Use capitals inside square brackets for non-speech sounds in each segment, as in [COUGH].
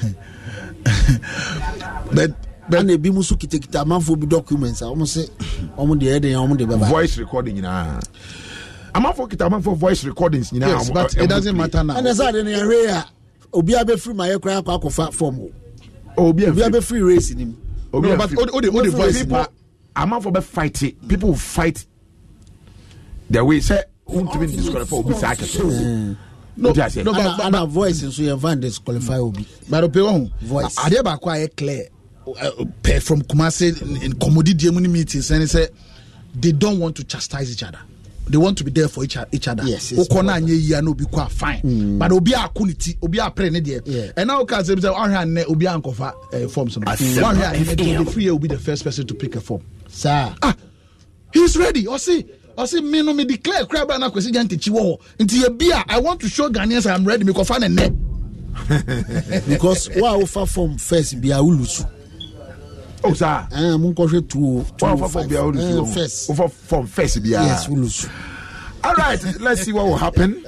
[LAUGHS] but but ɛna ebi mu nso kitakita amanfo bi documents a wɔn sɛ wɔn deɛ ɛde yɛn wɔn de bɛba. voice recording nyinaa amanfo kita amanfo voice recordings nyinaa. yes but it doesn't matter now. ɛna sáà de ne yɛhwɛ yɛ a obi abɛfiri ma yɛ kora akɔ akɔfa fɔm o. obi abɛfiri race nim. obi abɛfiri o de o de voice na. amanfo bɛ fight it people fight their way sɛ wuntumi disqualify obi saa kɛse. Eh no no but ana voice nso yɛn fan disqualify obi. gbàdọ̀ pe wọn voice adeɛ baako a yɛ clear uh, pɛ from kumase kɔmɔdi diɛ mu ni meeting sɛni sɛ they don't want to chastise each other they want to be there for each, each other. yes yes okɔ naa nye yia na obi kɔ a fine. Mm. but obi a ko ne ti obi a pere ne deɛ. ɛna o ka se bi sɛ ɔhwɛ anɛ obi a nkɔfa form eh, forms no. ɔhwɛ anɛ to the free year will be the first person to pick a form. Sir, ah he is ready ɔsi ɔsi mi no mi declare kura bra na Kwesi Nyantakyi wɔ hɔ nti ebi a I want to show Ghanaians I am ready mi kɔfa ne nɛ. [LAUGHS] because wa awofa form first bi a wulu so. o oh, sa. ɛn mu nkɔhwɛ two o two o five ɛn first. wofa form first bi a. yes wulu so. all right let's see what will happen.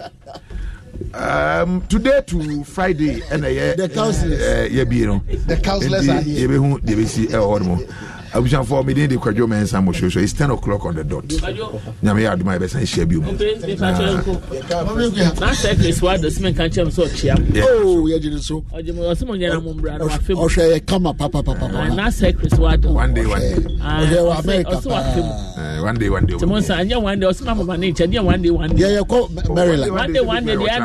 um, today to friday ɛna yɛ the councillors eh, yɛ bi yen no the councillors are here yɛ bɛ hun de bɛ si abusuafoɔ mede de kwadwo ma ɛnsa mɔhwɛ so It's ten o'clock on the dot nyame yɛ adoma yɛbɛsan hyia bio muɔhwɛ yɛ kama papapapayɛyɛkɔ ah,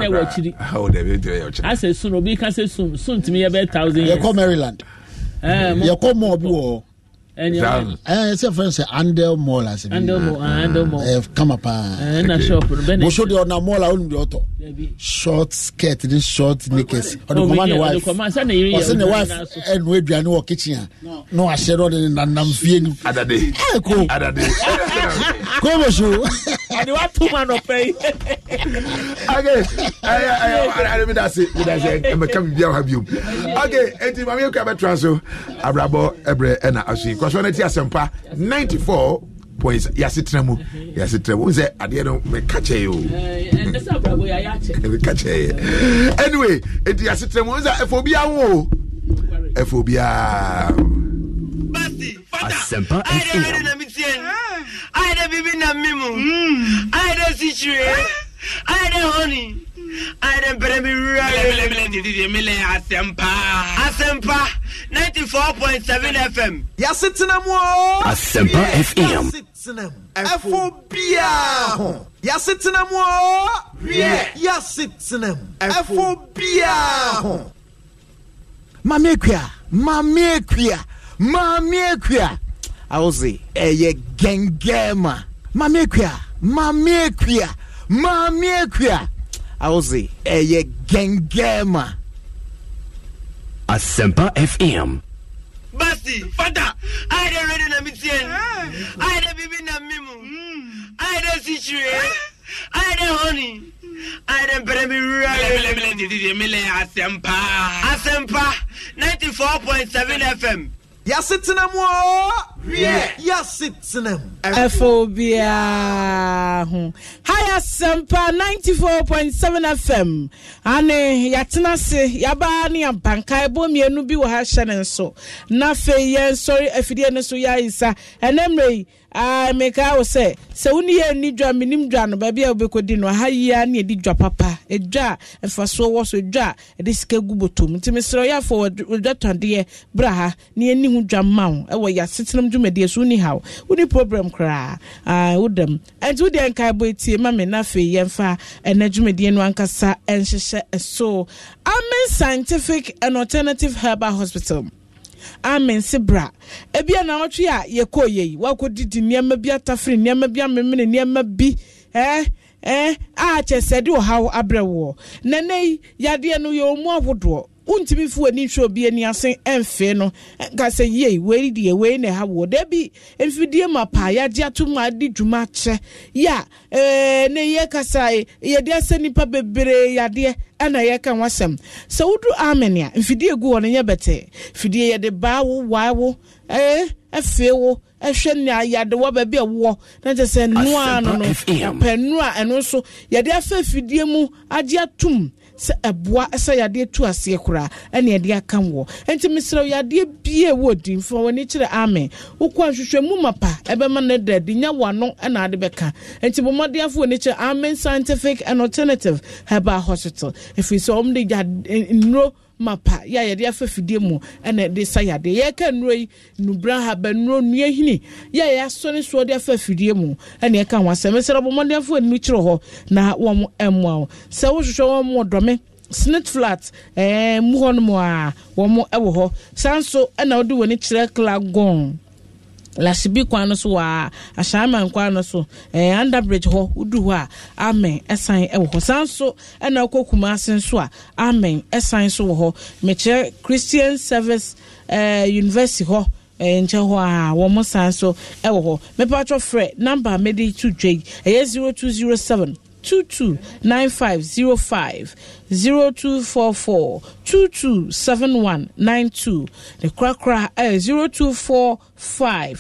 eh, marylandasɛ sun obi ka sɛ sun sun tumi yɛbɛ thousand years eh, yɛkɔ maryland yɛkɔ mɔɔ bi wɔ hɔ sɛ frɛ sɛ andel mall asɛbi kama paamoso deɛ ɔna mall a wonim deɛ ɔtɔ short skirt ne short nakers ɔde kɔma ne wife ɔsɛ ne wife ɛno aduane wɔ kitchen a na wahyɛ no ɔde ne nanam fie no ko [LAUGHS] ko moso ɔde watoma nɔpɛ medase mɛka bibia wha biom okay enti mameyɛkɔ bɛtra so abrabɔ ɛberɛ ɛna asoyi ntoso ne ti asempa 94 points yase tena mu yase tena mu n sɛ adeɛ no meka kyɛ eh, yi o meka kyɛ yi anyway eti yase tena mu n sɛ efo bi awo efo bi awo. asempa fm. ayé na mi tiẹ̀ ayé na bíbí na mímu ayé na sitire ayé ayɛdɛ mpɛrɛ mi wura yɛ. mɛlɛmɛlɛ titi mi lɛ asɛmpa. asɛmpa ninety fm. yasi tena mu o. fm. yasi tena mu. ɛfo biya ho. yasi tena mu o. wiɛ. yasi tena mu. ɛfo biya ho. maame ekuya maame ekuya maame ekuya awusi ɛyɛ gɛngɛn ma maame ekuya maame ekuya maame ekuya awo se ɛyɛ gɛngɛɛma. asempa fm. basi fata ayi de wele na mi tiɛ ayi de bibi na mi mu ayi de sitire ayi de hɔni ayi de mpɛrɛ mi rura ye. mele mele mele didi mele asempa. asempa ninety four point seven fm yɛasetena mu o yɛasetena mu ɛfo Fobia. ho ha yɛasɛmpa 94.7 fm ane yatina se yaba ni yɛmpanka ɛbɔ mmienu bi wɔ ha hyɛ ne na afei yɛnsɔre afidie no so yɛayisa ɛnɛ mmerɛ Ah, meka wo sɛ sɛ wo ne yɛ ni dwa menim dwa no baabi a wobɛkɔdi no aha yia ne yɛdi dwa papa ɛdwa e e a mfasoɔ wɔ so ɛdwa a ɛde sika gu bɔtom nti mesrɛ yɛafo wɔdwatɔdeɛ bra ha ne yɛni ho dwa ma wo ɛwɔ e yɛasetenam dwumadeɛ so woni haw woni problem koraa ah, wodam ɛnti wodeɛ nkaebɔ ɛtie ma me na afei yɛmfa ɛna dwumadeɛ no ankasa ɛnhyehyɛ ɛso amen scientific and alternative herbal hospital amen se bra ebia na ɔtwe a yɛkɔ yɛ yi wakɔ didi nneɛma bi atafiri nneema bi amemene nneema bi ɛɛ eh, ɛɛ eh, a kyɛ sɛ de ɔhaw abrɛ woɔ nane yi yadeɛ no yɛ ɔmo ahodoɔ wontumi e, e, e, fi w'ani nhwɛ obi ani ase ɛmfe no nka sɛ yie wei deɛ wei na ɛha wɔ dabi mfidie ma paa yɛagye ato mu ade dwuma kyɛ yɛ a ne yɛ kasa yɛde asɛ nipa bebree yadeɛ ɛna yɛka wasɛm sɛ wodu amen a mfidie gu hɔ no nyɛ bɛtɛ fidie yɛde baa wo waa wo ɛɛ ɛfee wo ɛhwɛ ne ayadewa baabi a ɛwɔ na kyerɛ sɛ noa no no pɛ noa ɛno nso yɛde afɛ fidie mu agye atom sɛ ɛboa sɛ yadeɛ tu aseɛ koraa ɛne yɛde aka wɔ nti mesrɛ yadeɛ bie wɔ dinfa w'ani kyerɛ amen wokɔ ahwehwɛ mu ma pa ɛbɛma no da de nya w'ano ɛna ade bɛka nti bɔmmɔdeafo w'ani kyerɛ amen scientific and alternative herbal hospital ɛfiri sɛ ɔm de eh, nnuro mapa yɛ a yɛde afa fidie mu ɛna ɛde sa yadeɛ yɛka nnuro yi nubra haba nnuro nnua hini yɛ a yɛasɔne soɔ de afa fidie mu ɛna ɛka ho asɛm ɛsɛ ɔbɔ mmɔdenfoɔ ani kyerɛ hɔ na wɔn mmoa wo sɛ wohwehwɛ wɔn mo dɔme snit flat ɛɛ eh, mu hɔ nom a wɔn wɔ hɔ saa nso ɛna wɔde wɔn ani kyerɛ klagon. lahyebi kwan no so wɔ ahyaama nkwan no so ɛɛ eh, underbridge hɔ wodu hɔ a amen ɛsan ɛwɔ hɔ san so ɛna kumase a amen ɛsan so wɔ hɔ christian service ɛɛ eh, university hɔ ɛɛ eh, nkyɛn hɔ a wɔn san so ɛwɔ hɔ mɛpɛ frɛ namba mɛde to dwa yi ɛyɛ zero two zero seven. 22 9505 0244 22 7192 ne korakora ɛyɛ eh, 0245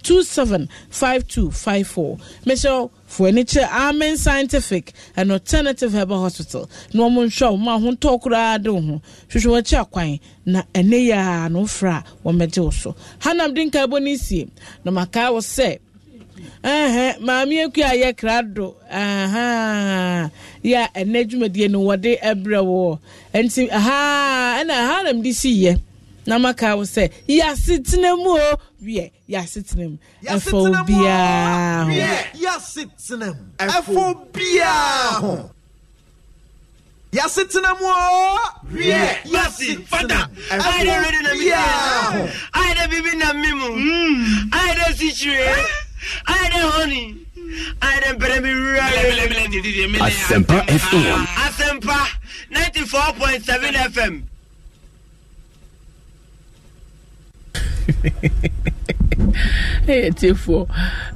275254 mehyɛ fo amen scientific and alternative herbal hospital na wɔn nhwɛ a wɔn ahontɔ koraa de wo ho na ɛne yɛ a na wofra so hanam de nkaebɔ ne sie na maame aku a yɛ krado yɛ a ɛnɛ dwumadie no wɔde brɛ wɔ nti ɛna ɛha na mde siiɛ na maka wo sɛ yɛasetena mu o wiɛ yɛasetena mu ɛfɔ biaa ho ya yasi tena mu o. wiye yasi fada ayi de bibi na mi mu hmm. ayi de bibi na mi mu ayi de si eh? tiwe. ayɛdɛ hɔ ni ayɛdɛ mpɛrɛmi wura asɛmpa fm asɛmpa ninety four point seven fm. ɛtiefoɔ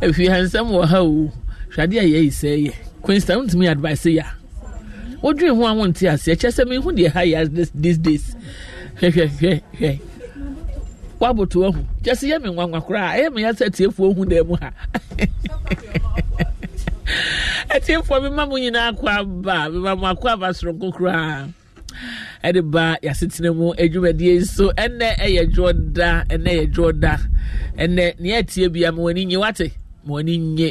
afihansɛm wɔ ha o hwade a yɛyi sɛ yɛ quinsta wontumi advice yɛ a wodwene ho a wonte aseɛ kyɛ sɛ mehu deɛ ha yɛ these days hwɛhwɛhwɛhwɛ waboto ahu kyɛsɛ yɛ me nwanwa koraa ɛyɛ me yɛsɛ tiefoɔ hu dan mu ha [LAUGHS] atiefoɔ mema mo nyinaa akɔ aba mema mo akɔ aba soronko koraa ɛde ba yasetena mu adwumadie nso ɛnɛ ɛyɛ dwoɔ da ɛnɛ yɛ dwoɔ da ɛnɛ nea ɛtie bia ma w'ani nye wate ma w'ani nye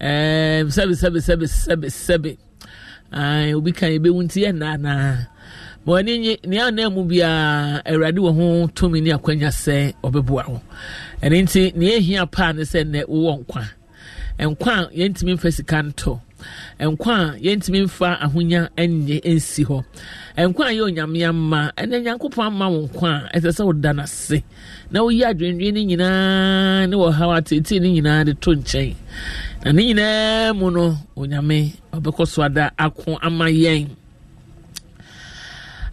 ɛɛm sɛbesɛbesɛbesɛbesɛbe obi kan ebi wu yɛ nnaanaa ma w'ani nye nea ana mu biara awurade wɔ ho tumi ne akwanya sɛ ɔbɛboa ho ɛno nti nea ehia paa ne sɛ nnɛ wowɔ nkwa nkwa a yɛntumi mfa sika ntɔ nkwa a yɛntumi mfa ahonya nye nsi hɔ nkwa a yɛ onyame ma ɛnɛ nyankopɔn ama wo nkwa a ɛsɛ sɛ woda no ase na woyi adwendwen no nyinaa ne wɔhaw atetee no nyinaa de to nkyɛn na ne nyinaa mu no onyame ɔbɛkɔ so ada ako ama yɛn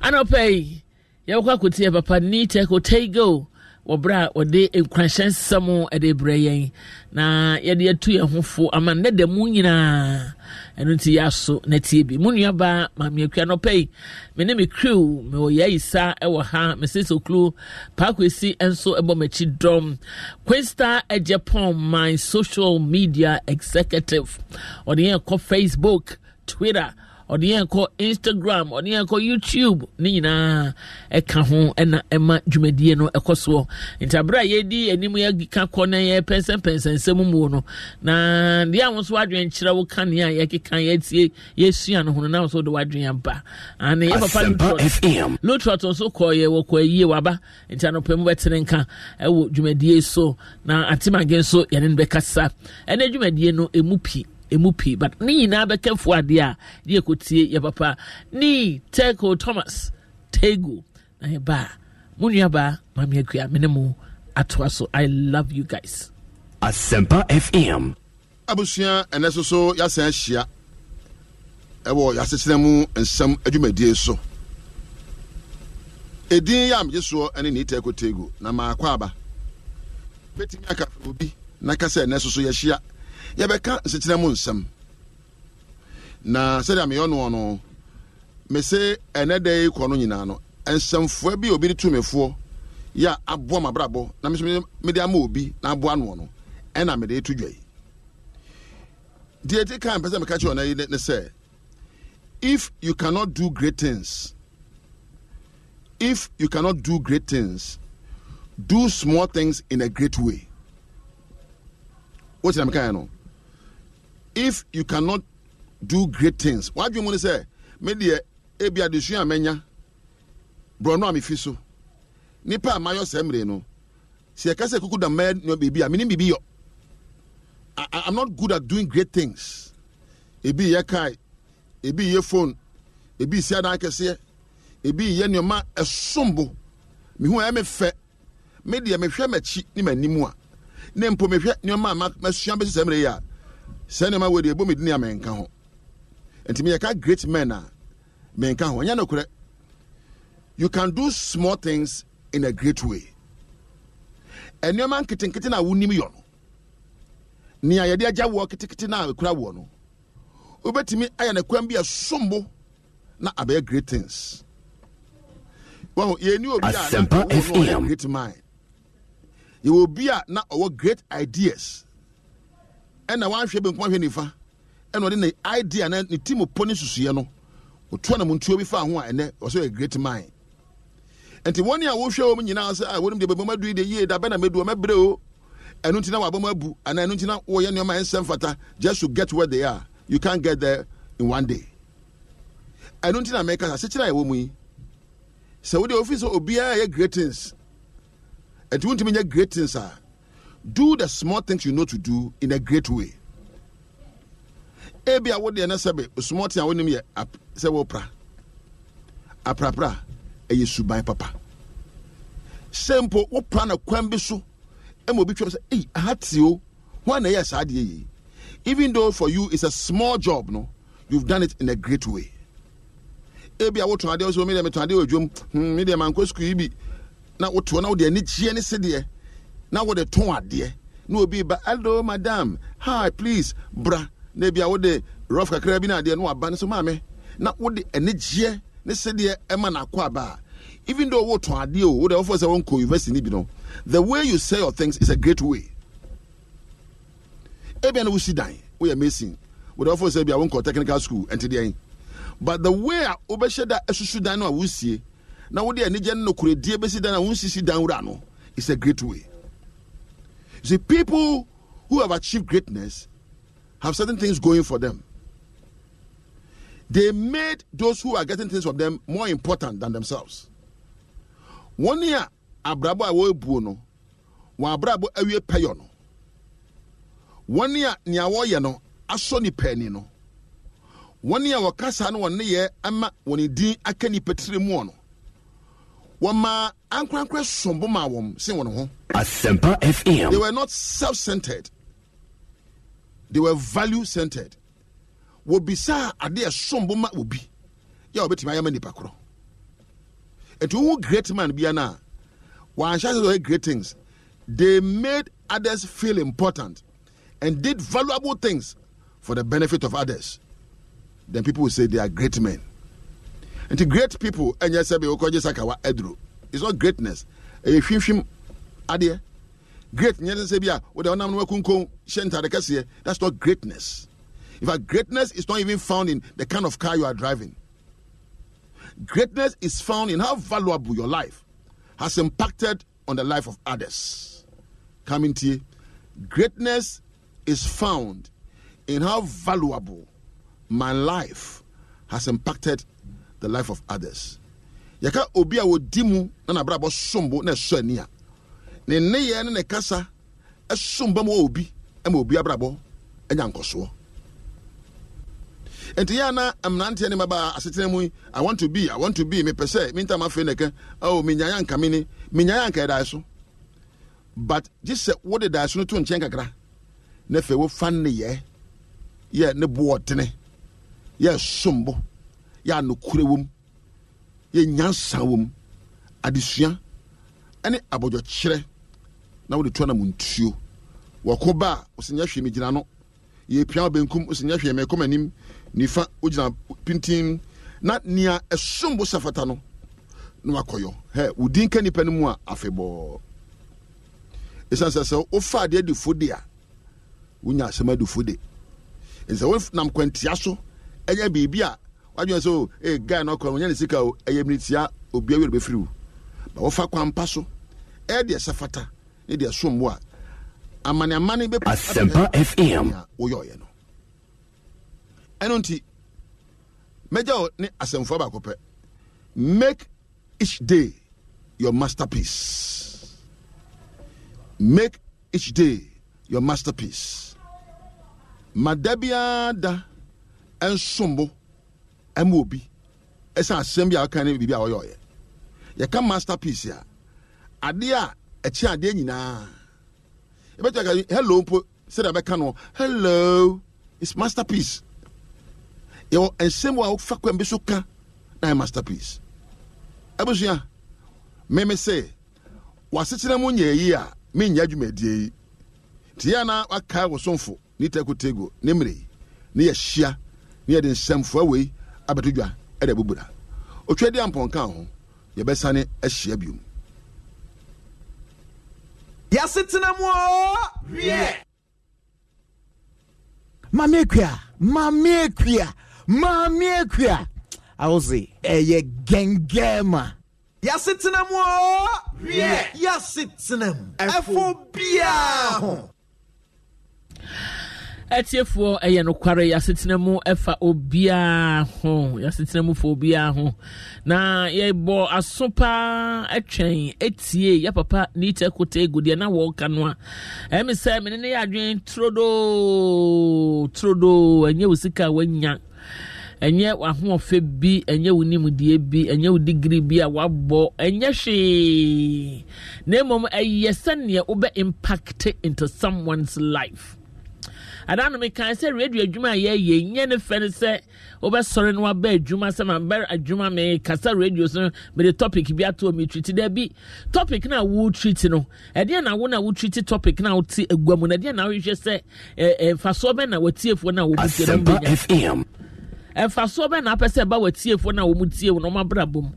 anɔpɛ yi yɛwokɔ akotie papa nite kotaigo wɔ berɛ a wɔde nkwanhyɛnsɛm ɛde brɛ yɛn na yɛde atu yɛn ho fo ama nnɛ da mu nyinaa ɛno nti yɛaso na tie bi mu nuabaa maameakua nɔpɛ yi me ne me crew mewɔ yɛayisa ɛwɔ ha mesese okulu paakwesi nso ɛbɔ m'akyi dɔm quinsta agyapɔn my social media executive ɔde yɛn kɔ facebook twitter ɔde yɛn kɔ instagram ɔde yɛn kɔ youtube ne nyinaa ɛka ho ɛna ɛma dwumadie no ɛkɔ soɔ nti abere a yɛdi anim yɛka kɔ na yɛpɛnsɛmpɛnsɛ nsɛm mu no na deɛ a wo nso wadwen kyerɛ wo ka nea yɛkeka yɛtie yɛsua no ho no na wo nso de wadwen ba ane yɛ papa lotrot nso kɔɔyɛ wɔkɔ ayie waba nti anɔpɛ mu bɛtene nka ɛwɔ dwumadie so na atemage nso yɛne no bɛkasa ɛne dwumadie no ɛmu pii emu pii but ne nyinaa bɛkɛfo adeɛ a ne yɛkɔtie yɛ papa ne tego thomas tego na yɛ ba mo nuabaa maame akua me ne mu atoa so i love you guys asɛmpa fm abusua ɛnɛ so so yɛasan ahyia ɛwɔ yɛasekyerɛ mu nsɛm adwumadie so ɛdin yɛ amegye soɔ ɛne ne tego na maakɔ aba bɛtumi aka obi na ka sɛ ɛnɛ so so yɛahyia yɛbɛka nsekyerɛ mu nsɛm na sɛdeɛ meyɛ noɔ no mese ɛnɛ da yi kɔ no nyinaa no nsɛmfoa bi obi de tu yɛ aboa mabrabɔ na meso mede ama obi na aboa noɔ no ɛna mede to dwa yi deɛ ɛti ka mpɛ sɛ meka kyerɛ ɔna yi ne sɛ if you cannot do great things if you cannot do great things do small things in a great way wotina meka yɛ no if you cannot do great things wadwi mu ni sɛ me deɛ ebi adesua amenya borɔno a mefi so nipa a mayɔ no Si yɛka sɛ kuku da mmɛɛ nɔ beebi a mene biribi yɔ I, I'm not good at doing great things. Ebi yɛ kae, ebi yɛ phone, ebi si adan kɛseɛ, ebi yɛ nneɛma ɛsombo. Mihu ɛyɛ mi fɛ, mi deɛ mi hwɛ m'akyi ne m'anim a, ne mpo mi hwɛ nneɛma a ma sua bɛsi sɛm de yɛ a sɛ nneɛma wɔ deɛ ɛbɔ mi di ne ho ntumi yɛka great men a ah. mɛnka ho ɛnyɛ nokorɛ you can do small things in a great way nneɛma nketenkete na wonim yɔ no nea yɛde agya wɔ ketekete na ekura wɔ no wobɛtumi ayɛ ne kwan bi ɛsombo na abɛyɛ great things wɔn yɛn obi a na ɔwɔ great mind yɛwɔ obi a na ɔwɔ great ideas ɛna wahwɛ benkum ahwɛ nifa ɛna ɔde ne idea na ne timu po ne susuɛ no otua na mu ntuo bi fa ho a ɛnɛ ɔsɛ yɛ great mind nti wɔn a wohwɛ wɔn nyinaa sɛ a ah, wɔn deɛ bɛbɔ madu de yie da bɛn na mɛdu mɛbrɛ o ɛnu ntina wabɔ mabu anaa ɛnu ntina wɔyɛ nneɛma ɛnsɛm fata just to get where they are you can get there in one day ɛnu ntina mɛka sa sekyerɛ a ɛwɔ mu yi sɛ wɔde ofi sɛ obiara yɛ great things ɛti wɔntumi nyɛ great things a. do the small things you know to do in a great way ebi a wodeɛ no sɛ be small thing a wonim yɛ sɛ wopra aprapra ɛyɛ suban papa sɛ mpo wopra na kwan bi so ma obi twɛm sɛ ei ahatio ho ana ɛyɛ saa deɛ yei even though for you it's a small job no you've done it in a great way ebi a wotɔn adeɛ wo sɛ mi deɛ metɔn adeɛ wɔ adwom hmm mi deɛ mankɔ sukuu yi bi na wotoɔ na wode ani kyeɛ ne sedeɛ na wode tɔn adeɛ na obi ba hello madam hi please bra na bia wode rough kakra bi na adeɛ na waba no so maame na wode anigyeɛ ne sɛdeɛ ɛma n'akɔ aba a even though wotɔn adeɛ o wode ɔfɔ sɛ wɔnkɔ university ni bi no the way you sell your things is a great way ebia na wosi dan woyɛ mason wode ɔfɔ sɛ bia wɔnkɔ technical school ɛnti deɛ but the way a wobɛhyɛ da asusu dan na a wosie na wode anigyeɛ no nokoredie bɛsi dan a wonsisi dan wura no is a great way you see, people who have achieved greatness have certain things going for them. They made those who are getting things from them more important than themselves. One year, abrabo a buono, no, wɔn abrabo awie pɛyɔ One year, nea Asoni no one year, ani One year, ama wɔn din aka wɔma ankorankora sombo maa wɔm sen wɔn ho. asempa fm. they were not self-centered they were value-centered wobisa adeɛ sombo ma obi yɛ obetumi ayɛ ma nipa korɔ etu wo great man bia na wɔanhyɛ sɛ ɔyɛ great things they made others feel important and did valuable things for the benefit of others then people will say they are great men nti great people ɛnyɛ sɛ bi okɔgye sakawa aduro it's not greatness ɛyɛ eh, hwimhwim adeɛ great nyɛ sɛ bi a wode wonam no wakunkon hyɛ ntade kɛseɛ that's not greatness in fact greatness is not even found in the kind of car you are driving greatness is found in how valuable your life has impacted on the life of others come to you greatness is found in how valuable my life has impacted the life of others yɛka obi a wɔdi mu na n'abrabɔ sombo na ɛsɔ ani a ne nneyɛ ne ne kasa somba mu wɔ obi ma obi abrabɔ anya nkɔsoɔ nti yɛ ana mmeranteɛ ne mmabaa asetena mu i want to be i want to be mepɛ sɛ mentam afei ne ka oh menyaeɛ anka me ni anka ɛdae so but gye sɛ wode dae so no to nkyɛn kakra na afei wofa nneyɛ yɛ ne boɔdene yɛ sombo yɛ anokorɛ wɔ mu yɛ nyansa wɔ mu adesua ne abɔdɔkyerɛ na wode to anam ntuo wɔko ba a ɔsɛ nyɛ hwee me gyina no yɛpia wo benkum ɔsɛ nyɛ hwee mɛkɔm anim nifa wogyina pintin na nea ɛsom bo safata no na wakɔyɔ hɛ wo din ka nnipa no mu a afebɔɔ ɛsiane sɛ sɛ wofa adeɛ adifo de a wonya asɛm adifo de ɛsɛ wonam kwantia so ɛnyɛ biribi a wadwuma sɛ o oh, ee eh, guy no kora wonya ne sika o ɛyɛ mene tia obia wi rebɛfiri wo ba wɔfa kwan pa so ɛyɛ deɛ sɛ fata ne deɛ so mmoa amane amane bɛ asɛmpa fm woyɛɔyɛ no ɛno nti mɛgya wo ne asɛmfoɔ baako pɛ make each day your masterpiece make each day your masterpiece ma da biara da ɛma obi ɛsɛ asɛm bi a ɔka ne biribi a ɔyɛ ɔyɛ yɛka masterpiece a adeɛ a ɛkyi adeɛ nyinaa yɛbɛtɛ ka hello mpo sɛdeɛ bɛka no hello it's masterpiece yɛwɔ nsɛm a wofa kwan bi so ka na yɛ masterpiece abusua meme sɛ wasekyerɛ mu nyɛ yi a menyɛ adwumadie yi nti yɛ na wakae wo somfo ne takotego ne mmerɛ yi ne yɛhyia ne yɛde wei abɛto dwa ɛde bubura otwa di ampɔnka ho yɛbɛsane ahyia biom yɛasetena mu wiɛ maame akua maame akua maame akua awose ɛyɛ gɛngɛma yɛasetena mu wiɛ yɛasetena mu ɛfo biaa ho ɛtiefoɔ ɛyɛ nokware yɛasetena mu ɛfa obiaa ho yɛasetena mu fa obiaa ho na yɛbɔ aso paa ɛtwɛn Etie. yɛ papa neita kota egu deɛ na wɔɔka no a ɛmi sɛ mene ne yɛ adwen torodo torodo ɛnyɛ wo sika a woanya ɛnyɛ w'ahoɔfɛ bi ɛnyɛ wo nimdeɛ bi ɛnyɛ wo digiri bi a wabɔ ɛnyɛ hwee na mmom ɛyɛ sɛneɛ wobɛ impact into someone's life adaa na mekan sɛ radio adwuma a yɛyɛ nyɛ ne fɛ ne sɛ wobɛsɔre no waba adwuma sɛ mabɛ adwuma mekasa radio so mede topic bi ato me triti da bi topic no a wotriti no ɛdeɛ na wo na wotriti topic no a wote agua mu no ɛdeɛ na wohwehwɛ sɛ mfasoɔ bɛ na watiefoɔ no a wɔbɛtie no ɛmfasoɔ bɛ na apɛ sɛ ɛba watiefoɔ no a wɔmu tie wo no ɔmabrabɔ mu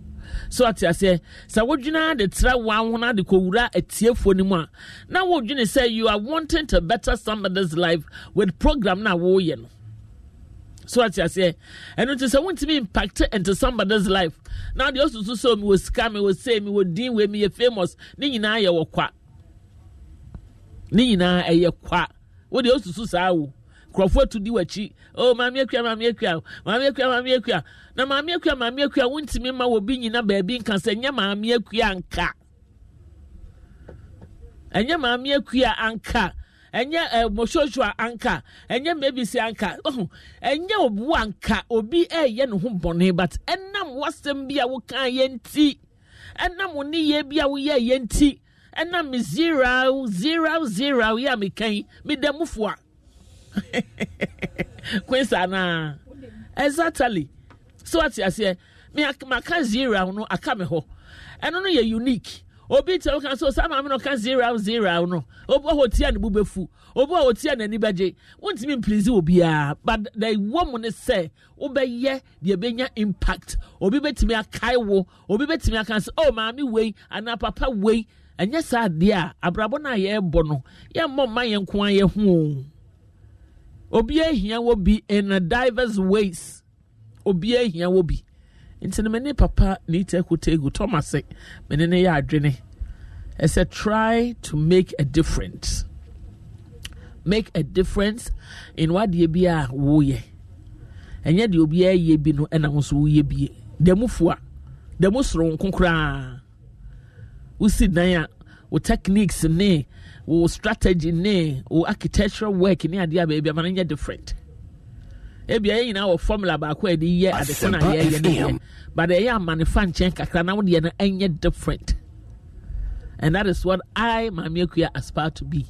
so ate aseɛ sɛ wodwina de tra wɔn ho na de kɔwura atiefoɔ no mu a na wodwina sɛ you are wanting to better somebody's life with program na wɔreyɛ no so ate aseɛ ɛno nti sɛ wontumi impact into somebody's life na deɛ ɔsusu sɛ mi wɔ sika mi wɔ se mi wɔ din wɔ mi yɛ famous ne nyinaa yɛ wɔ kwa ne nyinaa ɛyɛ kwa wo deɛ ɔsusu saa wo nkurɔfoɔ tu di w'akyi o oh, maame akua maame akua maame akua maame akua na maame akua maame akua wontumi ma obi nyina baabi nka sɛ nyɛ maame akua nka ɛnyɛ maame akua anka ɛnyɛ ɛ anka ɛnyɛ eh, mɛbisi anka ɔhun ɛnyɛ obu anka obi ɛɛyɛ ne ho bɔnne but ɛnam wasɛm bi a wokan yɛ nti ɛnam wo ne yɛ bi a woyɛ yɛ nti ɛnam zero zero zero yɛ a mekan mi dɛm foa. kwesa [LAUGHS] anaa exactly so wate aseɛ maka zero no aka me hɔ ɛno no yɛ unique obi tẹ ọkàn so sáà maame n'ọkàn zero zero no obi wà hó tia ne bu bẹ fu na wà hó tia n'ani bẹ gye wọn ti mi mpirizi obiara but na ìwọ mu ni sẹ wọbẹ yẹ deɛ bẹ nya impact obi bẹ tìmi akae wo obi bẹ tìmi aka sẹ ọ maame wei anaa papa wei ɛnyɛ saa adeɛ a abrabɔ no a yɛrebɔ no yɛmmɔ mma yɛn nko ara yɛ obi ehia wɔ bi in a diverse ways obi ehia wɔ bi nti na ne papa na tegu ekutegu thomas me ne ya yɛ I ɛsɛ try to make a difference make a difference in wadeɛ bi a wɔyɛ ɛnyɛ deɛ obi ɛyɛ bi no ɛna nso wɔyɛ bi dɛm fua dɛm soronko koraa wosi dan a wo techniques ne wo strategy ne wo architectural work ne adeɛ a baabi ama no nyɛ different ebia yɛn nyinaa wɔ formula baako a yɛde yɛ adeko na yɛyɛ ne yɛ but ɛyɛ amanefa nkyɛn kakra na wodeɛ no ɛnyɛ different and that is what i maame akuya aspire to be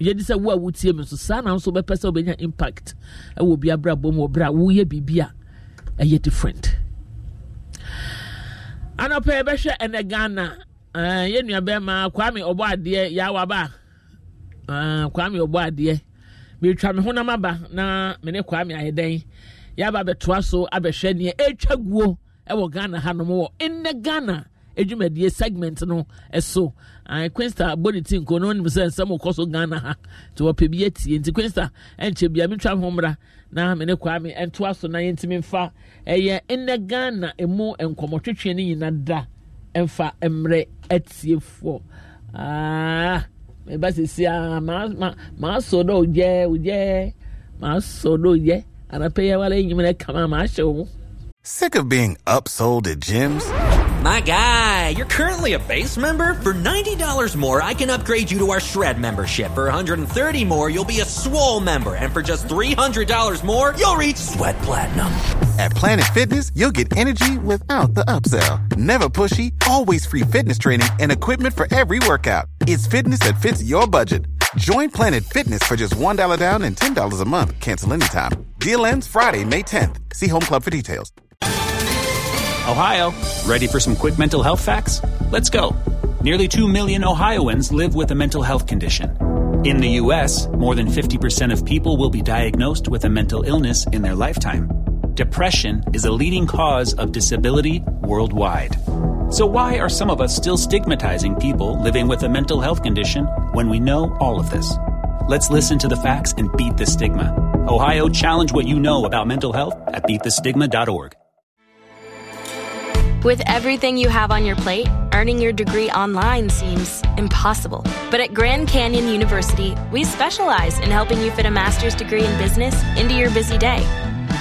yɛdi sɛ wo a wotie mi nso saa na nso bɛpɛ sɛ wobɛnya impact ɛwɔ obi abrabɔ mu wɔ berɛ a woyɛ biribi a ɛyɛ different anɔpɛ yɛbɛhwɛ ɛnɛ ghana Eh, yɛn nua bɛrima kwame ɔbɔ adeɛ yawa ba eh, kwame ɔbɔ adeɛ metwa me honam aba na me ne kwame ayɛ dɛn yaba abɛtoa so abɛhwɛ neɛ ɛtwa guo ɛwɔ ghana hanom wɔ nnɛ ghana adwumadie segment no ɛso eh, quinsta bɔ ne ti nko na onim sɛ nsɛm ɔkɔ so ghana ha nti wɔpɛ bi atie nti quinsta ɛnkyɛ bia metwa me ho mmra na me ne kwame ɛntoa so na yɛntumi mfa ɛyɛ nnɛ ghana emu nkɔmmɔtwetwe no nyina da ɛfa mmerɛ atiefoɔ aa ah, meba sisi aa maa sɔ dɔ ogyɛ ogyɛ maa sɔ dɔ ogyɛ anapɛ yɛ wale enyim na kama maa hyɛ wɔn. Sick of being upsold at gyms? My guy, you're currently a base member? For $90 more, I can upgrade you to our Shred membership. For $130 more, you'll be a Swole member. And for just $300 more, you'll reach Sweat Platinum. At Planet Fitness, you'll get energy without the upsell. Never pushy, always free fitness training and equipment for every workout. It's fitness that fits your budget. Join Planet Fitness for just $1 down and $10 a month. Cancel anytime. Deal ends Friday, May 10th. See Home Club for details. Ohio, ready for some quick mental health facts? Let's go. Nearly 2 million Ohioans live with a mental health condition. In the U.S., more than 50% of people will be diagnosed with a mental illness in their lifetime. Depression is a leading cause of disability worldwide. So, why are some of us still stigmatizing people living with a mental health condition when we know all of this? Let's listen to the facts and beat the stigma. Ohio, challenge what you know about mental health at beatthestigma.org. With everything you have on your plate, earning your degree online seems impossible. But at Grand Canyon University, we specialize in helping you fit a master's degree in business into your busy day.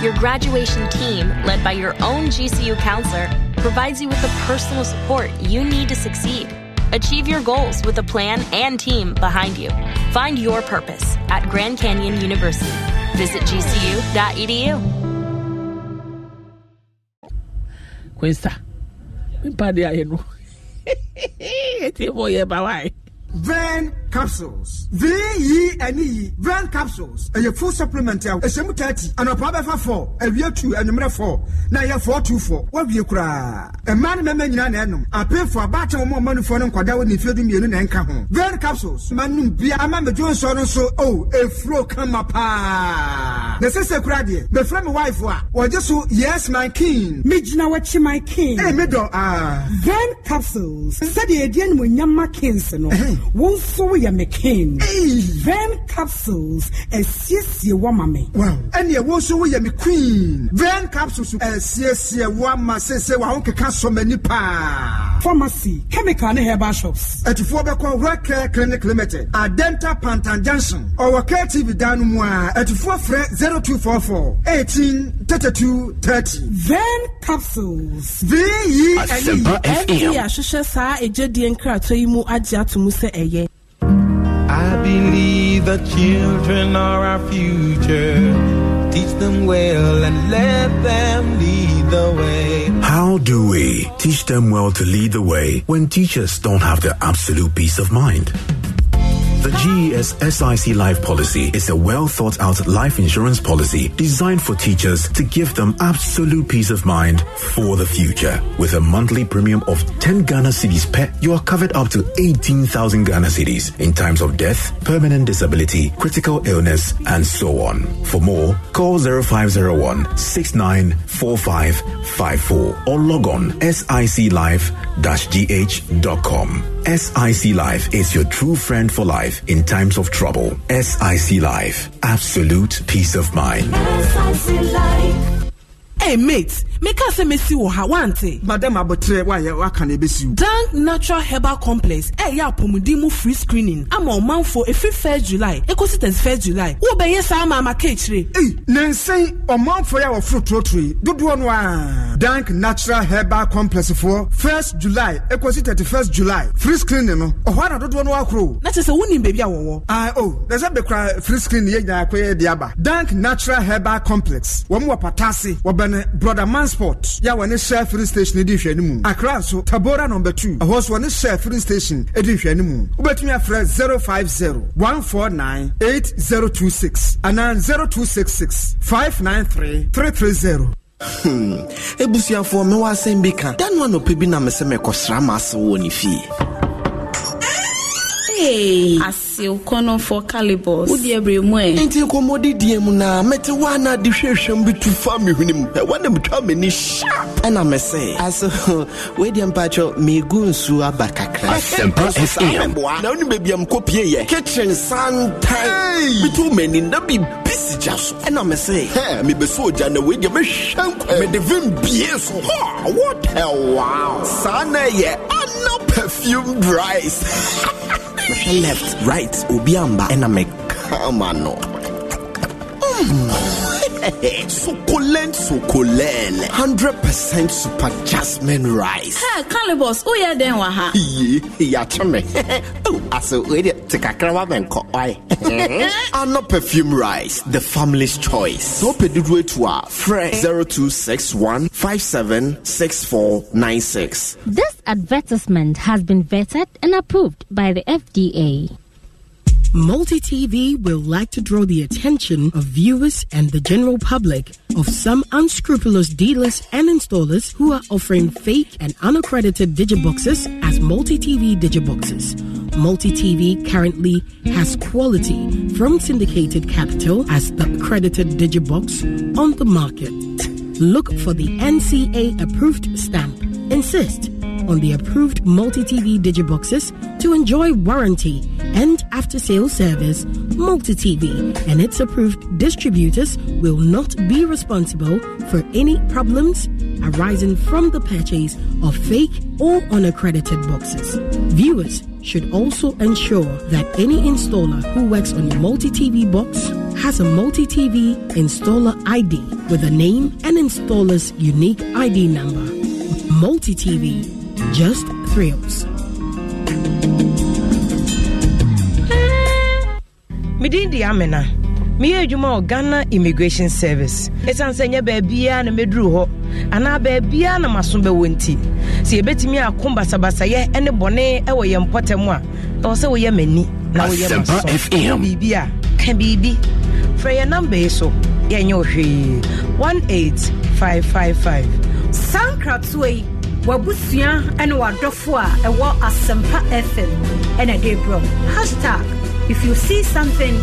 Your graduation team, led by your own GCU counselor, provides you with the personal support you need to succeed. Achieve your goals with a plan and team behind you. Find your purpose at Grand Canyon University. Visit gcu.edu. Questa mpa ayɛ no ɛti yɛ ba wae capsules vene brand capsules a full supplement a ɛhyɛ mu 30 anɔpa bɛfa 4 awia 2 number 4 na ɛyɛ 424 What woawie koraa ɛma ne mɛma nyinaa na ɛnom apefo abaakye wɔ ma ɔmanifoɔ no nkɔda wɔ ne mfeɛ du mmienu na ɛnka ho brand capsules ma nom bia ama medwo nsɔ no so Oh, a flow come na ɛsɛ sɛ kora deɛ bɛfrɛ me wife a wɔgye so yes my king megyina wɔkye my king ee medɔ ah. brand capsules sɛdeɛ ɛdeɛ ne monyam ma kings no wɔnso Victoria McCain. Vern capsules ɛsiesie wɔ ma me. Wow. Ɛni ɛwɔ nso woyɛ mi queen. Vern capsules ɛsiesie wɔ ma sese wɔ awo keka sɔmɛ ni paa. Pharmacy, chemical ne herbal shops. Ɛtufuɔ bɛ kɔ Rural Care Clinic Limited, Adenta Pantan Junction, ɔwɔ KTV dan no mu a ɛtufuɔ frɛ zero two four four eighteen thirty two thirty. Vern capsules. V E, e. N E. Asempa FM. Ɛdi ahyehyɛ saa egye die nkratɔ yi mu agye ato mu sɛ ɛyɛ. I believe the children are our future. Teach them well and let them lead the way. How do we teach them well to lead the way when teachers don't have the absolute peace of mind? The GES SIC Life Policy is a well thought out life insurance policy designed for teachers to give them absolute peace of mind for the future. With a monthly premium of 10 Ghana cedis per, you are covered up to 18,000 Ghana cedis in times of death, permanent disability, critical illness, and so on. For more, call 0501 694554 or log on siclife-gh.com. SIC Life is your true friend for life life in times of trouble. SIC Life, absolute peace of mind. Hey, mate, make us a messy or Hawante. Madam Abotre, why you can a messy? Dank Natural Herbal Complex. Hey, ya Pomudimu free screening. I'm on month for a first July. Ecositas first July. Who be yes, I'm a catre. Hey, Nancy, a month for ya your fruit rotary. Good one, one. Dank Natural Herbal Complex for first July. Ecositas first July. Free screening. no. Oh, what I don't want to grow. That is a winning baby. Ah, oh, there's a be cry. free screening. Yeah, yeah, yeah, Diaba. Dank Natural Herbal Complex. Wamu wa patasi. One ɛne brother mansport yɛ wɔne hyɛ free station di hwɛ no mu akra nso tabora number two ɛhɔ so wɔne hyɛ free station di hwɛ no mu wobɛtumi afrɛ 050 149 8026 anaa 0266 593 330 ebusuafoɔ mewɔ asɛm bi ka da no anɔpɛ bi na me sɛ mekɔsra ma ase wɔ ne fie Hey. Asew kɔnɔ fɔ calibus. O deɛ bere mu ɛ. Nti nkɔmɔdi diɛ mu na mɛti wa na di hwehwɛm bi tu fa mi hwene mu. Ɛwɔ na mi twa mi ni sharp. Ɛna mɛ sɛ. Aso [LAUGHS] wei deɛ mpatsɔ mi gu nsu aba kakra. Asempa FM. Na o ni beebi a mo kɔ pie yɛ. Kitchen santan. Bi tu mɛ ni na bi bisi gya so. Ɛna mɛ sɛ. Hɛ mi bɛ so gya na wei deɛ mɛ hwɛ nkɔ. Mɛ de vim bie so. Hɔ wɔtɛ waaw. Saa na yɛ ana perfume rice. [LAUGHS] left right ubiamba, amba ɛna mekama no mm succulent succulent. 100% super jasmine rice. Ha, Calibus, who ya den wa ha? Ye, ya chame. [LAUGHS] Oh, aso we de tikakrawa menko. Why? Ano perfume rice, the family's choice. So pedidwe twa fresh 0261 576496. This advertisement has been vetted and approved by the FDA. MultiTV will like to draw the attention of viewers and the general public of some unscrupulous dealers and installers who are offering fake and unaccredited digiboxes as MultiTV digiboxes. MultiTV currently has quality from syndicated capital as the accredited digibox on the market. Look for the NCA approved stamp. Insist on the approved multi TV digiboxes to enjoy warranty and after sales service. Multi TV and its approved distributors will not be responsible for any problems arising from the purchase of fake or unaccredited boxes. Viewers should also ensure that any installer who works on a multi TV box has a multi TV installer ID with a name and installer's unique ID number. Multi TV Just Thrills. Medin di Amena. meyɛ adwuma wɔ ghana immigration service ɛsiane sɛ nyɛ baabiaa na mɛduru hɔ anaa baabiaa na maso bɛwɔ nti sɛ yɛbɛtumi ako basabasayɛ ne bɔne ɛwɔ yɛn mpɔtam a ɛwɔ sɛ woyɛ m'ani na woyɛ biribi a ka biribi frɛ yɛ namba yi so yɛnyɛ wo hwee 18555 sankratoi wabusua ne wadɔfo a ɛwɔ asɛmpa fm ɛna de brɛ hashtag if you see something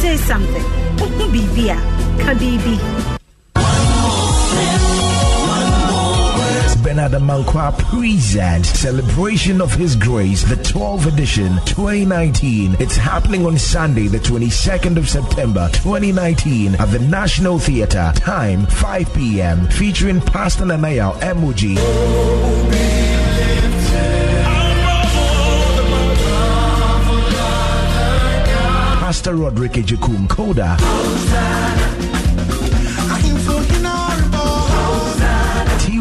say something wohu biribi a ka biribi Bernard Malqua presents Celebration of His Grace, the 12th edition 2019. It's happening on Sunday, the 22nd of September 2019 at the National Theatre. Time 5 p.m. Featuring Pastor Nanayao Emoji. Pastor Roderick Ejekum Koda.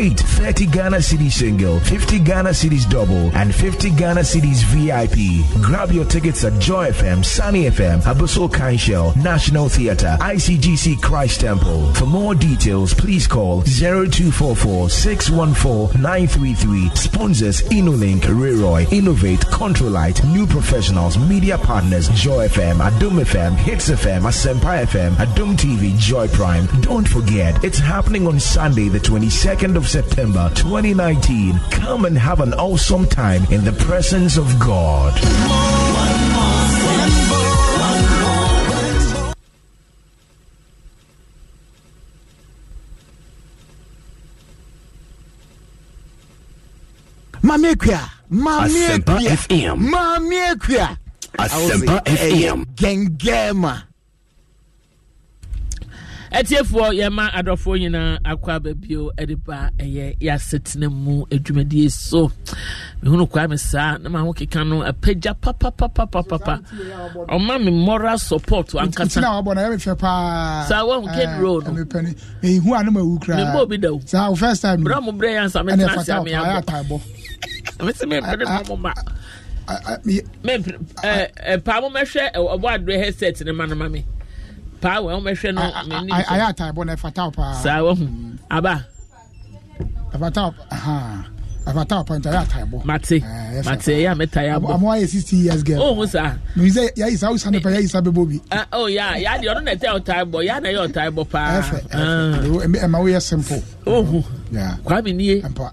rate 30 Ghana Cities single, 50 Ghana Cities double, and 50 Ghana Cities VIP. Grab your tickets at Joy FM, Sunny FM, Abuso Kanshel, National Theatre, ICGC Christ Temple. For more details, please call 0244 614 933. Sponsors InnoLink, Reroy, Innovate, Controlite, New Professionals, Media Partners, Joy FM, Adum FM, Hits FM, Asempa FM, Adum TV, Joy Prime. Don't forget, it's happening on Sunday, the 22nd of September 2019. Come and have an awesome time in the presence of God. Mamekua, Mamekua, Mamekua, Asempa FM, Gengema. ɛtiefoɔ yɛma adɔfoɔ nyinaa akɔ ababio ɛde ba ɛyɛ yɛasetena mu adwumadie so mehunu kwa me saa na maho keka no apagya papapapapapa ɔma me moral support ankasa saa wahu ked road mebɔ bi da wobrɛ mo berɛ yɛ ansa metena ase a meyabɔ mese mempere mɔmɔ ma mempere paa mo mɛhwɛ ɔbɔ adorɛ headset ne ma no ma me paa wɔn bɛhwɛ no ayɛ ataabɔ na ɛfata wo paa saa wɔhu aba ɛfata wo paa ɛfata wo paa nti ayɛ ataabɔ mate eh, mate ɛyɛ a mɛta yɛ abɔ ɔmo ayɛ sixty years girl ɔmo saa mɛ sɛ yɛayi saa wosan nipa yɛayi saa bɛbɔ bi oh ya ya di ɔno na ɛta yɛ ɔtaabɔ ya na ɛyɛ ɔtaabɔ paa ɛfɛ ɛfɛ ah. ɛma wo yɛ simple ɔmo kwaami nie mpa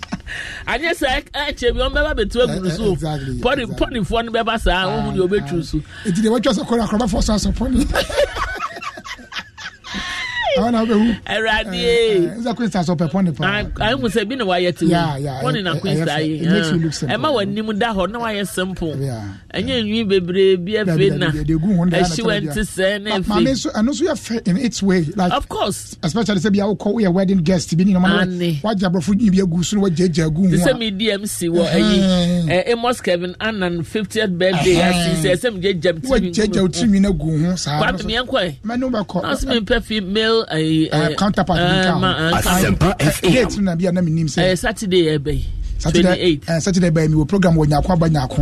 anyɛ sɛ ɛnkyɛ bi wɔn bɛba bɛtu agunu so pɔni pɔnifoɔ no bɛba saa wɔn mu deɛ ɔbɛtu so. eti deɛ wɔtwa sɛ kɔrɔ akɔrɔba fɔ so asɔ pɔni. awurade sɛ bi na wayɛ te wɔne na kwinsa yi ɛma w'anim da hɔ na wayɛ simple ɛnyɛ nwi bebree bi afei na ɛhyi w'ante sɛ na afei ɛno so yɛ fɛ in its way like of course especially sɛ bia wokɔ woyɛ wedding guest bi ne nɔma wagya aborɔfo nyi bi agu so na wagyagya agu ho sɛ me dmc wɔ ayi amos kevin anan 50th birthday asi sɛ sɛ megyagya m tirinwi no agu ho saa kwatomyɛnkɔe mɛne wobɛkɔ na ɔsɛ mempɛ female local eh, eh, eh, counterpart asɛmpa fa saturday ɛbɛyi saturday Saturday, ɛbɛyi mi wɔ program wɔ nyaako aba nyaako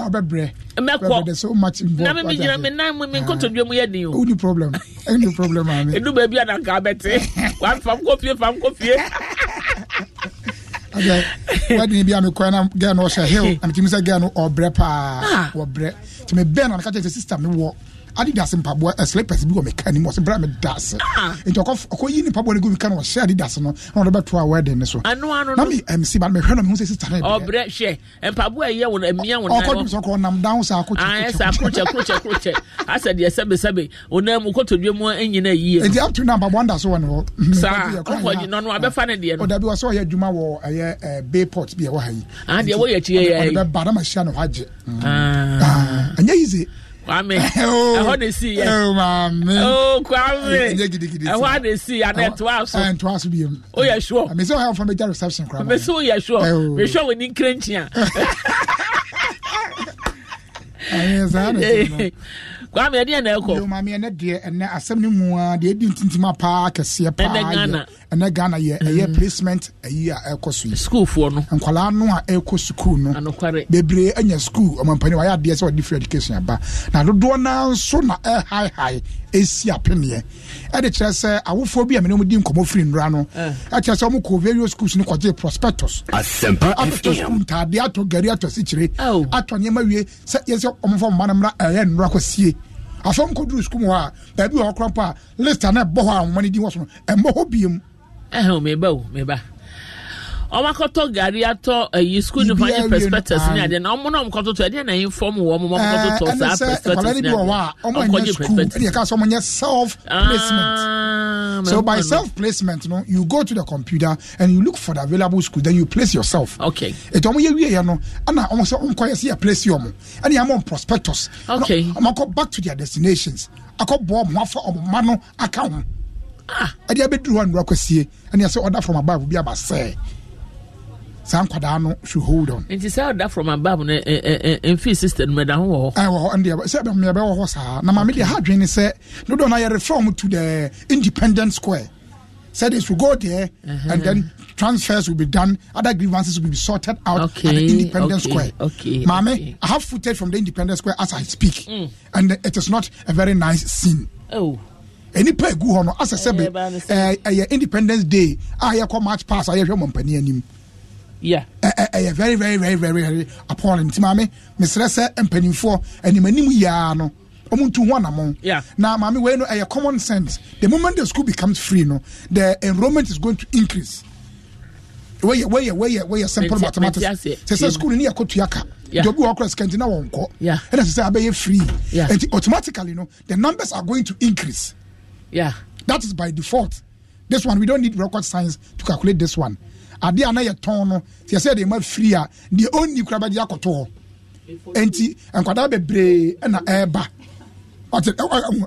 na abɛbrɛ mɛkɔ so much na me megyina me nan ah. mu me nkotodwa mu yɛ den o woni problem ɛnu problem ame ɛdu [LAUGHS] baabi a nanka abɛte [LAUGHS] wamfam kɔfie fam kɔfie ɛdɛ wɛden bi a mekɔɛ na gɛ no ɔhyɛ hill [LAUGHS] na metumi sɛ gɛ no ɔbrɛ paa ah. wɔbrɛ nti mebɛn na meka sɛ sister mewɔ adidas mpaboa ɛ eh, slippers bi wɔ meka nim wɔsɛ bra me daase ah. nti ɔkɔ ɔkɔ yi gu meka no wɔhyɛ adidas no na ɔde bɛto a wedding so na me mc ba mehwɛ no mehu sɛ sister no sɛ ɔkɔ nam down sɛ akɔ ah, sɛ akrokyɛ mpaboa nda so wɔ hmm, ne wɔ sɛ ɔyɛ adwuma wɔ ɛyɛ eh, bayport bi ɛwɔ ha yi ah, na mahyia no hɔ agye hmm. ɛnyɛ easy maame ɛhɔ [LAUGHS] de si yɛ ɛhɔ maame ɛhɔ kwame ɛhɔ a de si ana ɛtoa so ɛntoa so bi yɛm o yɛ sure mɛ sɛ ɔyɛ afɔmɛgya reception kura mɛ sɛ o yɛ sure mɛ sure wɔ [LAUGHS] ni nkirɛnkyin a [LAUGHS] kwame ɛdeɛ na ɛkɔ maame ɛnɛ deɛ ɛnɛ asɛm ne mu a deɛ ɛdi ntintim a paa kɛseɛ paa yɛ ɛnɛ ghana yɛ ɛyɛ mm. placement ayi a ɛkɔ so yi sukuufoɔ no nkwalaa no a ɛkɔ sukuu no bebree anya sukuu ɔmampanin wɔayɛ adeɛ sɛ wɔde free education ba na dodoɔ naa nso na ɛhaehae esi apeneɛ ɛde kyerɛ sɛ awofoɔ bi a mene mu di nkɔmɔ firi nnura no eh. ɛkyerɛ sɛ ɔmo kɔ various schools no kɔgye prospectus asɛmpa fm school ntaade atɔ gari atɔ sikyire atɔ nneɛma wie sɛ yɛ sɛ ɔmofɔ mma no mmra ɛyɛ nnura kɔsie afɔm sukuu mu hɔ a baabi wɔ hɔ koraa mpo a list a na ɛbɔ hɔ a nwoma no di hɔ so no ɛmmɔ hɔ biem ɛhɛn meba o meba wɔn akɔtɔ gari atɔ ɛyi school nipa nye perspectives ni adeɛ na wɔn nam kɔtɔtɔ ɛdeɛ na yin fɔm wɔn wɔn kɔtɔtɔ saa perspectives ni adeɛ ɔkɔ nye perspectives ɛdeɛ kaasa wɔn nye self ah, placement so by self placement no you go to the computer and you look for the available school then you place yourself okay etu wɔn yɛ wie yɛ no ɛna wɔn sɛ wɔn kɔ yɛ si yɛ place yɛ wɔn ɛna yɛ wɔn prospectors okay wɔn akɔ back to their destinations akɔ bɔ wɔn afa wɔn ma no aka Ah, ɛde abɛduru hɔ anura kwasie ɛne ɛsɛ order from above bi aba sɛ saa nkwadaa no should hold on. nti sɛ order from above no mfiri system no mɛda ho wɔ hɔ. ɛwɔ hɔ ndeɛ sɛ ɛbɛn mmeɛ bɛwɔ hɔ saa na maame deɛ ha adwene ne sɛ dodoɔ na yɛ reform to the independent square said it should go there uh-huh. and then transfers will be done other grievances will be sorted out okay, at the independent okay, square okay, Mame, okay. i have footage from the independent square as i speak mm. and it is not a very nice scene oh nipa egu hɔ no asɛ sɛbi ɛɛ ɛyɛ independence day a yɛkɔ march pass a yɛhwɛ mɔmpanin anim ɛyɛ ɛyɛ eh, eh, eh, very very very very very appalling nti maame mesrɛ sɛ mpanimfoɔ anim anim yaa no wɔn ntu ho anamɔ na maame wei no ɛyɛ common sense the moment the school becomes free no the enrollment is going to increase wɔyɛ wɔyɛ wɔyɛ wɔyɛ simple mathematics sɛ sɛ mm. school ni yɛ kɔ tuya ka jɔ bi wɔ kura sikɛnti na wɔn kɔ ɛna sɛ sɛ abɛyɛ free nti automatically no the numbers are going to increase. Yeah. That is by default. This one, we don't need record science to calculate this one. Ade ana yɛ tɔn no, yɛ sɛ de ma free a, deɛ ɔnni kura bɛ de akɔtɔ. Enti nkwadaa bebree ɛna ɛɛba. ɔte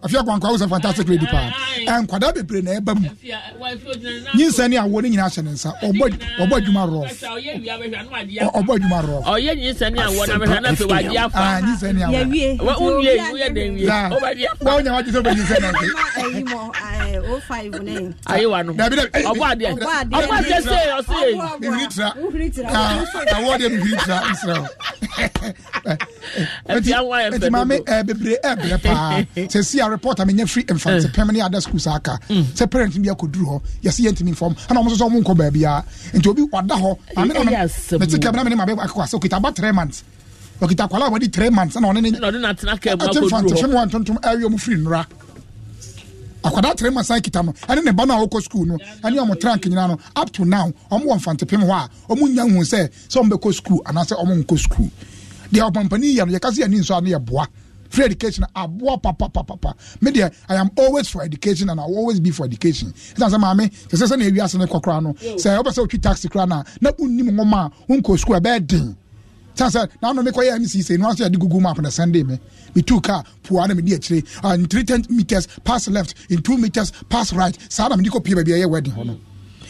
afia kwankwa wo sɛ fantastic lady paa nkwadaa bebree na ɛba mu nyinsɛ ne awoɔ no nyinaa hyɛ ne nsa ɔbɔ adwuma rɔf ɔbɔ adwuma rɔf ɔyɛ nyinsɛ ne awoɔ na bɛhwɛ na afei wagye afa nyinsɛ ne awoɔ wowie woyɛ den wie wobɛdeɛ wa wonya wagye sɛ wobɛnyinsɛ eh, oh ne afe ayewa no dabi dabi eh, ɔbɔ adeɛ ɔbɔ adeɛ se ɔse mihiri tira awoɔ deɛ mihiri tira nsira o ɛti maame eh, bebree ɛbrɛ paa koraa sɛ si a eh, report a menyɛ free infant sɛ pɛm ne ada schools aka sɛ parent bi akɔduru hɔ yɛse yɛntimi inform ana ɔmo nso sɛ ɔmo nkɔ baabiaa nti obi wada hɔ mete kɛm na mene ma bɛkɔ asɛ okita ba three months okita akwala a wɔde three months na ɔne ne ɛte mfante fem wa ntontom ɛwɛ mu firi nnora akwadaa tẹrẹ masa kita no ɛne ne ba no a ɔkɔ sukuu no ɛne ɔmo trank nyinaa no up to now ɔmo wɔ mfantepem hɔ a ɔmo nya hu sɛ sɛ ɔmo bɛkɔ sukuu anaasɛ ɔmo nkɔ sukuu deɛ ɔpampani yɛ no yɛka sɛ yɛ ni nsɔ ano yɛ boa free education aboa pa me deɛ i am always for education and i will always be for education ɛsan sɛ maame sɛ sɛ sɛ na ewiase ne kɔ koraa no sɛ ɔbɛ sɛ otwi taxi koraa na na unnim nwoma a nkɔ sukuu ɛbɛyɛ den san sɛ n'ano mi kɔ yɛ mc sɛ nua sɛ yɛde google map na sunday mi mi tu car pua na mi di akyire uh, in three ten meters pass left in two meters pass right saa na mi di kɔ pie baabi ɛyɛ wedding hɔ no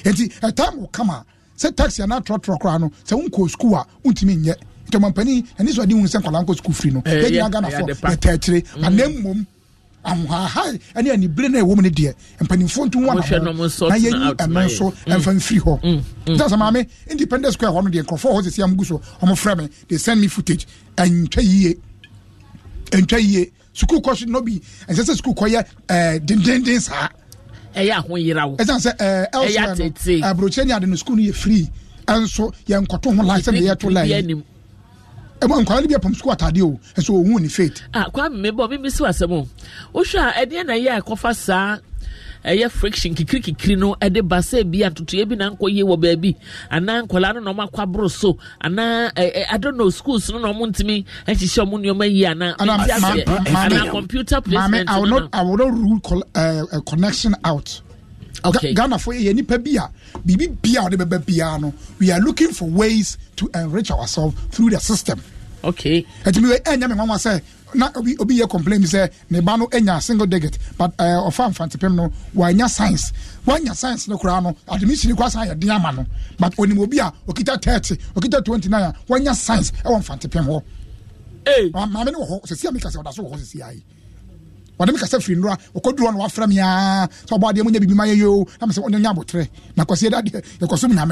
nti ɛtam wɔ kama sɛ taxi anaa trɔtrɔ koraa no sɛ nkɔ sukuu a ah, ntumi nyɛ tɔmɔmpanin ɛni sɔ di hun sɛ nkɔla sukuu firi no eh, yɛ gyina ghana fɔ yɛ tɛ akyire ana mmom ahohaha ɛne anibere no ɛwɔ mu no deɛ mpanimfoɔ nto ho na yɛyi ɛno nso ɛmfa mfiri hɔ nsa mm, mm. sɛ maame independent square hɔ no deɛ nkurɔfoɔ hɔ sɛsia mgu so ɔmofrɛ me they send me footage ɛntwa yie ɛntwa yie sukuu kɔ so no bi ɛnsɛ sɛ sukuu kɔ yɛ eh, dendenden saa ɛyɛ ahoyeraw ɛsiane sɛ eh, ɛlsɛ no aburokyerɛ ne ade no sukuu no yɛ free ɛnso yɛnkɔto ho line sɛdeɛ yɛto line ɛmɔ nkwadaa no bi apam sukuu ataadeɛ o ɛsɛ e ohun ni faith. a ah, kwame mbɔ mi mi si wasɛm o wohwɛ a ɛdeɛ na yɛ a ɛkɔfa saa ɛyɛ friction kikirikikiri no ɛde ba sɛ bi atotoyɛ bi na nkɔ yie wɔ baabi anaa nkɔla no na ɔmo akɔ aboro so anaa ɛɛ adono schools na ɔmo ntumi ɛhyehyɛ ɔmo nneɛma yie anaa ɛnti computer placement na. maame i will not i will not rule eh, eh, connection out. okay. Ghana for ye nipa bia bibi bia ɔde bɛbɛ bia no we are looking for ways to enrich ourselves through the system. Okay. ɛtumi wɛ ɛnyɛ mi nwanwa sɛ na obi obi yɛ complain mi sɛ ne ba single digit but ɛɛ eh, ɔfa nfantipem Why wanya science Why wanya science no koraa no admission kɔ asan yɛ den but when obi a okita thirty okita twenty nine Why wanya science ɛwɔ nfantipem hɔ. ee maame ni wɔ hɔ sisi a mi kasi ɔda so wɔ hɔ sisi ayi ɔde me kasa firi nnora ɔkɔduru ɔno wafrɛ me aa sɛ ɔbɔ adeɛ ma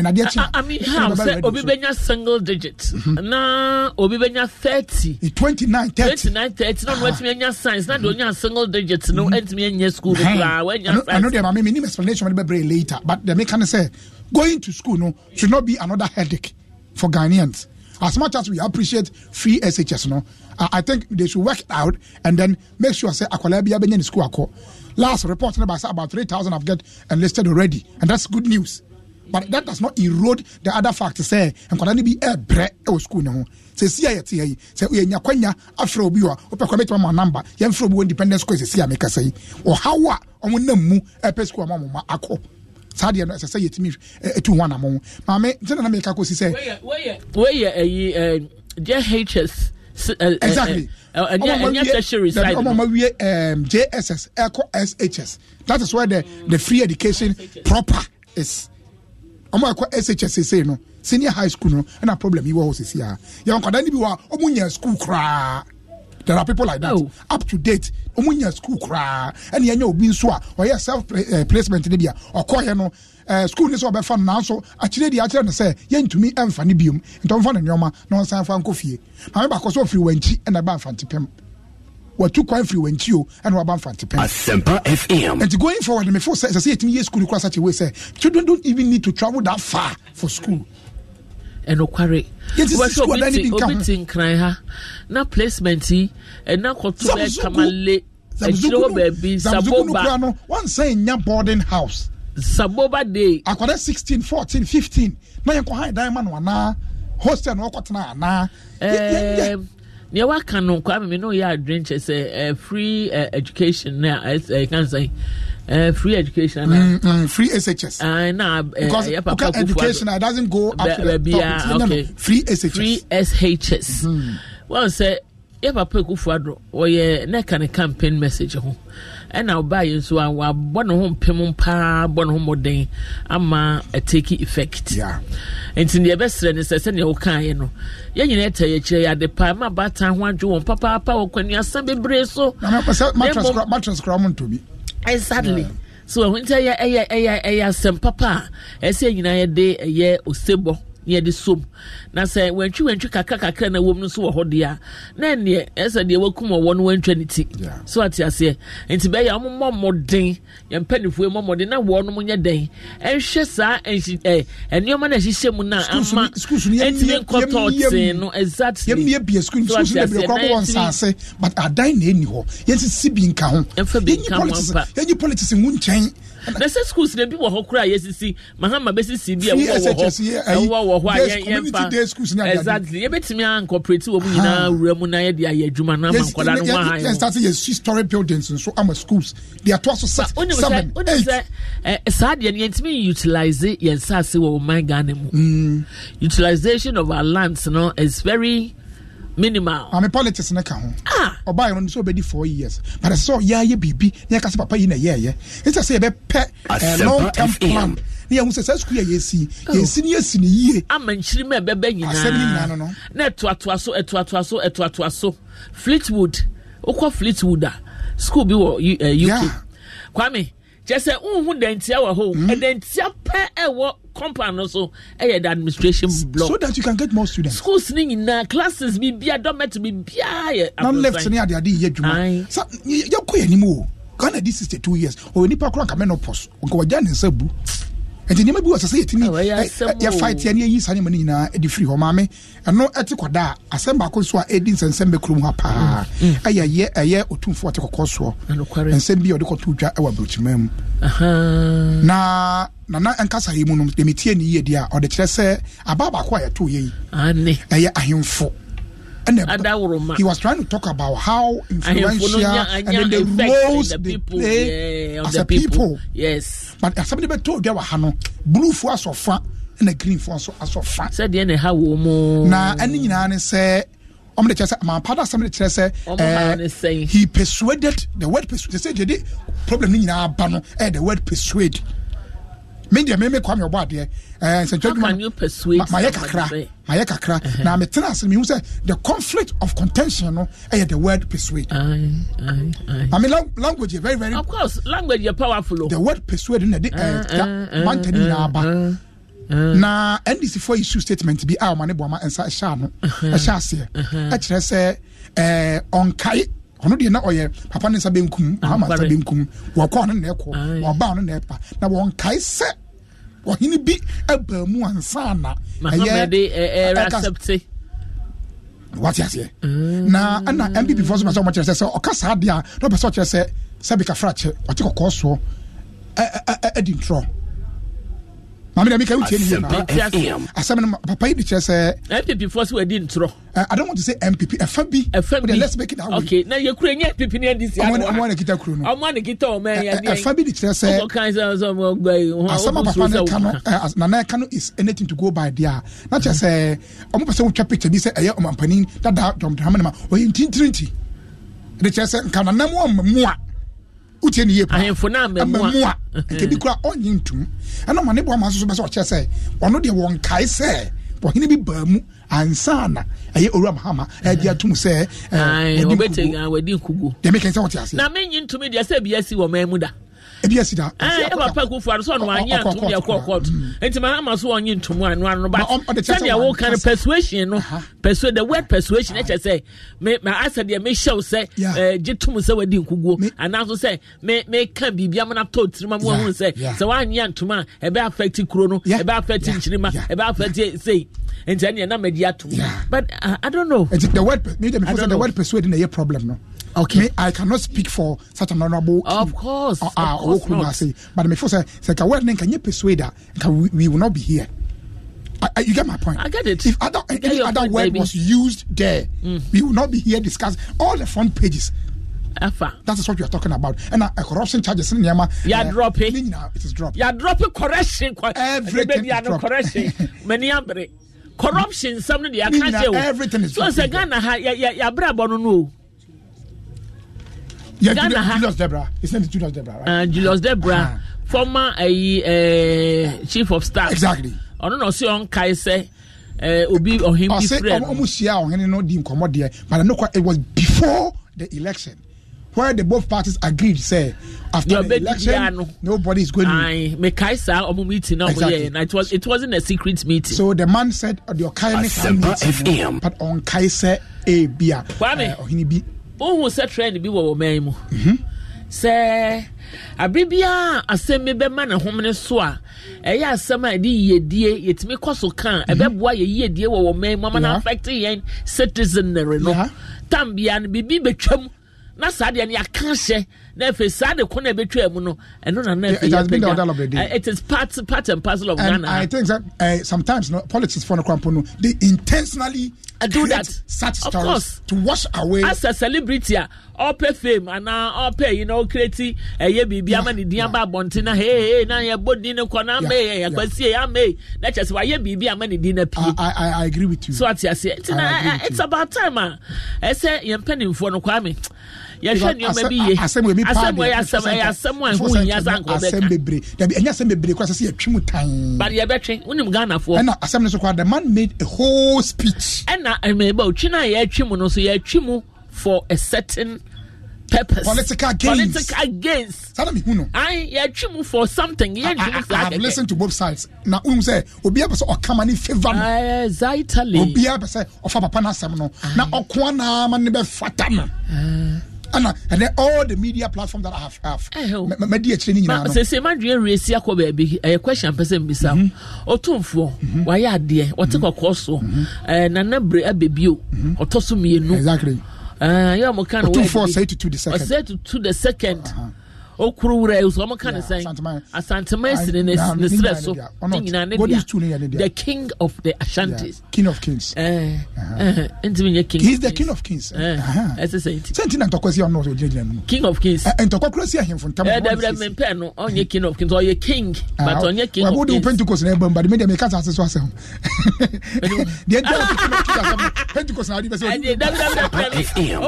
na na sɛ obi bɛnya single digit mhm. na obi bɛnya 30 29 30 science ah. na deɛ ɔnya single digit no antumi mhm. anyɛ school no koraa wanya ɛno deɛ mame menim explanation mede bɛbrɛ later but deɛ meka ne sɛ going to school no should not be another headache for ghanaians as much as we appreciate free SHS, no, I, I think they should work out and then make sure say Akwalabia be in school. Ako. Last report by about three thousand have get enlisted already, and that's good news. But that does not erode the other factors. Say and Kwadani be a bre or school no. Say see ya tia say we nya kwanya afro biwa open commit my number. Yen fro independence school say see ya make say or how wa on mu epe school mama ako saa deɛ no ɛsɛ sɛ yɛtumi ɛtu ho anamɔ maame sɛna na meka kɔsi sɛ wɔyɛ ayi jhs exactly ọmọ ọmọ wiye jss ẹkọ shs that is where the the free education proper is ọmọ ẹkọ shs ṣe no senior high school no ẹna problem yi wọ hɔ sisi a yẹn nkwadaa níbi wọ a ọmọ nyɛ school koraa there are people like that oh. up to date ɔmu nya school koraa ɛna yɛnyɛ obi nso a ɔyɛ self eh, placement ne bi a ɔkɔyɛ no ɛɛ eh, school ne sɛ ɔbɛfa no nanso akyerɛ deɛ akyerɛ no sɛ yɛntumi ɛnfa ne biom ntɔnfa ne nneɛma na ɔnsan fa nkɔ fie maame baako so ɔfiri wɔn akyi ɛna ɛba afantepɛm watu kwan firi wɔn akyi o ɛna waba mfantepɛm. asempa fm. and going forward mefo sɛ sɛ sɛ yɛtumi yɛ school kura such a way sɛ children don't even need to travel that far for school ɛnokware wobɛhwɛ obi te nkran ha na placement yi ɛna kɔto bɛɛkama le akyirɛ wɔ baabi saboba wansan nya boarding house saboba day akwadaa sixteen, fourteen, fifteen, na yɛnkɔ han dan ma no anaa hostel na wɔkɔtena anaa nea waka no kwame me ne ɔyɛ adwenkyɛ sɛ free education na ɛka uh, nsan Uh, free education. Mm, ah. mm, free SHS. Uh, ah, eh, nah, uh, because yeah, okay, education uh, doesn't go up be, to the be, top. Uh, okay. no, no, free SHS. Free SHS. Mm-hmm. Well, sir, yɛ papa ekufu adro ɔyɛ nɛka ne campaign message ho ɛna ɔbaa yi nso a wabɔ ne ho mpem paa bɔ ne ho mmɔden ama take effect yeah. nti deɛ ɛbɛsrɛ ne sɛ sɛdeɛ wokaeɛ no yɛn nyinaa ɛtɛ yɛ kyerɛ yɛ ade paa ma baata ho adwo wɔn papaapa wɔ kwanuasa bebree so. na matras kora mo ntɔ bi exactly eh, So when you say, nti ɛyɛ ɛyɛ ɛyɛ ɛyɛ asɛm papa I a ɛsɛ nyinaa yɛde ɛyɛ osebɔ na yɛde som na sɛ wantwi wantwi kakra kakra na wɔm no nso wɔ hɔ deɛ na ɛneɛ ɛsɛ deɛ wakum ɔwɔ no wantwa ne ti so ate aseɛ nti bɛyɛ ɔmo mmɔ mmɔden yɛn mpanyinfoɔ mmɔden na wɔn no nyɛ den ɛnhwɛ saa ɛnhyi ɛ ɛnneɛma na ɛhyehyɛ mu na ama ɛntumi nkɔtɔ ten no exactly yɛmmiɛ bie sukuu sukuu sukuu bebree kɔ wɔn nsaase but adan na ɛni hɔ yɛn ti si bi nka ho yɛnyi politics yɛnyi politics bɛsɛ schools na bi wɔ hɔ kora a yɛsisi mahama bɛsisi bi a wowɔ wɔ hɔ ɛwowɔ wɔ hɔ a yɛmfa exactly yɛbɛtumi ankɔprɛti wɔ mu nyinaa ah. wura mu na yɛde ayɛ adwuma no ama nkɔda no wahan yɛnstate yɛsi story buildings nso ama schools de atoa so seven eight eh, saa deɛ no yɛntumi utilise yɛnsase wɔ ɔman ghana mu mm. utilization of our lands no is very minimal. maame politics ne ka ho. Ah. ɔbaa yɛn no nso bɛ di four years but ɛsɛ sɛ ɔyɛ ayɛ biribi ne yɛ papa yi na yɛ yɛ n sɛ eh, sɛ yɛ bɛ pɛ long term plan ne yɛn ho sɛ sɛ sukuu yɛ yɛ si oh. yɛ si ne yɛ si ne yie. ama nkyiri mɛ bɛbɛ nyinaa asɛm ne nyinaa no no. na ɛtoatoa so ɛtoatoa so ɛtoatoa so fleetwood okɔ fleetwood a school bi wɔ uk. Eh, yeah. kwame kyɛ sɛ dantia wɔ hɔ ɛdantia pɛ ɛwɔ compound no so ɛyɛ the administration block. so that you can get more students. schools ni nyinaa classes bi bia dormitory bi bia yɛ. nan left ni ade ade yɛ adwuma sa yɛ kɔ yɛ nimu o ghana di sixty two years o nipa kura nka menopause nka wagya ne nsa bu nti nneɛma bi wɔ sɛ sɛ yɛtumi yɛfa teɛ ne yɛyi saa nneɛma no nyinaa ɛde firi hɔ maame ɛno ɛte kɔda a asɛm baako so a ɛdi nsɛnsɛm bɛkurom ha paa mm, mm. ɛyɛ ɛyɛ ɔtumfoɔ ɔte kɔkɔɔ soɔ nsɛm bi a ɔde kɔto dwa ɛwɔ aburokyima mu na nana nkasa yi mu no demetie ne yie deɛ a ɔde kyerɛ sɛ abaa baako a yɛtoo yɛ yi ɛyɛ ahemfo and he was trying to talk about how influential and then the the people, they yeah, as the a people. people. Yes. But as somebody told you, blue for us or and the green for us or fun. Said the how woman. Now, and you know, say. I'm kyerɛ sɛ he persuaded the word persuade they say de did problem in our ba no eh, the word persuade. me deɛ meme kwa me ɔbɔ adeɛ nsɛntwɛdwumayɛ kakra mayɛ kakra uh-huh. na metena ase mehu sɛ the conflict of contention no ɛyɛ eh, the word persuade mame language very very of course language yɛ powerful oh. the word persuade eh, uh-huh, uh-huh, na de mantani nyinaa ba na ndc fo issue statement bi a ɔma boama nsa ɛhyɛ ano ɛhyɛ aseɛ ɛkyerɛ sɛ ɔnkae ɔno deɛ na ɔyɛ papa ne nsa benkum mahama nsa benkum wɔkɔ ɔno na ɛkɔ wɔba ɔno na ɛpa na wɔnkae sɛ ɔhene bi aba mu ansa eh, eh, eh, mm. na ɛyɛ wate aseɛ na ɛna mpp fo so pɛ sɛ ɔmɔkyerɛ sɛ sɛ ɔka saa deɛ a na ɔpɛ sɛ ɔkyerɛ sɛ sɛbikafrakyɛ ɔte kɔkɔɔ soɔ adi ntorɔ maame dɛ mika wotie ne yie asɛm no papa yi de kyerɛ sɛ mpp foɔ sɛ wadi ntorɔ i don't want to say mpp ɛfa bi ɛfa bi let's make it that way okay na yɛ kura nyɛ mpp ne ndc ano ɔmo ana kita kuro no ɔmo ana kita ɔmo ɛyɛ ɛyɛ ɛfa bi de kyerɛ sɛ ɔmo kan sɛ ɔsɛ ɔmo ɔgba yi asɛm papa ne ka no ɛ nana ɛka is anything to go by there na kyerɛ sɛ ɔmo pɛ sɛ wotwa picture bi sɛ ɛyɛ ɔmo mpanin dada dɔm dɔm ne ma ɔyɛ ntintirinti de kyerɛ sɛ nkananam wɔ mmoa wotie ne yie paamamua [LAUGHS] nkebi kora ɔnye ntum ɛna ma ne boa ma nso so bɛ sɛ ɔkyerɛ sɛ ɔno deɛ wɔnkae sɛ ɔhene bi baa mu ansa na ɛyɛ owura mahama ɛde atum sɛ ɛɛ nkugu deɛ mekɛ sɛ wɔte aseɛ na menye ntumi deɛ sɛ bia si wɔ man mu da ebi esi da. ẹ papa kò fún adosọ ọ̀nà wà á yẹ ntum yẹ kọ kọọtù nti so ọ̀nyẹ ntum ànú ànú ba sani ẹwọ kan persuasion no persuade the word persuasion ẹ kyẹ sẹ mẹ mẹ deɛ mẹ hyɛw sɛ ẹ gye tum sɛ wadi nkuguo anaso sɛ mẹ mẹ ka biribi amana tɔ tirima mu ɔhun sɛ sɛ wà á yẹ a ɛbɛ afɛti kuro no ɛbɛ afɛti nkyirima ɛbɛ afɛti seyi nti ɛni ɛnam ɛdi ato but uh, i don't know. the word mi na ye problem no okay i cannot speak for such an honorable king of course or, uh, ah, of ah, course not. but me say say can you persuade her we will not be here I, I, you get my point. I get it. If other, I any other point, word baby. was used there, mm. we will not be here discussing all the front pages. That is what you are talking about. And uh, a corruption charges in Yama. You are uh, dropping. It is dropped. You are dropping correction. [LAUGHS] Everything is dropped. Correction. Many corruption. Something they are Everything is dropped. So, Ghana, you are yeah, Ghana ha Julius Debra his name is Julius Debra right uh, Julius ah, Debra uh-huh. former uh, uh, chief of staff exactly ọ̀nà náà sí ọ̀nkae sẹ́ obi ọ̀hìn bí fúrẹ́ mi. ọ̀sẹ̀ ọmọ ṣìyà ọ̀hìn náà di nkọ̀mọ́ díẹ̀ but I know it was before the election where the both parties agreed say after Your the election no. nobody is going to. mekae saa ọmọ meeting náà mo yẹ na it was it wasn't a secret meeting. so the man said ọ̀dẹ̀ ọ̀kae ní sáà meeting but ọ̀nkae sẹ́ ẹ̀ bíà ọ̀hìn bí wohu sɛ trend bi wɔ wɔ man mu mhm. sɛ abere biara asɛm bi bɛma ne homene so a ɛyɛ asɛm a yɛde yiedie yɛtumi kɔ so kan mhm. ɛbɛboa yɛ yiedie wɔ wɔ man mu ama no affect yɛn citizenary no tam biara no biribi bɛtwam na saa deɛ no yɛaka hyɛ na afei saa de kɔn a ɛbɛtwa mu no ɛno na na afei yɛbɛgya eh, it is part part and parcel of and Ghana. I think that uh, sometimes you know, politics for Nkrampo no they intentionally. I do that such of stories course. to wash away as a celebrity ah, all pay fame anaa ɔpɛ yi na ɔkreti ɛyɛ biribi ama ne din aba abɔnten na hey hey na yɛ bɔ din ne na me yɛ yɛkɔsi yɛ ama yi na kyerɛ sɛ wayɛ biribi ama ne din na I I I agree with you. so ati ase ntina it's eh, about time man. Ah. a ɛsɛ yɛn mpanyinfoɔ no kwame yɛhwɛ nneɛma bi yie asɛm wɔ mi paa a ɛho eh, the man made a whole speech ɛna ɛmɛɛba otwi no a yɛatwi mu no so yɛatwi mu for a certain purpose. Political gains. Political gains. Sada mi hunu. Ayi yɛtwi mu for something I have listened to both sides na n sɛ obiara bɛ sɛ ɔkama ni favour no. Exactly. Obiara bɛ sɛ na ɔko anaama ne and and then all the media platforms that I have have. Eh, oh. Me di akyire ni nyinaa. Sese ma dua resi akɔ baabi ɛyɛ question pɛ sɛ n bisa mu ɔtumfoɔ wayɛ adeɛ ɔte kɔkɔɔ soɔ ɛɛ nana bere abɛbio ɔtɔ so Exactly. Ɛɛ eh, yɛ ɔmo kan no wɔyɛ bi ɔtumfoɔ say to two the second. Ɔsɛ to two the second. Uh-huh. okuru wura ewu sɛ ɔmo ka sɛn asantema esiri ne srɛ so ne ne dia the king of the ashantis king of kings eh, uh-huh. eh, ntumi nye king he is the king of kings eh, uh-huh. ɛsɛ sɛ nti sɛ na ntɔkwa si ɔno ɔsɛ ogyinagyina mu king of kings ntɔkwa kura si ahemfo ntam ɛɛ dabi dabi mpɛ no ɔnyɛ king of kings ɔyɛ king ah, but ɔnyɛ king of kings wabodi pentikos na ɛbɛn ba mi deɛ mi kasa ase so asɛm [LAUGHS] deɛ nti ɔyɛ pentikos na bɛ oh, sɛ ɔdi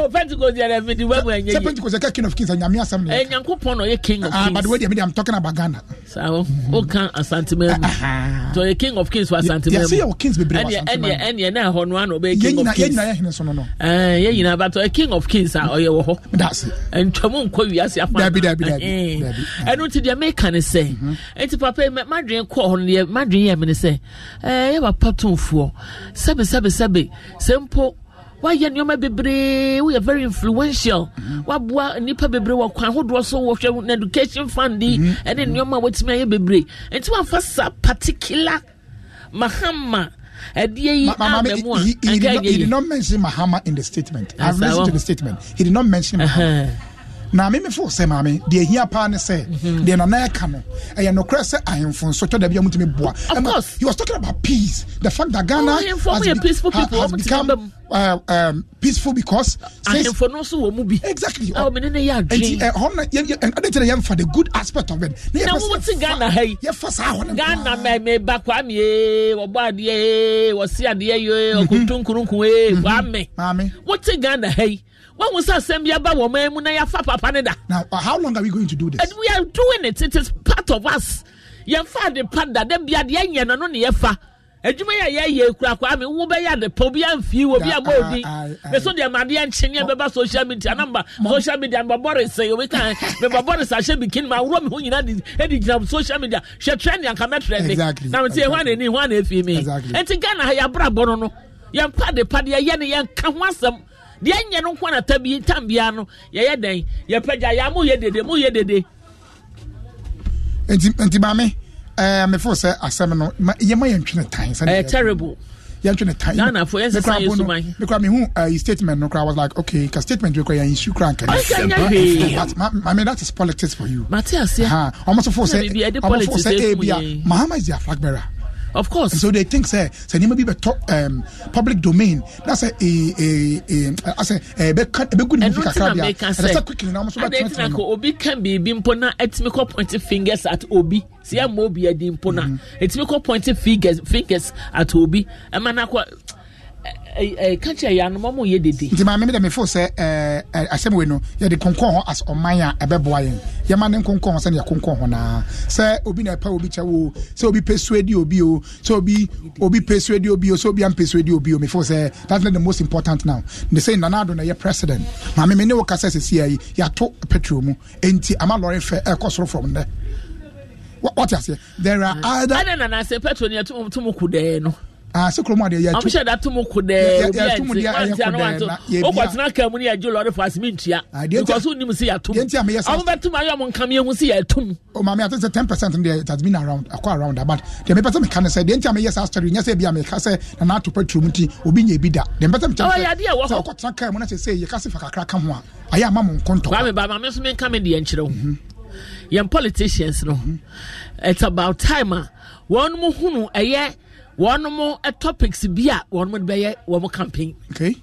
pentikos yɛrɛ fi di wɛbu ɛnyɛ yi sɛ pentikos yɛ kɛ king of kings ɛnyame asɛm ne yɛ na ɔyɛ king of ah, kings. Uh, but wait a I'm talking about Ghana. Sao, o oh, kan oh, asantemɛ. To ah, ah. ɔyɛ king of kings for asantemɛ. Yasi yɛ o kings bebree wɔ asantemɛ. Ɛniɛ ɛniɛ ɛniɛ ɛhɔ no ano ɔbɛyɛ eh, king of kings. Yɛ nyina yɛ hinɛ Ɛɛ yɛ nyina but ɔyɛ king of kings a ɔyɛ wɔ hɔ. Daasi. Ntwamu nkɔ wiase afa. Dabi dabi dabi. Ɛnu ti deɛ meka ne sɛ. Mhm. Eti papa yi madwin kɔ hɔ no yɛ madwin yɛ mi ne sɛ. Ɛɛ yɛ papa tumfoɔ sɛbi sɛbi Why woayɛ nneɔma We are very influential woaboa nnipa bebree wɔ kwan hodoɔ so wɔhwɛ no education fund yi mm-hmm. ɛne nneɔma a watumi ayɛ bebree ɛnti woamfa sa particular mahama ɛdeɛ yi amamu a he, he, he, did not, he did not mention mahama in the statement yes, i've listened to the statement he did not mention mahama uh-huh. na meme fo sɛ maame deɛ ɛhia paa ne sɛ mhm. deɛ nana ɛka no ɛyɛ nokorɛ sɛ ahemfo nso tɔ da bia mutumi boa ɛma he was talking about peace the fact that ghana oh, has, be, peaceful ha, has become uh, um, peaceful because ahemfo no so wɔ mu bi exactly nti ɛhɔ no ɛde kyerɛ for the good aspect of it Now, we na wowote ghana ha yi yɛfa saa hɔ no ghana meba kwame ee wɔbɔ adeɛ ee wɔse adeɛ yo mhm. ɔkontonkurunku ee mhm. kwame wote ghana ha yi When was asem yaba wo man mu na ya fa papa ne da. Now uh, how long are we going to do this? And we are doing it. It is part of us. Yɛn fa de pa da de bia de yɛn no no ne yɛ fa. Adwuma yɛ yɛ yɛ kura kwa mi wo bɛ yɛ de pa obi anfi wo bi abɔ odi. Mɛ so deɛ maade ɛnkyɛn ne bɛba social media namba social media mɛ bɔ rese omi kan mɛ bɔ bɔ rese ahyɛ bikini ma awuro mi ho nyinaa di ɛdi gyina social media hwɛ trend yanka mɛ trend. Na mɛ ti yɛ hwan na eni hwan na efi mi. Ɛti Ghana yɛ abira bɔ no no yɛn pa de pa de yɛ ne yɛn ka ho asɛm deɛ nyɛ no nko anata bi tam bia no yɛyɛ dɛn yɛpɛgya yɛ mo yɛ dede mo yɛ dede. nti nti maame ɛɛ eh, mefo sɛ asɛm no yɛma eh, eh, yɛn twene tan. ɛɛ terrible. yɛ sisan yɛ suman Of course. And so they think say say nima bi beto um public domain. That's a a a a be ka e be good nifika kakra bia. And that's quick na mo so ba twenty no. Obi can be bimpona. It's na etimi kɔ fingers at obi. Si ya mo bi edi mpo It's mm-hmm. Etimi kɔ point fingers fingers at obi. E ma na kɔ kankyere yɛ anoma yɛ dede. nti maame mi dɛ mi fo sɛ ɛɛ asɛm wei no yɛde konkɔn hɔ as ɔman a ɛbɛboa yɛn yɛma ne nkonkɔn sɛ yɛ konkɔn hɔ naa sɛ obi na ɛpɛ obi kyɛ wo sɛ obi pɛ suedi obi o sɛ obi obi pɛ suedi obi o sɛ obi an pɛ suedi obi o mi fo sɛ that's not the most important now ne sɛ nana ado na yɛ president maame mi ne wo kasa sisi yɛ yi yɛato petrol mu enti ama lɔri fɛ ɛkɔ soro from there wɔte aseɛ there are other. ɛna nana sɛ petrol ni ase kurom adeɛ yɛ tu ɔmuhyɛ da tum ko dɛɛ obi a nti wanti ano wanti o kɔ tena kan mu ni yɛ gye lɔri fa asimi ntua because onim si yɛ tum ɔmu bɛ tum ayɔ mu nkam yɛ hu si yɛ tum. o maame ati sɛ ten percent deɛ it has been around akɔ uh, around about deɛ mepɛ sɛ meka ne sɛ deɛ nti a meyɛ saa story nyɛ sɛ ebi a meka sɛ nana ato pɛturo mu ti obi nya ebi da deɛ mepɛ sɛ meka ne sɛ sɛ ɔkɔ tena kan mu na sɛ sɛ yɛ kasi fa kakra ka ho a ayɛ ama mo nkontɔ. maame ba maame nso mi nka mi deɛ nkyerɛw yɛn politicians no mm-hmm. it's about time uh, wɔn mo topics bi a wɔn mo bɛyɛ wɔn mo campaign. Okay.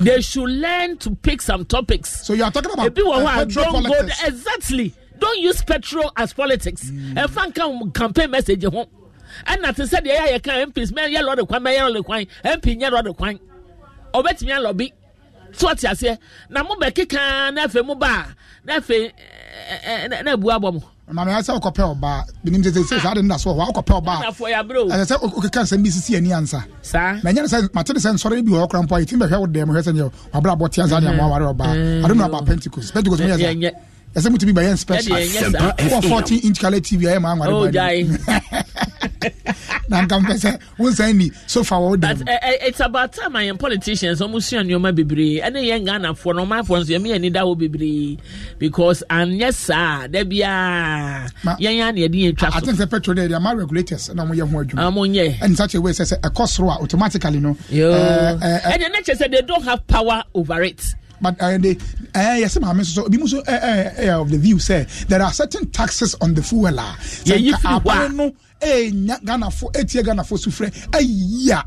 They should learn to pick some topics. So you are talking about ebi wɔ hɔ a don't go there exactly don't use petrol as politics. ɛfan mm. kan campaign message ho ɛna te sɛ yeah yeah ayɛ kan MPs mɛ yɛ lɔri kwan mɛ yɛ lɔri kwan MP nyɛ lɔri kwan ɔbɛtumi alɔ bi tí wọ́n ti aseɛ na mo bɛ kika n'afɛ mo ba n'afɛ ɛɛ eh, eh, eh, n'abu bua mo maame ayɛ sɛ wokɔpɛ ɔbaa menim sɛ sɛ saa de no so wɔ hɔ wokɔpɛ ɛsɛ sɛ wokeka nsɛm bi sisi ani ansa manyɛ ne sɛ mate ne sɛ nsɔre bi wɔ hɔ kora mpo a yɛtumi bɛhwɛ wo dɛm hwɛ sɛ nyɛ wabrɛ abɔtea saa ne amoaware ɔbaa ade no aba pentecost pentecost mɛyɛ saa ɛsɛ mutumi bɛ yɛn special wɔ fourteen inch colour tv ayɛ maa ŋmari bɔ na nka mpɛ sɛ wonsan ni sofa wɔ dan. it's about time I am politicians ɔmo sua nneɛma bebree ɛne yɛn ghanafoɔ na ɔmo afɔ nso yɛmi yɛn ni da hɔ bebree because anyɛ saa dɛbi a yɛn yɛn ani yɛde yɛn twa so. ati sɛ petrol deɛ ama regulators na ɔmo yɛ ho adwuma. ɔmo nyɛ. ɛni sɛ kyerɛ wei sɛ sɛ ɛkɔ soro a automatically no. yoo ɛdi ɛnɛ kyerɛ sɛ they don't have power over it. but uh, they, uh, eh, yes, my so so, uh, of the view say there are certain taxes on the fuel. Ah. Yeah, you feel ɛnya ghanafo ɛtie ghanafo so frɛ ayia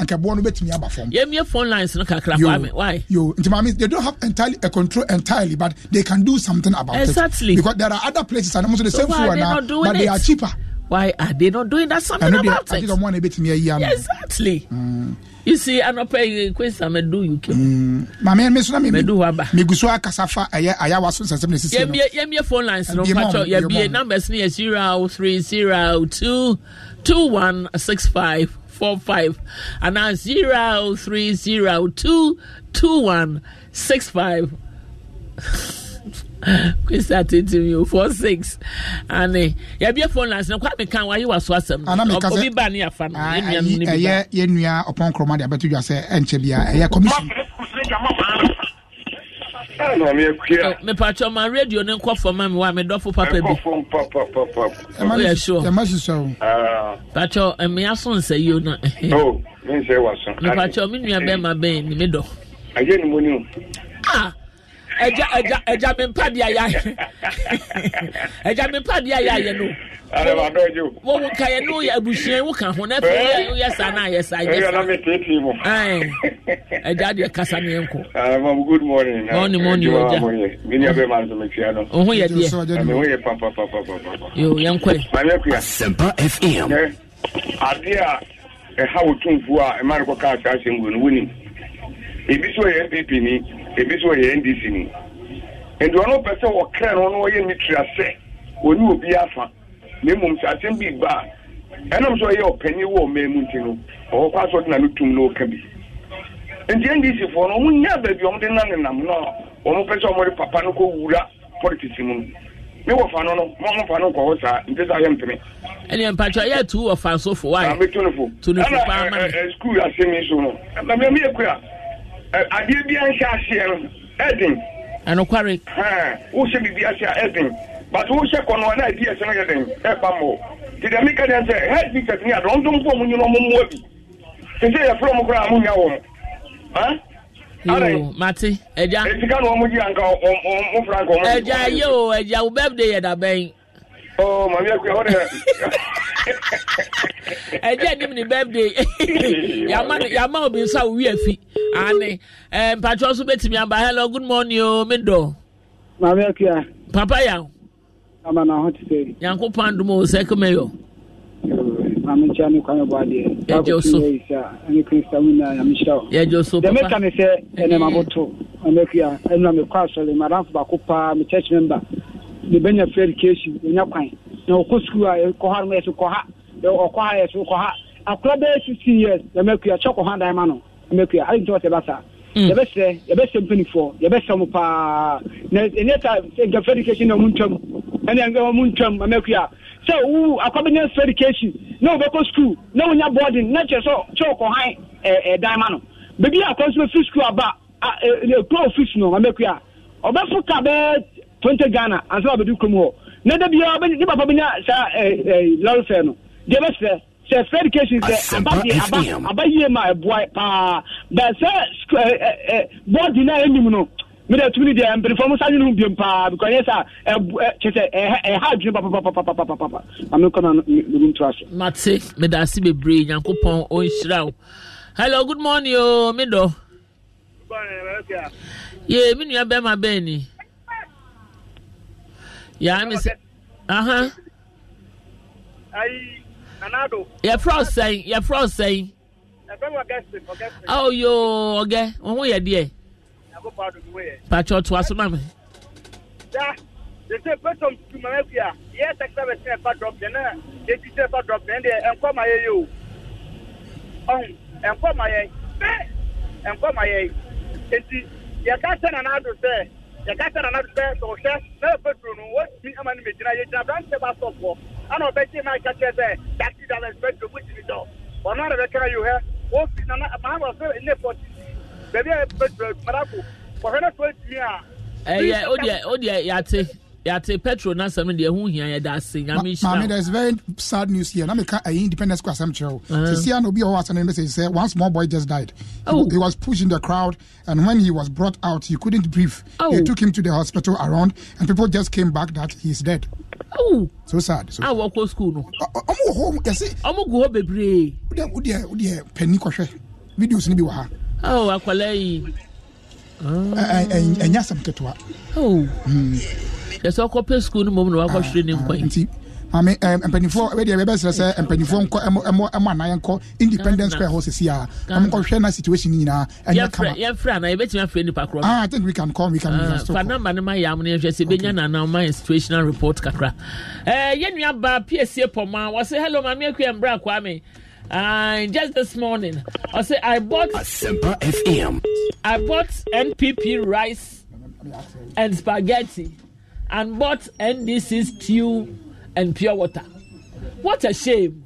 anka boɔ And bɛtumi bet me yɛmiɛ phone Yeah, phone lines no kakra fa me why yo nti maame they don't have entirely a control entirely but they can do something about exactly. it exactly because there are other places and also the so same fuel now but it? they are cheaper why are they not doing that something about it? don't want to bit me a Exactly. Mm. You see, I'm not paying question. I do you can. My man, Miss Nami, do Waba. Migusua Casafa, I was on some system. Yem your phone lines, no patch. Yem your numbers near zero three zero two two one six five four five and now zero three zero two two one six five kwesa titiri o four six ani yabi efo na asinɛ kwame kan wa ayi wa so asɛm ah, obi ba ni yafa no ah, yɛnua ni bi ba ɛyɛ yɛnua ɔpɔn kuroma de abɛto dwa sɛ ɛnkyɛ bia ɛyɛ commission. Eh, eh, mepatwɛ ma radio ne nkɔ fam a me wɔ a medɔfo papa bi woyɛ eh, oh, sure patwɛ mmea so nsɛ yio no mepatwɛ me nua bɛma bɛn ne medɔ ɛgya ɛgya ɛgya mi mpa di aya ɛgya [LAUGHS] mi mpa di aya yɛ no. alebadɔju. mo wo ka yɛ no yɛ abusua wo ka ho n'afɛ wo yɛ eh? sa na yɛ sa yɛ sa. ɛyɛ na mi tete mu. ɛn ɛgya deɛ kasa mi yɛ nko. Ah, mom good morning. Eh? morning morning ɛgya. mi ni abe maa nso mi tia no. ohun yɛ deɛ. ami o yɛ papapapapa. yoo yɛn kɔɛ. maame kuya. asempa fm. Eh, adeɛ a ɛha wo tumfuo a ɛmaa ne kɔ kaa saa asɛm wɔ no wunim ebi so yɛ npp ni. ebi nso yɛ ndc ni nti ɔno pɛ sɛ ɔkra no ɔno ɔyɛ mitri asɛ ɔne obi afa na mmom sɛ asɛm bi a ɛnam sɛ ɔyɛ ɔpanyin wɔ ɔman mu nti no ɔwɔ kɔ asɔ na no tum na ɔka bi nti ndc foɔ no ɔmo nya baabi ɔmo de na ɔmo pɛ sɛ ɔmo papa no kɔ wura politics mu no ne wɔfa no no fa saa nti yɛ tu adeɛ bi anhyɛ aseɛ no ɛden ɛnokware wohyɛ biribi ahyɛ a ɛden but wohyɛ kɔnɔa no adi ɛsɛ no yɛ den ɛpa mmɔ nti deɛ deɛ sɛ head teachers ne adɔn nto mpo mu nyina ɔmommoa bi te sɛ yɛfrɛ mo koraa monya wɔ m mate agya ɛsika na ɔmogye anka mo fra nka ɔmo agya yɛ o agya wo yɛ dabɛn oh mami akua wo deɛ ɛdi anim ni birthday [LAUGHS] yama yama obi nsa owi efi ani ɛɛ eh, mpatsɔ nso betumi aba hello good morning o oh, mi dɔ. maame akia. papa ya. ama na ahote se. yanko pan dum o sɛ kome yɔ. maame nkyɛn ne kwan bɔ adeɛ. yɛjɛ so ɛne kristu mu na yam nhyira o. yɛjɛ so papa dɛmɛ ka ne sɛ ɛnɛmaboto eh. maame akia ɛnna mi kɔ asɔre madamfo baako paa mi church member. de bɛnya frɛ education onya kwan na ɔkɔ sukuu a ɛkɔ ha ma yɛ so kɔ ha ɔkɔ ha yɛ so kɔ ha akora bɛyɛ sixteen years na mɛkua kyɛ kɔ ha dan ma no mɛkua ayi nkyɛn wɔsɛ basa yɛbɛsɛ yɛbɛsɛ mpanimfoɔ yɛbɛsɛ mo paa na ɛnyɛ ta nka frɛ education na ɔmo ntwam ɛna nka ɔmo ntwam mɛkua sɛ wu akwa bɛnya frɛ education na ɔbɛkɔ sukuu na ɔnya na kyerɛ sɛ kyɛ ɔkɔ ha ɛɛ dan ma no beebi akɔ nso bɛ fi twenty ghana ansa wa bɛdu kurom hɔ na da biara bɛ ne papa bɛ nya saa eh, eh, lɔri fɛ no deɛ bɛ sɛ sɛ fɛ education sɛ aba deɛ aba aba yie ma ɛboa paa bɛ sɛ ɛɛ ɛɛ bɔɔdi na ɛnim no mede atumi ne deɛ mpanifoɔ mo sa nyene ho biom paa because ɛyɛ sɛ a eh, kyɛ sɛ ɛha adwene papapapapapapa amekɔna mebu nto ase mate mede ase bebree nyankopɔn ɔnhyira wo hello good morning o medɔ ye me nua bɛrima bɛn ni yàrá mi sẹ ahan. ayi nanado. yɛfrɛ ɔsɛn yɛfrɛ ɔsɛn. yɛfrɛ mu ɔgɛstin ɔgɛstin. awo yoo ɔgɛ wɔn ho yɛ deɛ. yàgò pa àdùnnú yɛ. pàtó tó aso mami. da yɛsɛ pɛtɔm tu mama fi a yɛ tɛkisɛ bɛ sɛn ɛfa dɔm yɛn na yɛti sɛn ɛfa dɔm yɛn deɛ ɛnkɔ ma yɛ yɛ o ɔhun ɛnkɔ ma yɛ bɛɛ ɛnkɔ ma yɛ eti yɛka sɛ nana bɛ sɛ ɔhwɛ na yɛ petro no watumi ama no mɛgyina yɛgyina aberanteɛ ba asɔfoɔ ana ɔbɛgye ma ɛka kyerɛ sɛ thirty dollars petro wotumi dɔ ɔno ara bɛka yi hɛ wofi nana mahama sɛ ɛnyɛ forty baabi a petro marako kɔhwɛ na so atumi a ɛyɛ wodeɛ wodeɛ yɛate yàtí petrol náà sẹ́mi deɛ ɛhún hìyàn yɛ da ase nyame nhyira. maame there is very sad news here na mi ka ɛyin independence school asɛm kyerɛw sisi ano obi a ɔwɔ asɛm ɛmɛ sɛ one small boy just died oh. he, was pushing the crowd and when he was brought out he couldn't breathe oh. they took him to the hospital around and people just came back that he is dead. Oh. so sad. so sad. a wɔkɔ school no. ɔmu wɔ hɔ yɛsi. ɔmu gu hɔ bebree. o deɛ o deɛ o deɛ pɛni kɔhwɛ videos ni bi wɔ ha. awo akwadaa yi ɛnyɛ ah. eh, eh, eh, asɛm ketewa yɛ sɛ ɔkɔpɛ skul no mom na wakɔhwere ne nkwan nti maame mpanimfoɔ wɛdeɛ bɛbɛsrɛ sɛ mpanimfoɔ nkɔ ɛmɔ anan yɛnkɔ independence square hɔ sisi a ɔmo nkɔhwɛ na situation nyinaa ɛnyɛ kama yɛfrɛ ana yɛbɛtumi afrɛ nipa korɔ ah i think we can call we can uh, fa namba no ma yɛ amono yɛhwɛ sɛ bɛnya nana ma yɛ situational report kakra ɛɛ yɛnua ba psa pɔma wɔse hello maame akua mbra kwame Uh, just this morning, I say I bought Asempa FM. I bought NPP rice and spaghetti, and bought NDC stew and pure water. What a shame!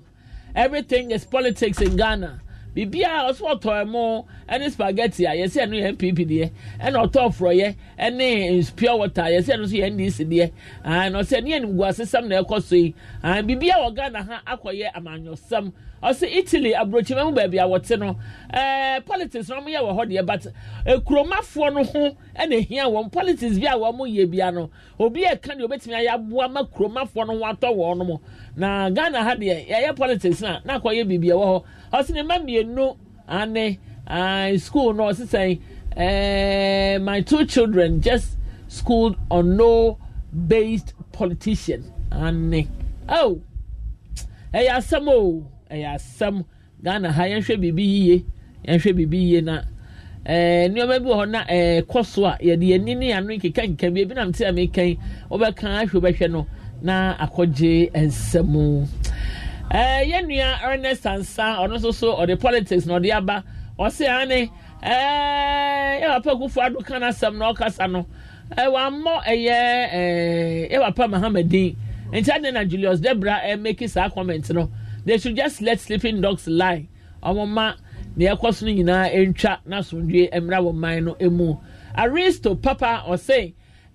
Everything is politics in Ghana. biribiara ɔsɛ ɔtɔn mu ɛne spaghetti a yɛsɛ ɛno yɛ npp deɛ ɛna ɔtɔ forɔyɛ ɛne pure water a yɛsɛ ɛno nso yɛ ndc deɛ ɛn ɔsɛ ne yɛn gu asesɛm na ɛkɔ so yi ɛn biribiara wɔ ghana ha akɔyɛ amanyɔsɛm ɔsɛ italy aburokyima mu baabi a wɔte no ɛɛ politics na wɔyɛ wɔ hɔ deɛ but ekuromafoɔ eh, no ho ɛna ehia wɔn politics bi a wɔn yɛ bia no obi ɛka deɛ obetumi ayɛ aboa ma kuromafoɔ no ho atɔ wɔn mo na ghana ha deɛ yɛyɛ politics na na akɔyɛ biribi ɛwɔ hɔ ɔsi ne mma mmienu ane uh, school no ɔsi sɛn uh, my two children just schooled on no based politician ane oh ɛyɛ asɛm o ɛyɛ asɛm ghana ha yɛnhwɛ biribi yie yɛnhwɛ biribi yie na nneɛma bi wɔ hɔ na ɛkɔ so a yɛde yɛn ani ne ano keka keka bi ebi nam ti a mi kɛn wɔbɛka ahwɛ bɛhwɛ no. na akɔgye nsɛm ɛɛ yɛn nua ernest ansa ɔno nso so ɔde politics na ɔde aba ɔsi ane ɛɛ yɛ papa kufu ado kan asɛm na ɔkasa no ɛɛ wammɔ ɛyɛ ɛɛ yɛ papa mahamadin nti adi na julius debra ɛmɛki saa comment no they should just let sleeping dogs lie ɔmo ma nea ɛkɔ so no nyinaa ɛntwa n'asomdwe mmra wɔ man no mu aristo papa ɔsɛ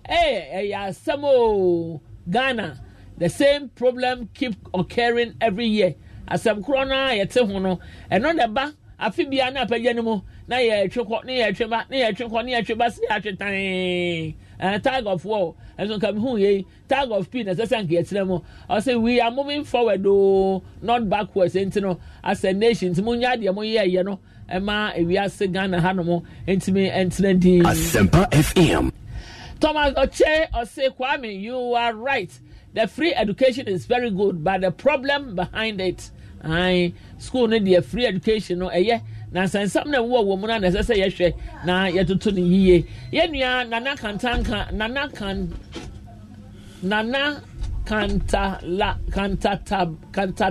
ɛɛ ɛyɛ asɛm ooo. Ghana, the same problem keep occurring every year. Asɛm korɔ no a yɛte ho no, ɛno na ba afi bia na apagya no mu na yɛtwe kɔ na yɛtwe ba na yɛtwe kɔ na yɛtwe ba si yɛatwe tan tag of war ɛnso nka mihu yei tag of peace na ɛsɛ sɛ nka yɛkyerɛ mu ɔsɛ we are moving forward oo not backwards nti no as a nation nti mo nya deɛ mo yɛ yɛ no ɛma ewiase ghana hanom ntumi ntena din. asempa fm Thomas Oche Ose Kwame, you are right. The free education is very good, but the problem behind it, I school need the free education. No, eh, yeah. na nsɛnsɛm na ɛwɔ wɔ mu no a na ɛsɛ to yɛhwɛ ye. yɛtoto no yie yɛnua nana kantanka nana kan nana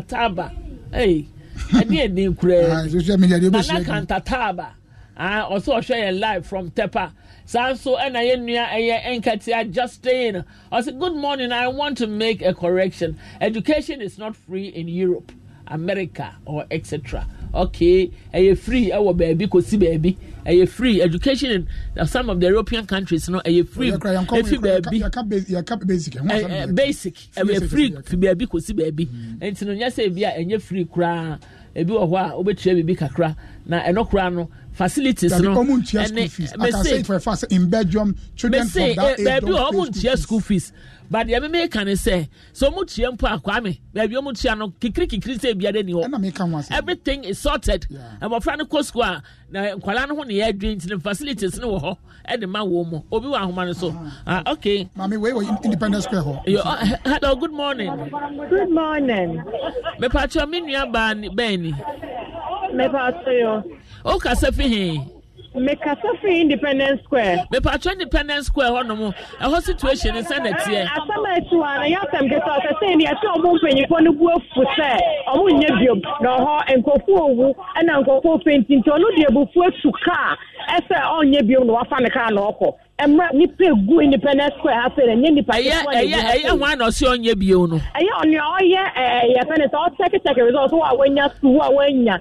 taba. Hey, I ɛyi a new kuraa nana kanta taba. I ah, also share a live from tepa saa nso ɛna yɛ nua ɛyɛ nkatia justin ɔsi good morning i want to make a correction education is not free in europe america or etc okay ɛyɛ free ɛwɔ baabi kɔsi baabi ɛyɛ free education in some of the european countries no ɛyɛ free efi baabi basic ɛyɛ free fi baabi kɔsi baabi hmm. nti no nyɛ sɛ ebi a ɛnyɛ free koraa ebi wɔ hɔ a wobɛtua biribi kakra na ɛno koraa no facilities no ɛne mese mese e, baabi wɔ hɔ ɔmo ntua school fees but deɛ memeka ne sɛ sɛ ɔmu tua mpo akwaa me baabi ɔmu tua no kikiri kikiri sɛ biara ni hɔ everything is sorted mmɔfra no kɔ school a na nkwadaa no ho ne yɛ adwene nti ne facilities no wɔ hɔ ɛde ma wɔn mu obi wɔ ahoma no so uh-huh. ah okay. maame wei wɔ independence square hɔ. yɔ uh, hello good morning. good morning. mepatro mi nua baa bɛn ni. mepatro. o kasa fi hin mekasa firi independence square. mepatro independence square hɔ nom ɛhɔ situation ne sɛn nɛteɛ. Eh, asɛm a ɛti wa no yasɛm kesa ɔsɛ sɛ ni ɛsɛ ɔmo mpanyinfoɔ no bu efu sɛ ɔmo nyɛ biom na ɔhɔ nkorɔfoɔ owu ɛna nkorɔfoɔ penti nti ɔno deɛ ebufu etu kaa ɛsɛ ɔnyɛ biom na wafa ne kaa na ɔkɔ mmerɛ nipa egu independence square ha sɛ ɛnyɛ nipa yi fɔ ɛyɛ ɛyɛ hwan na ɔsi ɔnyɛ bio no. ɛyɛ ɔnua ɔyɛ ɛɛ eh, yɛfɛ ne sɛ ɔtɛkitɛki results wo a wɔnya suwo a wɔnya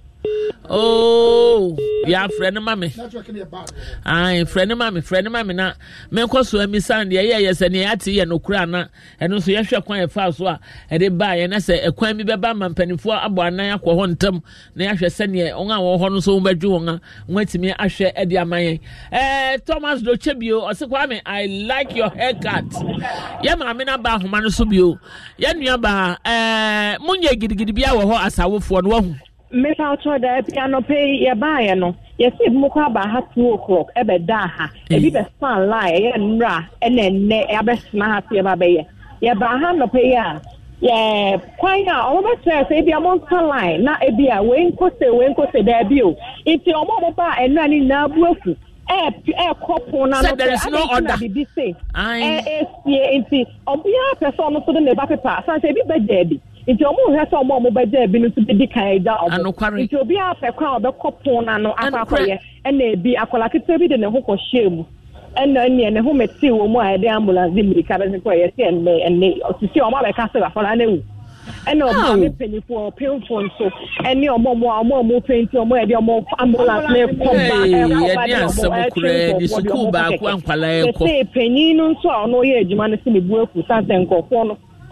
oh ya frɛ ne ma me ayi frɛ ne ma me frɛ ne ma me na me nkɔ so ɛmi ya deɛ ɛyɛ yɛ sɛ nea yɛate yɛ nokura ana ɛno nso yɛhwɛ kwan so a ɛde baa yɛ na sɛ ɛkwan bi bɛba ma mpanimfoɔ abɔ anan akɔ hɔ ntam na yɛahwɛ sɛneɛ wɔn a wɔn hɔ no nso wɔn bɛdwe wɔn a wɔn atumi ahwɛ ɛde ama yɛn ɛɛ thomas dokye bio ɔsi kwame i like your haircut yɛ maame na ba ahoma no so bio yɛ nua ba ɛɛ mo nyɛ gidigidi bi a wɔ hɔ no wɔhu. mmepe atọ dị ya baa ya no yɛsɛ ebi mu kɔ aba ha two o'clock ɛbɛda e aha ebi bɛ fan line ɛyɛ nnura ya nnɛ abɛsena ha so yɛba ya yɛba ha anɔpe yi ya ya e kwan e a wɔn bɛkyerɛ sɛ ebi a nka line na ebi a wɔn nkose wɔn nkose dɛbi o nti wɔn a wɔba a nnura no nyinaa bu efu ɛɛkɔ pon na no sɛ adekun na bibi se ɛɛsie nti ɔbea ya sɛ ɔno so de ne ba pepa asan sɛ ebi bɛ gya ebi. nti ọmụ hwẹ ọmụ ọmụ bẹ jẹ ebi nso bẹ di kan ẹja ọmụ anokwari nti obi apẹkọ a ọbẹkọ pon n'ano akọ ebi akwara ketewa bi de ne ho kọ hyia mu ẹna ẹnìyẹ ne ho mẹti wọ mu a ambulance si n'ewu mpanyinfo nso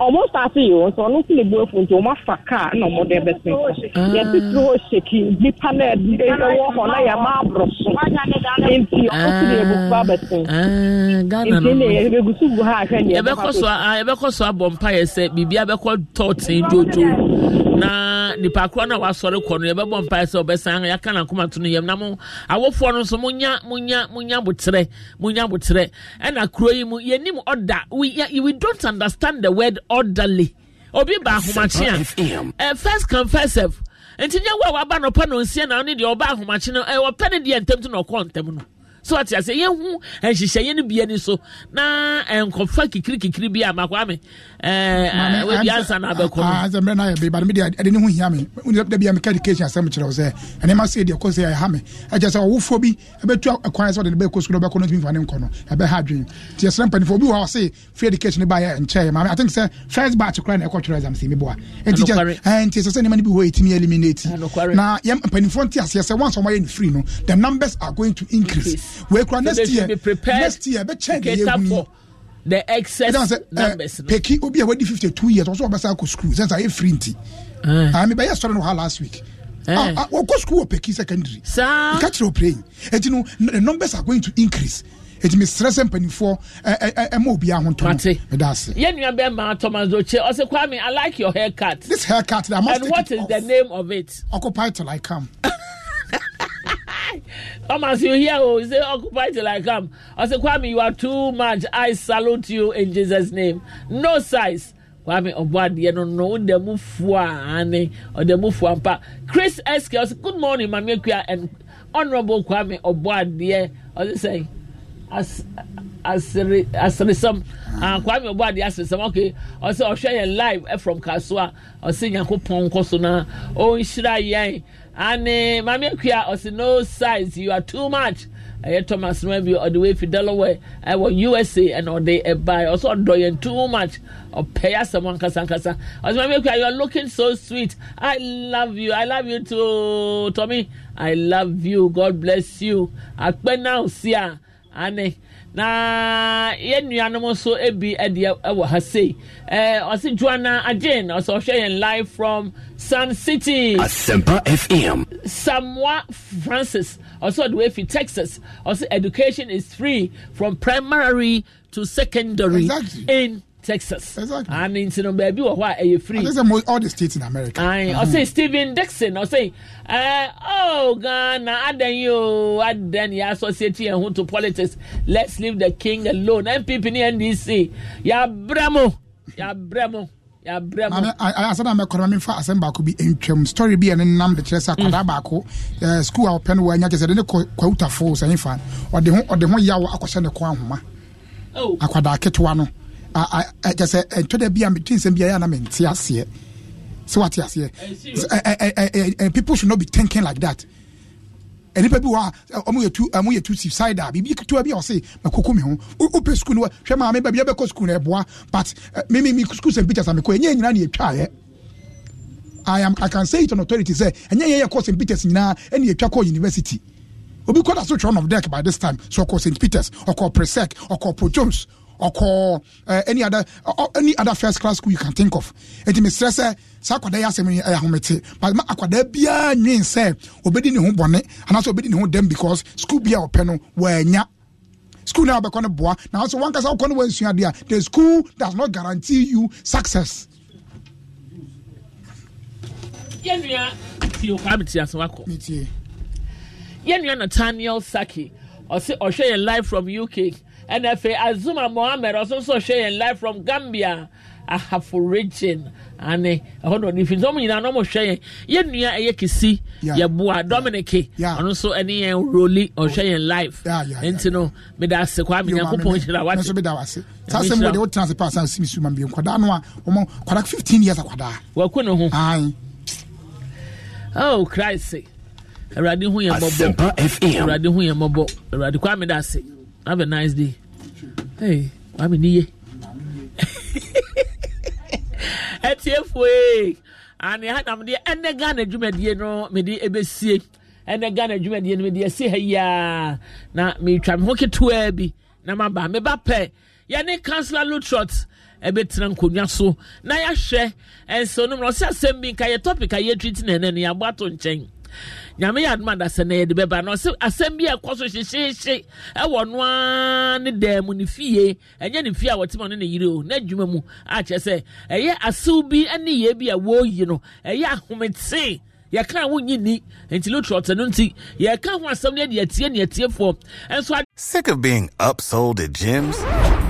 ọmụ stati yi nso ọnụ nso na-egbu efu nti ọmụ afa kaa na ọmụ dị ebe si nkọ yasi tụrụ oseki nipa na ewu ọhụrụ na ya ma abụrụ so nti ọmụ si na-egbu kwa abesi nti na egusi gu ha ahịa na ebe kwa so. ebekọ so abọ mpa ya sị bibi abekọ tọọtị jojo. na nipa koro no a wasɔre kɔ no yɛbɛbɔ mpae sɛ ɔbɛsan yɛaka na nkoma to no yam na mo awofoɔ no nso monya monya monya botrɛ monya botrɛ ɛna kuro yi mu yɛnim order we yeah, we don't understand the word orderly obi ba ahomakye a eh, first come first serve nti nyɛ wo a waba no ɔpa no nsia na ɔne deɛ ɔba ahomakye no ɔpɛ ne deɛ ntɛm to na ɔkɔ ntɛm no so ati ase yɛn ho nhyehyɛeɛ no bia ni so na nkɔfa kikirikikiri bi a makwame Eh, eh, ansa na abɛkɔ ah, no mmerɛ no ayɛ beba no mede ɛde ne ho hia me da bia meka education asɛm kyerɛ wo sɛ ɛnoɛma sɛ deɛ ɛkɔ sɛ ɛha me ɛkyɛ sɛ ɔwofoɔ bi ɛbɛtu free education no baayɛ nkyɛɛ ma I think first batch koraa na ɛkɔtwerɛ exam sɛ meboa nti kyɛ eh, nti ɛsɛ sɛ nnoɔma no bi hɔ ɛtumi eliminate na yɛ mpanifoɔ nte once ɔmayɛ no free no the numbers are going to increase We wei kora next year next year ɛbɛkyɛn deɛ ɛwu the excess That's, uh, numbers. Uh, no. Peki obi a wadi 52 years also abasa ko school since I free nti. Eh. Ah me buy story no last week. Eh. Ah, ah, wo ko school Peki secondary. Sa. Catch no praying. And you know the numbers are going to increase. ɛti mesrɛ sɛ mpanimfoɔ ɛma obia ho ntɔmate yɛ nua bɛma thomas doche ɔsɛ kwame i like your haircut this haircut that i must and what is the name of it occupy till i come [LAUGHS] Hi. as you hear, oh, say occupy till I come. I say, Kwame, you are too much. I salute you in Jesus' name. No size. Kwame Obadiah, no, no, the mufua, ane, or the mufua mpa. Chris Eske, I say, good morning, Mami Kuya, and Honorable Kwame Obadiah. I say, as as as aseresɛm uh, kwame ɔbɔ oh, as aseresɛm okay I ɔsɛ ɔhwɛ yɛn live from kasoa I say nkɔ so na ɔnhyira yɛn ane maame akua also no size you are too much ɛyɛ thomas all the way from delaware I want usa all ɔde ɛbaa by. Also doing too much ɔpɛyɛ asɛm ankasankasa ɔsi maame akua you are looking so sweet i love you i love you too tommy i love you god bless you akpɛ now see ya. ane. na yɛn nuanom nso ebi ɛdeɛ ɛwɔ ha sei ɛɛ eh, ɔsi juana agyen ɔsɛ ɔhwɛ yɛn live from sun city. asempa fm. samoa francis ɔsɛ ɔde wefi texas ɔsɛ education is free from primary to secondary exactly. in. Texas. Exactly. I mean, so no baby, or why are you free? all the states in America. I say Stephen Dixon. i say, uh, oh Ghana, I then you, I then your associate and who to politics. Let's leave the king alone. MPP and NDC. Ya bramo, ya bramo. asɛ na mɛkɔrɔ memfa asɛm baako bi ntwam story bi ɛne nam de kyerɛ sɛ akwadaa baako skuul a ɔpɛ no wɔanya kyɛ sɛ de ne kwawutafo sɛnyefa ɔde ho yaw akɔhyɛ ne kɔ ahoma akwadaa ketewa no kyɛ sɛ ntwɛda bi a mete nsɛm biara na mente aseɛ sɛ wate aseɛ people should not be thinking like that nipa eh, bi wɔ a ɔmo yɛ tu suicide a biribi ketewa bi a ɔse makoko me ho wopɛ sukuu no hwɛ maame baabi yɛbɛkɔ sukuu no ɛboa but meme eh, me sukuu sɛm pictures a mekɔ ɛnyɛ nyina ne yɛtwaeɛ eh. I am I can say it on authority sɛ ɛnyɛ yɛyɛ kɔ St Peters nyinaa ɛne yɛtwa kɔ university obi kɔda so twɛ one of deck by this time so ɔkɔ St Peters ɔkɔ presec ɔkɔ Pro Jones ɔkɔɔ uh, any other uh, any other first class school you can think of ɛti mesrɛ sɛ saa akwadaa yi asɛm yi ɛyɛ ahomete but ma akwadaa biara nwen sɛ obɛdi ne ho bɔne anaasɛ obɛdi ne ho dɛm because school bi a ɔpɛ no wɔanya school na wabɛkɔ no boa na nso wankasa wokɔ no wansua deɛ a the school does not guarantee you success yɛnua tie kwa mete ase wakɔ yɛnua nathaniel saki ɔse ɔhwɛ yɛn live from uk ɛna afei azuma mohammed ɔso nso hwɛ yɛn live from gambia ahafo region ane ɛhɔ na ɔne mfiri nso ɔmo nyinaa na ɔmo hwɛ yɛn yɛn nua ɛyɛ kisi yɛboa dominic ɔno nso ɛne yɛn roli ɔhwɛ oh. yɛn live nti no meda ase kwa mi nyankopɔn hyira wate nso meda ase saa sɛm wɔ de wotena ase paa saa simi suma mbien kwadaa no a ɔmo kwadaa fifteen years akwadaa waku ne ho ayi oh christ awurade ho yɛn mɔbɔ awurade ho yɛn mɔbɔ awurade kwa mi da ase. Have a nice day. Hey, I'm in here. atiefoe ane hanam deɛ ɛnɛ ghana adwumadie no mede ɛbɛsie ɛnɛ ghana adwumadie no mede ɛsi ha yia na metwa me ho ketewa bi na maba meba pɛ yɛne councilor lutrot ɛbɛtena nkonnwa so na yɛahwɛ ɛnso no mmerɛ ɔsɛ asɛm bi nka yɛ topic a yɛtwiti na ɛnɛ no yɛabɔ ato nkyɛn nyame yɛ adoma adasa na yɛde bɛba na ɔsɛ asɛm bi a ɛkɔ so hyehyeehye ɛwɔ no ara ne dan mu ne fie ɛnyɛ ne fie a wɔte no ne yere o n'adwuma mu akyerɛ sɛ ɛyɛ asew bi ne yie bi a wɔreyi no ɛyɛ ahomete no nti ho asɛm ne ɛnso sick of being upsold at gyms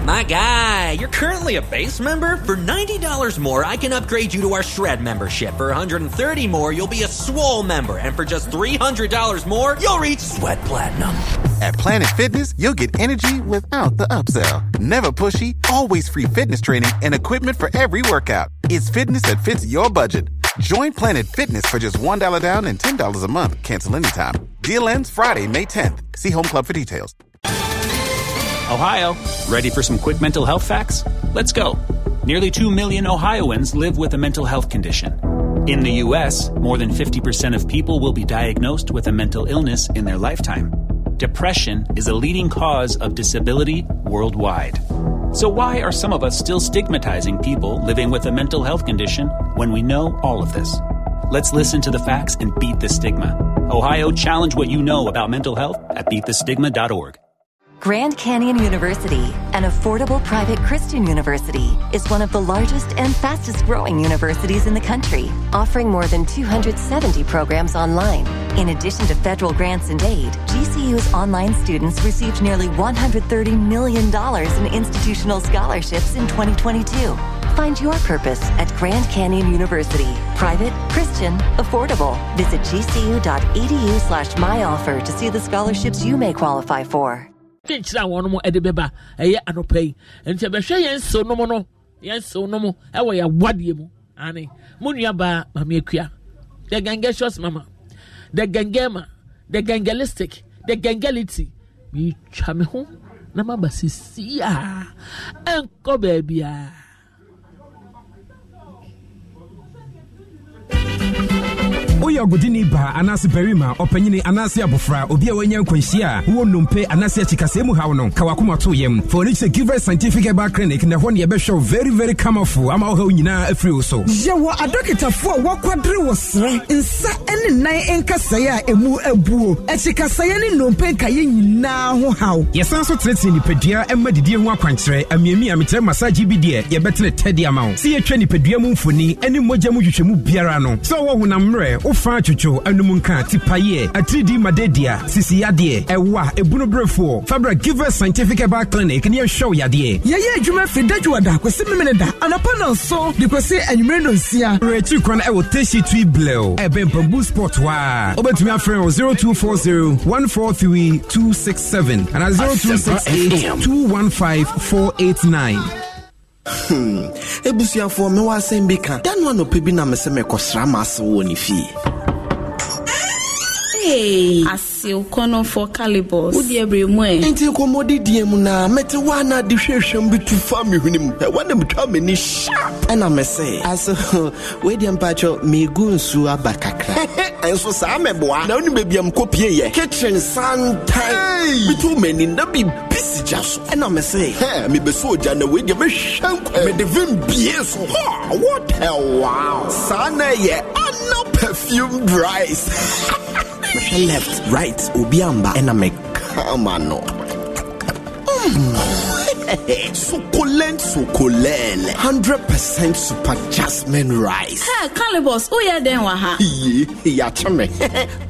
my guy you're currently a base member for $90 more i can upgrade you to our shred membership for $130 more you'll be a swole member and for just $300 more you'll reach sweat platinum at planet fitness you'll get energy without the upsell never pushy always free fitness training and equipment for every workout it's fitness that fits your budget Join Planet Fitness for just $1 down and $10 a month. Cancel anytime. Deal ends Friday, May 10th. See Home Club for details. Ohio, ready for some quick mental health facts? Let's go. Nearly 2 million Ohioans live with a mental health condition. In the U.S., more than 50% of people will be diagnosed with a mental illness in their lifetime. Depression is a leading cause of disability worldwide. So, why are some of us still stigmatizing people living with a mental health condition when we know all of this. Let's listen to the facts and beat the stigma. Ohio, challenge what you know about mental health at beatthestigma.org. Grand Canyon University, an affordable private Christian university, is one of the largest and fastest growing universities in the country, offering more than 270 programs online. In addition to federal grants and aid, GCU's online students received nearly $130 million in institutional scholarships in 2022. Find your purpose at Grand Canyon University. Private, Christian, affordable. Visit gcu.edu slash myoffer to see the scholarships you may qualify for. ane the mama the the the woyɛ ɔgodini baa anaase barima ɔpanyini anaase abofra obi a wanya nkwanhyia a wowɔ nnompe anaase akyikasɛɛ mu haw no ka wakoma to yam fa wɔne kyerɛ givers scientific herbal clinic na ɛhɔ ne yɛbɛhwɛ wo very very camafo ama wohaw nyinaa afiri wo so yɛwɔ adɔkitafoɔ a wɔakwadere wɔ serɛ nsa ne nan nkasɛeɛ a ɛmu abuo akyikasɛeɛ ne nnompe nkayɛ nyinaa ho haw yɛsan nso tenetene nipadua ma didie ho akwankyerɛ amiami a mekyerɛ masagye bi deɛ yɛbɛtene tɛdeɛ ama wo sɛ yɛtwa nipadua mu mfoni ne mmogya mu hwehwɛmu biara no sɛ wɔwɔ honam wofa atwotwo anom nka tipayeɛ atiridi madadia sisiyadeɛ ɛwa ebunuberɛfoɔ fabra us scientific herbal clinic ne yɛhwɛ wo yadeɛ yɛyɛ adwuma fi dadwowa da kwasi memene da anapa nanso de kwasi anwummere no nsia werɛkyiri kwan ɛwɔ tasi tui blɛw ɛbɛn mpambu sport hɔ a wobɛtumi afrɛ wɔ 0240 143 267 anaa 0268 215 489 Hmm. ebusuafoɔ afọ asɛm bi ka da no anɔpɛ bi na me sɛ ama ma ase wɔ ne fie Hey. Asew kɔnɔ fɔ calibus. O deɛ bere mu ɛ. Nti nkɔmɔdi diɛ mu na mɛti waa na adi hwehwɛm bi tu fa mi hwene mu. Ɛwɔ na mi twa mi ni sharp. Ɛna mɛ sɛ. Aso [LAUGHS] wei deɛ mpatsɔ mi gu nsu aba kakra. Ɛnso saa mɛboa. Na onu beebi a mu kɔ pie yɛ. Kitchen santan. Mi tu mɛ ni na bi bisi gya so. Ɛna mɛ sɛ. Hɛ mi bɛ so gya na wei deɛ mɛ hwɛ nkɔ. Mɛ de vim bie so. Hɔ wɔtɛ waa. Saa na yɛ ana perfume rice. [LAUGHS] left right ubiamba, amba ɛna mekama no mm succulent, succulent. 100% super jasmine rice. Hey, Calibos, [LAUGHS] oh yeah, then waha. Yeah, chame.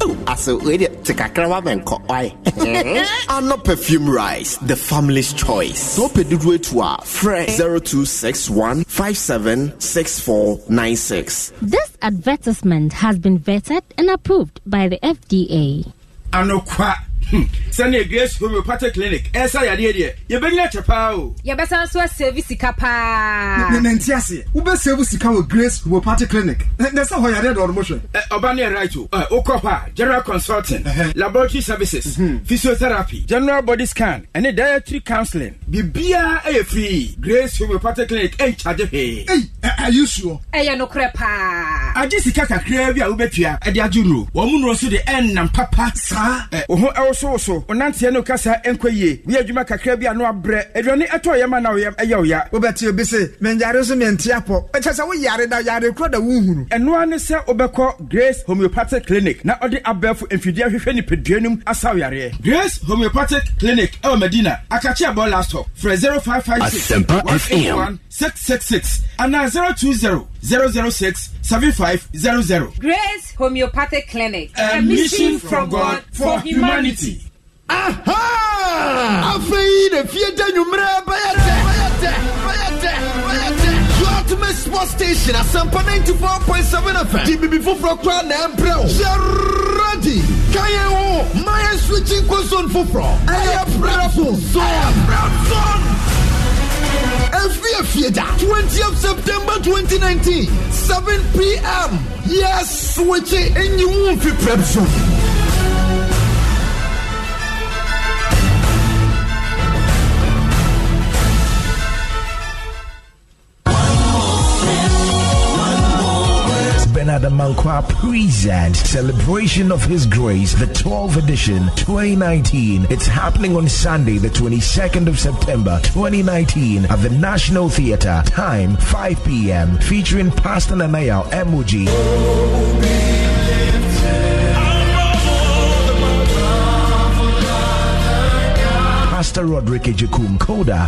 Oh, aso, wait, take a crab [LAUGHS] and cook. Ano perfume rice, the family's choice. So pedidwe tuwa. fresh Zero two six one five seven six four nine six. This advertisement has been vetted and approved by the FDA. Ano kwa Hmm. sɛnea eh, grace homeopathic clinic ɛsa yadeɛ deɛ yɛbɛnyina kyɛ paa o yɛbɛsan so asɛvi sika paa nante aseɛ wobɛsɛvi sika wɔ grace homeopathic clinic nɛ sɛ hɔ yadeɛ dɔɔde mohwɛ ɔba ne eh, right o wokɔ eh, hɔ a general consulting laboratory services mhm. physiotherapy general body scan ɛne dietary counseling biribiaa ɛyɛ free grace homeopathic clinic ɛnkyade hwee ɛyɛ suɔ ɛyɛ nokorɛ paa agye sika kakraa bi a wobɛtua ɛde agye nnuro wɔn mu nnuro so de ɛnnam papa saa wo ho ɛwo wosowoso wonanteɛ no kasa nkɔ yie woyɛ adwuma kakra bi ano abrɛ aduane ɛtɔ yɛ ma na woyɛ ɛyɛ woya wobɛte obi se menyare so mente apɔ ɛkyɛ sɛ woyare da yare korɔ da wohunu ɛnoa ne sɛ wobɛkɔ grace homeopathic clinic na ɔde abɛɛfo mfidie ahwehwɛ nipadua no m asaw grace homeopathic clinic ɛwɔ medina akakye abɔ last hɔ frɛ 0556 181 666 anaa 020 006 7500. Grace Homeopathic Clinic. A, a mission, mission from God for humanity. Aha! sports station asampa 94.7 fm di bibi foforɔ koraa na ɛmprɛ wo yɛ ready ka yɛn ho ma yɛn zone zone Theater, 20th September 2019, 7 p.m. Yes, we in you won't be Kadamankwa presents Celebration of His Grace, the 12th edition 2019. It's happening on Sunday, the 22nd of September 2019 at the National Theatre. Time 5 p.m. Featuring Pastor Nanayao Emoji. Pastor Roderick Ejekum Koda.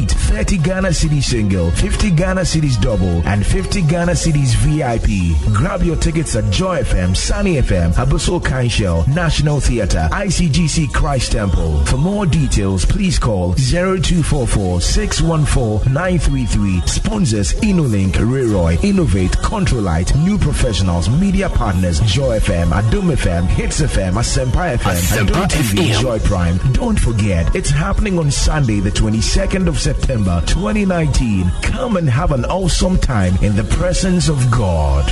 straight 30 Ghana Cities single, 50 Ghana Cities double, and 50 Ghana Cities VIP. Grab your tickets at Joy FM, Sunny FM, Abuso Kanshel, National Theatre, ICGC Christ Temple. For more details, please call 0244 614 933. Sponsors InnoLink, Reroy, Innovate, Controlite, New Professionals, Media Partners, Joy FM, Adum FM, Hits FM, Asempa FM, Asempa FM. Joy Prime. Don't forget, it's happening on Sunday, the 22nd of September 2019. Come and have an awesome time in the presence of God.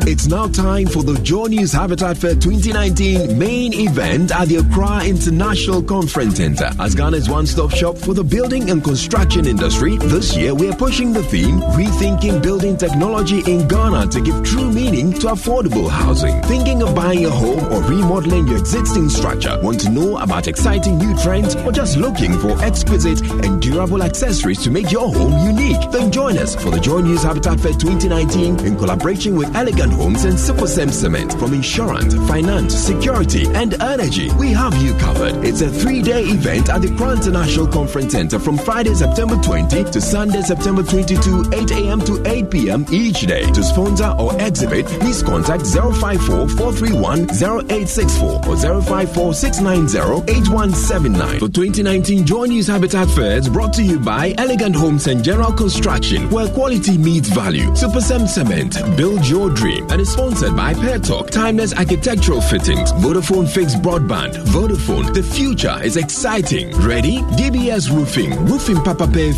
It's now time for the Joe News Habitat Fair 2019 main event at the Accra International Conference Center. As Ghana's one stop shop for the building and construction industry, this year we are pushing the theme Rethinking Building Technology in Ghana to give true meaning to affordable housing. Thinking of buying a home or remodeling your existing structure? Want to know about exciting new trends or just looking for exquisite and durable accessories to make your home unique? Then join us for the Joy News Habitat Fair 2019 in collaboration with Elegant Indian Homes and Super Cement from insurance, finance, security, and energy. We have you covered. It's a three day event at the Grand International Conference Center from Friday, September 20 to Sunday, September 22, 8 a.m. to 8 p.m. each day. To sponsor or exhibit, please contact 054 431 0864 or 054 8179. For 2019 Joy News Habitat Fairs brought to you by Elegant Homes and General Construction, where quality meets value. Super Cement, build your dream and is sponsored by Pear Talk, Timeless Architectural Fittings, Vodafone Fixed Broadband, Vodafone. The future is exciting. Ready? DBS Roofing, Roofing Papa Pear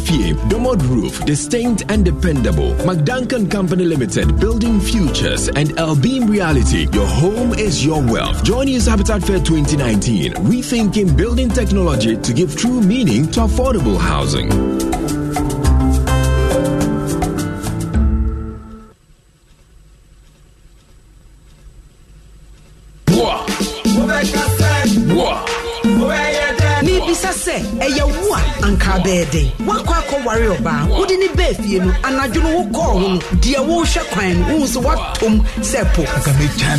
Domod Roof, Distinct and Dependable, McDuncan Company Limited, Building Futures, and Elbeam Reality. Your home is your wealth. Join us Habitat Fair 2019, rethinking building technology to give true meaning to affordable housing. sɛ ɛyɛ wo a anka bɛyɛ den woakɔ akɔware ɔbaa wode ne bɛɛ fie no anadwo no wokɔɔ ho no deɛ worehwɛ kwan no wohu sɛ woatom sɛ po ɛbɛyɛ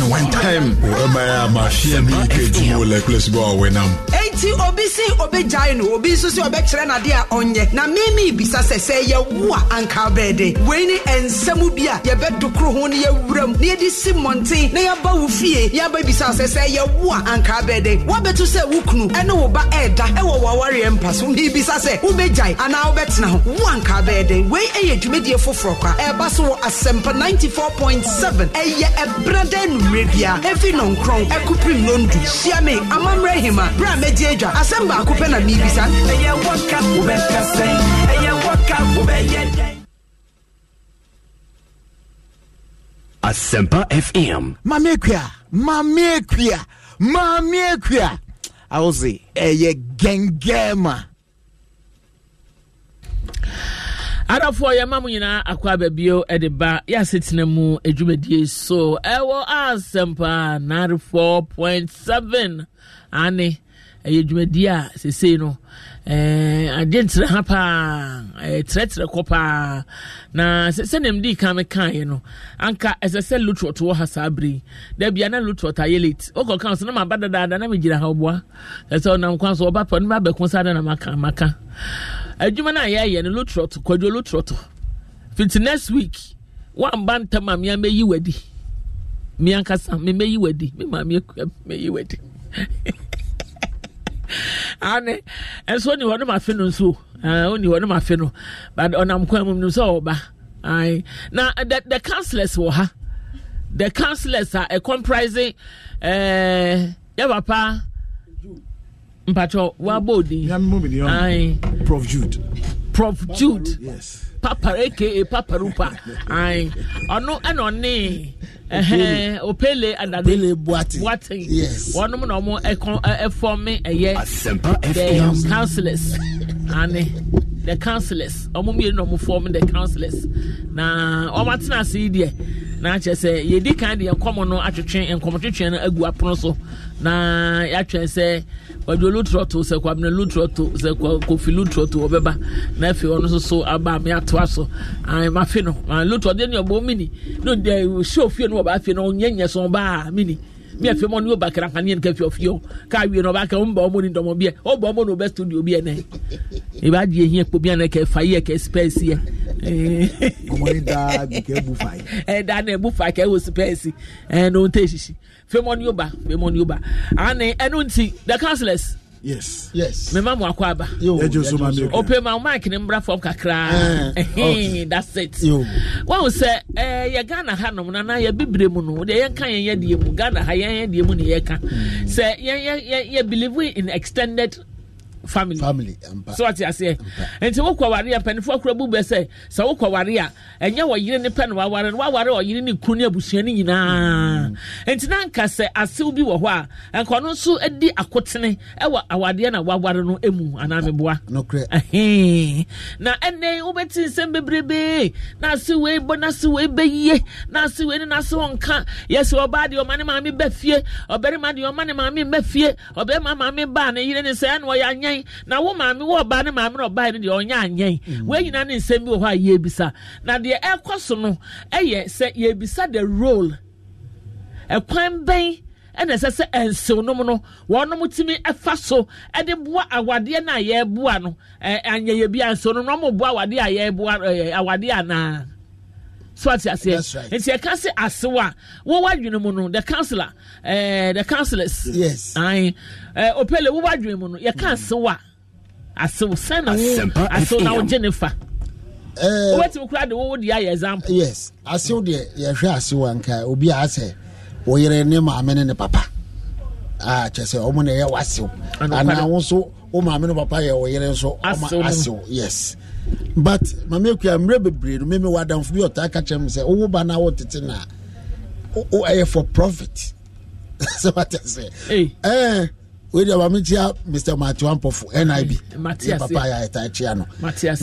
a mahwea wo lɛklɛs bɛ a wɔnam nti obi si obi gyae no obi nso si ɔbɛkyerɛ n'adeɛ a ɔnyɛ na mimi bisa sɛ sɛ yɛwo a anka bɛɛ de wei ne nsɛm bi a yɛbɛdo koro ho ne yɛwura mu na yɛde si mmɔnten na yɛba wo fie yɛaba bisa sɛ sɛ yɛwo a anka bɛɛ de woabɛto sɛ wo kunu ɛne wo ba ɛɛda ɛwɔ e wɔawareɛ mpa so mibisa sɛ wobɛgyae anaa wobɛtena ho e e wo anka bɛɛ de wei ɛyɛ dwumadie foforɔ kwa ɛɛba so wɔ asɛmpa 94.7 ɛyɛ ɛberɛ da anummerɛ bia ɛfi nɔnkrɔn ɛkoprim nondu hyia me amammerɛ tie dwa asɛm baako pɛ na meebisa ɛyɛ Asempa FM. Mami Equia, Mami Equia, Mami Equia. I will say, Eye Gengema. adafoɔ yɛma mo nyinaa akɔ ababio de ba yɛasetena mu adwumadie so ɛwɔ asɛmpa 94.7 ane ɛyɛ dwumadi a sesei no adeɛ ntrɛ ha paa trɛtrɛ kɔ paa na sɛnea mede ka me kaeɛ no anka ɛsɛ sɛ lotrot wɔ ha saa bere dabia na lotrot ayɛ late wokɔka so na maba dadaada na megyina ha woboa ɛsɛ ɔnam kwan so wɔba pa no mabɛko saa da na maka maka adwuma no a yɛayɛ no lotrot kwadwo lotrot fiti next week woamba ntam a mea mɛyi wadi me ankasa memɛyi wadi me maame akua meyi wadi [LAUGHS] ane ah, ɛnso eh, ni wɔn afe no nso ɔni eh, wɔn afe no but ɔnam kwan mu no sɛ ɔba ayi na eh, the the councillors wɔ ha the councillors a ɛcomprising ɛɛ yɛ papa mpatsɔ wabɔ odin ayi prof jude prof jude papa aka paparupa ayi ɔno ɛna ɔne. opele anade buatin buatin yes mu na wɔn ɛkɔn ɛfɔmi ɛyɛ the councillors ani the councillors wɔn mmienu na wɔn fɔmi the councillors na wɔn atena ase yi deɛ n'akyɛ sɛ yɛdi kan deɛ nkɔmɔ no atwetwe nkɔmɔ twetwe no agu apono so na yɛatwɛn sɛ wadwo lutrɔ to sɛ kwamina lutrɔ to sɛ kofi lutrɔ to ɔbɛba na afei ɔno nso so aba ame atoa so ama fe no lutrɔ deɛ ne ɔbɔ mini ne ɔde hyɛ ofie no ɔba afei no ɔnyɛnyɛ so ɔbaa mini mi afi mo ni o ba kira nkan ni yɛn kɛfɛ ɔfi o k'a wiye na ɔba kɛ ni dɔmɔ biɛ ɔmu ba ni ɔbɛ studio biɛ nɛ i b'a di ehin ekpo biɛ nɛ kɛ fa yɛ kɛ spɛsi yɛ. kɔmɔni daa bi kɛ bu fa ye. ɛ daa nɛ bu fa kɛ wo spɛsi ɛ eh, n'o tɛ sisi. Femon Yoba, Femon Yoba. Ane, the councillors. Yes. Yes. Me mamu akwa aba. Yo. Open my mic ne mbra fam kakra. Eh, [LAUGHS] that's it. Yo. Wo se eh, Ghana ha no na na mu no. De ye kan ye mu Ghana ha ye ye mu ne ye ka. Hmm. Se believe in extended family family ampa so ati aseɛ nti wokɔ awari a mpanyinfo akora bu bɛ sɛ sɛ wokɔ awari a ɛnyɛ wɔ yiri ne pɛ na wawari no wawari ɔyiri ne kuru ne abusua ne nyinaa nti nanka sɛ asew bi wɔ hɔ a nkɔno nso adi akotene ɛwɔ awadeɛ na wawari no emu anameboa nokorɛ na ɛnɛ wobɛti nsɛm bebrebe na ase wei bɔ na ase wei bɛyie na ase wei ne na ase wɔn ka yɛsɛ ɔbaa deɛ ɔma ne maame bɛ fie ɔbɛrima deɛ ɔma ne maame bɛ fie ɔbɛrima maame baa ne yiri ne sɛ ɛna ɔyɛ anyɛn na wo maame wo ɔbaa ne maame na ɔbaa no deɛ ɔnyɛ anyɛn mm. wɔn nyinaa ne nsɛm bi wɔ hɔ a yɛbisa na deɛ ɛrekɔ so no ɛyɛ sɛ yɛbisa the role ɛkwan bɛn ɛna ɛsɛ sɛ nsewnom no wɔnom tumi ɛfa so ɛde boa awadeɛ no a no ɛɛ anyɛyɛ bi a nsewnom no wɔn mo boa awadeɛ a ɛɛ awadeɛ anaa. so ati aseɛ nti ɛka se asew a wɔwɔ adwene mu no the councillor ɛɛ uh, eh, the councillors yes ayi ɛɛ uh, eh, opele wɔwɔ adwene mu no yɛka mm. asew a asew sɛn na asew na wɔgye ne fa wɔbɛtumi kura de wɔwɔ di ayɛ example. yes asew deɛ yɛhwɛ asew anka obi a asɛ wɔyere ne maame ne ne papa a ah, kyerɛ sɛ wɔn na ɛyɛ wɔasew anaa wɔn nso wɔn maame ne papa yɛ wɔyere nso wɔn asew yes. Asew. but maame ekuya mmerɛ bebree no mmemme wadamfo bi ɔtaa ka kyerɛ m sɛ owó ba na awo tete na o ɛyɛ for profit sɛ wata sɛ ɛɛ o de maame kyia mr matthew ampɔfo nib ne papa yɛ ɛtaa kyia no